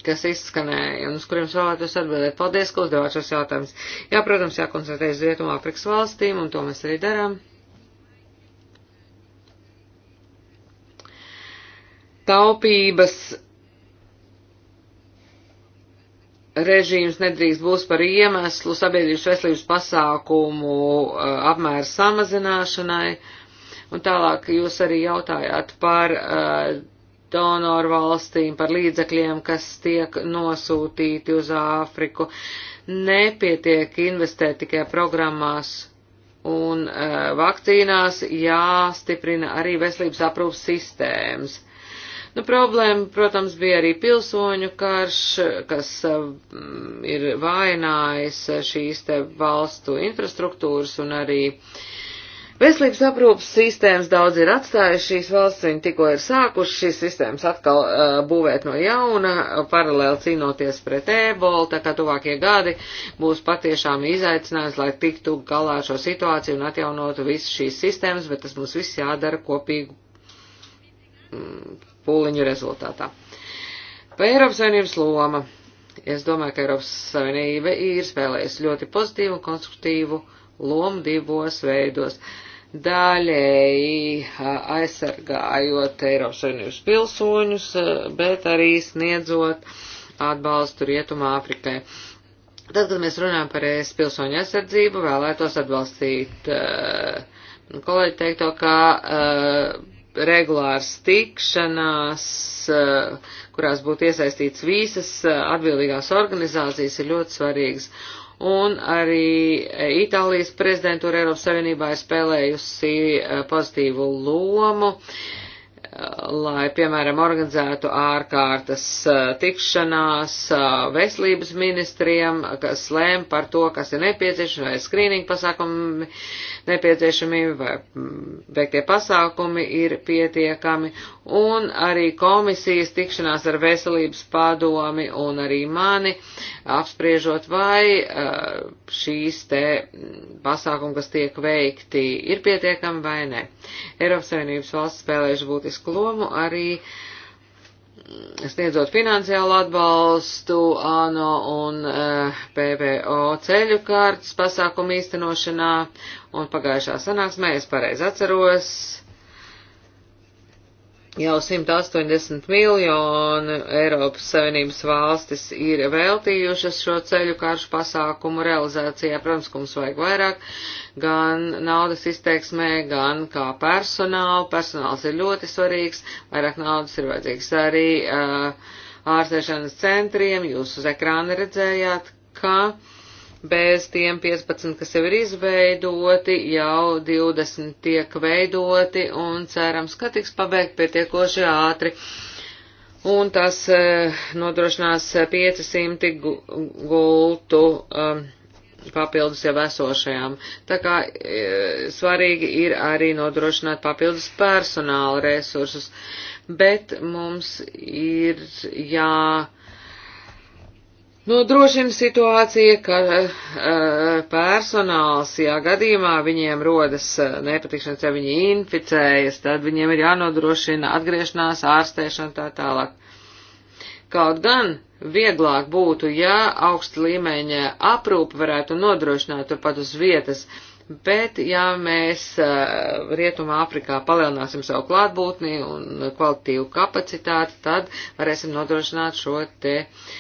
kas izskanēja un uz kuriem vēlētos atbildēt. Paldies, ka uzdevāt šos jautājumus. Jā, protams, jākoncentrējas Rietumāfrikas valstīm, un to mēs arī darām. Taupības režīms nedrīkst būs par iemeslu sabiedrības veselības pasākumu eh, apmēru samazināšanai. Un tālāk jūs arī jautājāt par uh, donoru valstīm par līdzekļiem, kas tiek nosūtīti uz Āfriku. Nepietiek investēt tikai programmās un uh, vakcīnās, jāstiprina arī veselības aprūpas sistēmas. Nu, problēma, protams, bija arī pilsoņu karš, kas mm, ir vainājis šīs te valstu infrastruktūras un arī uh, Veselības aprūpas sistēmas daudz ir atstājuši šīs valsts, viņi tikko ir sākuši šīs sistēmas atkal uh, būvēt no jauna, paralēli cīnoties pret ebolu, tā kā tuvākie gadi būs patiešām izaicinājums, lai tiktu galā ar šo situāciju un atjaunotu visas šīs sistēmas, bet tas mums viss jādara kopīgu mm, pūliņu rezultātā. Vai Eiropas Savienības loma? Es domāju, ka Eiropas Savienība ir spēlējusi ļoti pozitīvu un konstruktīvu lomu divos veidos. Uh, daļēji aizsargājot Eiropas Savienības pilsoņus, bet arī sniedzot atbalstu Rietumā Afrikai. Tad, kad mēs runājam par ES pilsoņu aizsardzību, vēlētos atbalstīt kolēģi teikto, ka regulārs tikšanās, kurās būtu iesaistīts visas atbildīgās organizācijas, ir ļoti svarīgas un arī Itālijas prezidentūra Eiropas Savienībā ir spēlējusi eh, pozitīvu lomu, eh, lai, piemēram, organizētu ārkārtas eh, tikšanās veselības ministriem, kas lēm par to, kas ir nepieciešams, vai skrīninga pasākumi nepieciešami, vai mm, veiktie pasākumi ir pietiekami, un arī komisijas tikšanās ar veselības padomi un arī mani, apspriežot, vai uh, šīs te mm, pasākumi, kas tiek veikti, ir pietiekami vai nē. Eiropas Savienības valsts spēlējuši būtisku lomu arī mm, sniedzot finansiālu atbalstu ANO un uh, PVO ceļu kārtas pasākumu īstenošanā, un pagājušā sanāksmē es pareizi atceros, Jau 180 miljonu Eiropas Savienības valstis ir veltījušas šo ceļu karšu pasākumu realizācijā. Protams, mums vajag vairāk gan naudas izteiksmē, gan kā personālu. Personāls ir ļoti svarīgs, vairāk naudas ir vajadzīgs arī uh, ārstēšanas centriem. Jūs uz ekrāna redzējāt, ka uh, bez tiem 15, kas jau ir izveidoti, jau 20 tiek veidoti un cerams, ka tiks pabeigt pietiekoši ātri. Un tas eh, nodrošinās 500 gultu um, papildus jau esošajām. Tā kā e, svarīgi ir arī nodrošināt papildus personāla resursus, bet mums ir jā. Ja, nodrošina situācija, ka uh, personāls, ja gadījumā viņiem rodas eh, nepatikšanas, ja viņi inficējas, tad viņiem ir jānodrošina atgriešanās, ārstēšana tā tālāk. Kaut gan vieglāk būtu, ja augsta līmeņa aprūpa varētu nodrošināt turpat uz vietas, bet ja mēs uh, Rietumā Afrikā palielināsim savu klātbūtni un kvalitīvu kapacitāti, tad varēsim nodrošināt šo te uh,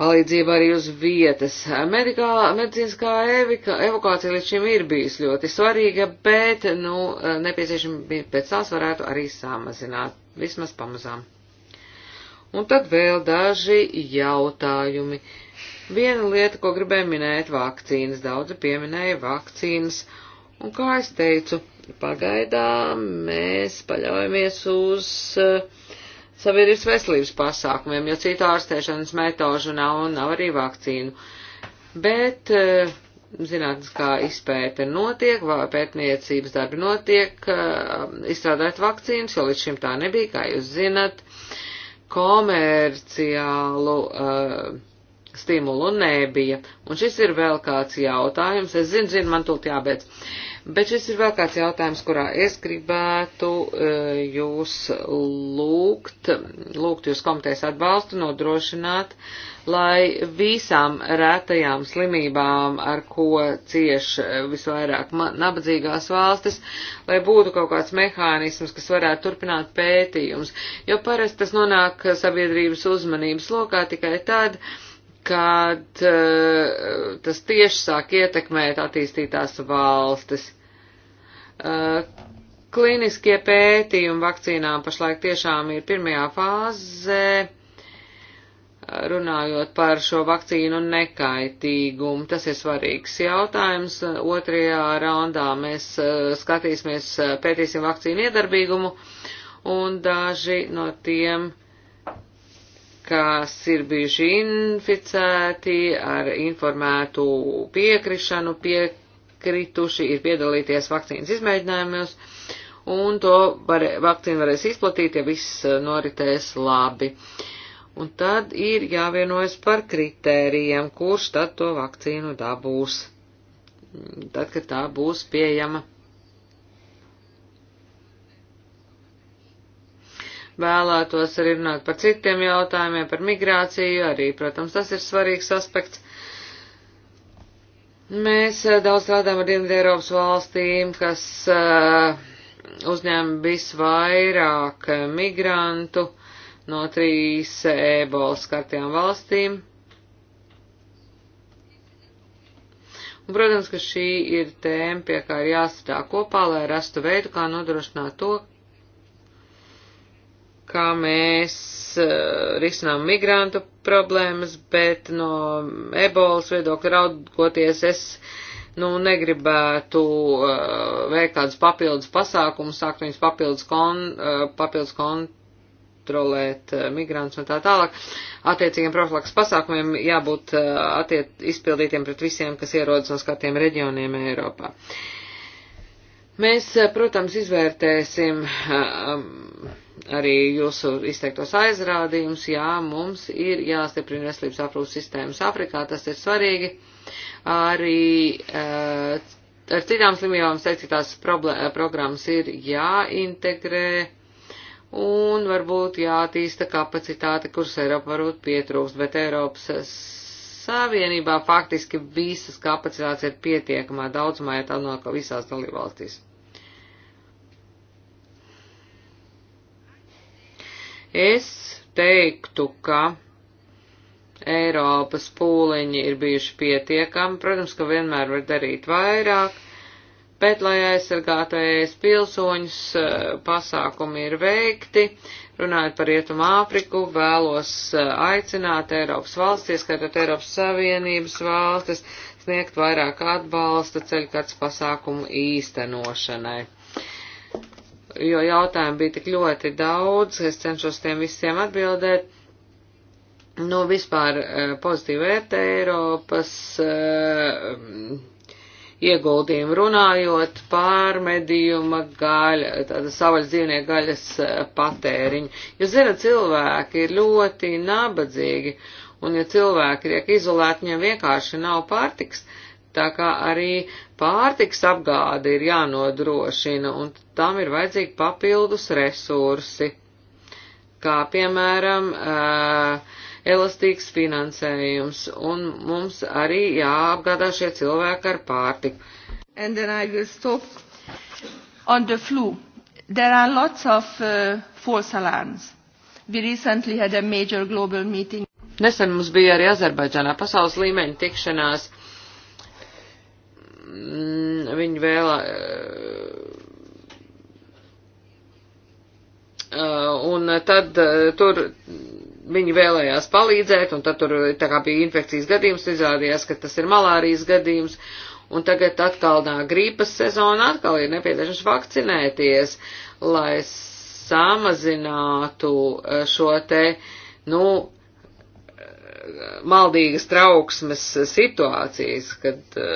palīdzību arī uz vietas. Medikā, medicīniskā evika, evakuācija līdz šim ir bijusi ļoti svarīga, bet, nu, nepieciešami pēc tās varētu arī samazināt, vismaz pamazām. Un tad vēl daži jautājumi. Viena lieta, ko gribēju minēt, vakcīnas. Daudzi pieminēja vakcīnas. Un kā es teicu, pagaidām mēs paļaujamies uz uh, sabiedrības veselības pasākumiem, jo citu ārstēšanas metožu nav un nav arī vakcīnu. Bet eh, zinātniskā izpēte notiek, pētniecības darbi notiek, eh, izstrādāt vakcīnas, jo līdz šim tā nebija, kā jūs zinat, komerciālu uh, stimulu nebija. Un šis ir vēl kāds jautājums, es zinu, zinu, man tūlīt jābeidz. Uh, Bet šis ir vēl kāds jautājums, kurā es gribētu e, jūs lūgt, lūgt jūs komitejas atbalstu, nodrošināt, lai visām rētajām slimībām, ar ko cieš e, visvairāk nabadzīgās valstis, lai būtu kaut kāds mehānisms, kas varētu turpināt pētījums, jo parasti tas nonāk sabiedrības uzmanības lokā tikai tad, uh, kad uh, tas tieši sāk ietekmēt attīstītās valstis. Uh, kliniskie pētījumi vakcīnām pašlaik tiešām ir pirmajā fāzē, runājot par šo vakcīnu nekaitīgumu. Tas ir svarīgs jautājums. Otrajā raundā mēs eh, skatīsimies, pētīsim vakcīnu iedarbīgumu, un daži no tiem uh, kas ir bijuši inficēti ar informētu piekrišanu, piekrituši, ir piedalīties vakcīnas izmēģinājumos, un to var, vakcīnu varēs izplatīt, ja viss eh, noritēs labi. Un tad ir jāvienojas par kritērijiem, kurš tad to vakcīnu dabūs, tad, kad tā būs pieejama vēlētos arī runāt par citiem jautājumiem, par migrāciju, arī, protams, tas ir svarīgs aspekts. Mēs eh, daudz strādājam ar Dienvidu Eiropas valstīm, kas uh, uzņem visvairāk eh, migrantu no trīs ebolas kartajām valstīm. Un, protams, ka šī ir tēma, pie kā ir jāstrādā kopā, lai rastu veidu, kā nodrošināt to, kā mēs eh, risinām migrantu problēmas, bet no ebolas viedokļa raugoties es nu, negribētu uh, veikt kādus papildus pasākumus, sākt viņus papildus, kon, uh, papildus kontrolēt uh, migrantus un tā tālāk. Attiecīgiem profilaks pasākumiem jābūt uh, attiec, izpildītiem pret visiem, kas ierodas no skatiem reģioniem Eiropā. Mēs, protams, izvērtēsim. Uh, um, arī jūsu izteiktos aizrādījumus. Jā, mums ir jāstiprina veselības aprūpas sistēmas Afrikā, tas ir svarīgi. Arī uh, ar citām slimībām saistītās programmas ir jāintegrē un varbūt jātīsta kapacitāte, kuras Eiropa varbūt pietrūkst, bet Eiropas Savienībā faktiski visas kapacitātes ir pietiekamā daudzumā, ja tā nonāk visās dalībvalstīs. Es teiktu, ka Eiropas pūliņi ir bijuši pietiekami, protams, ka vienmēr var darīt vairāk, bet, lai aizsargātu ES pilsoņus, eh, pasākumi ir veikti. Runājot par Rietumu Āfriku, vēlos eh, aicināt Eiropas valsts, ieskaitot Eiropas Savienības valstis, sniegt vairāk atbalsta ceļkats pasākumu īstenošanai jo jautājumu bija tik ļoti daudz, es cenšos tiem visiem atbildēt. Nu, vispār e, pozitīvi vērtē Eiropas e, mm, ieguldījumu runājot par medījuma gaļa, tāda savaļas dzīvnieku gaļas e, patēriņu. Jo, zinat, cilvēki ir ļoti nabadzīgi, un ja cilvēki tiek izolēti, viņiem vienkārši nav pārtiks. Uh, tā kā arī pārtiks apgāde ir jānodrošina, un tam ir vajadzīgi papildus resursi, kā piemēram elastīgs finansējums, un mums arī jāapgādā šie cilvēki ar pārtiku. And then I will stop on the flu. There are lots of uh, false alarms. We recently had a major global meeting. Nesen mums bija arī Azerbaidžānā pasaules līmeņa tikšanās Mm, viņi vēl. Eh, eh, un tad eh, tur viņi vēlējās palīdzēt, un tad tur tā kā bija infekcijas gadījums, izrādījās, ka tas ir malārijas gadījums, un tagad atkal nā grīpas sezona, atkal ir nepieciešams vakcinēties, lai samazinātu šo te, nu, maldīgas trauksmes situācijas, kad uh,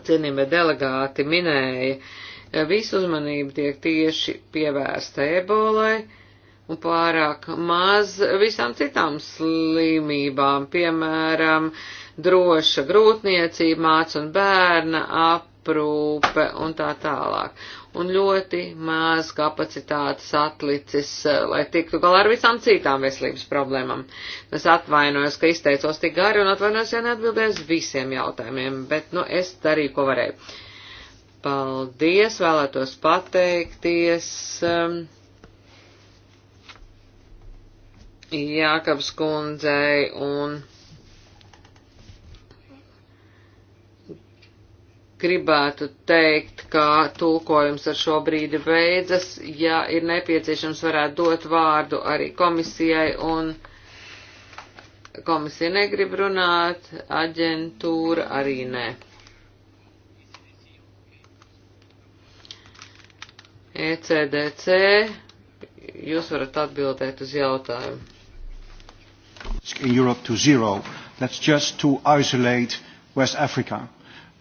cienījumie delegāti minēja, visu uzmanību tiek tieši pievērsta ebolai un pārāk maz visām citām slimībām, piemēram, droša grūtniecība, māca un bērna aprūpe un tā tālāk un ļoti maz kapacitātes atlicis, eh, lai tiktu galā ar visām citām veselības problēmām. Es atvainojos, ka izteicos tik gari un atvainojos, ja neatbildēju uz visiem jautājumiem, bet, nu, es darīju, ko varēju. Paldies, vēlētos pateikties. Um, Jākabs kundzei un gribētu teikt, ka tulkojums ar šo brīdi beidzas. Ja ir nepieciešams, varētu dot vārdu arī komisijai, un komisija negrib runāt, aģentūra arī nē. ECDC, jūs varat atbildēt uz jautājumu. In Europe to zero. That's just to isolate West Africa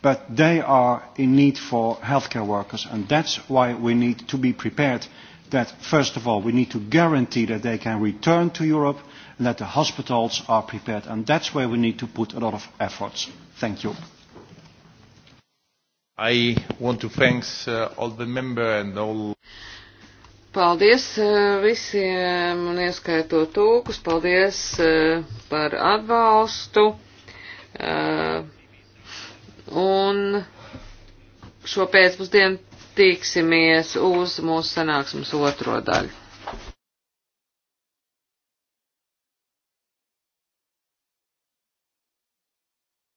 but they are in need for healthcare workers. And that's why we need to be prepared that, first of all, we need to guarantee that they can return to Europe and that the hospitals are prepared. And that's where we need to put a lot of efforts. Thank you. I want to thank uh, all the members and all. Paldies uh, visiem, un ieskaitot tūkus, paldies uh, par atbalstu. Uh, Un šo pēcpusdienu tiksimies uz mūsu sanāksmes otro daļu.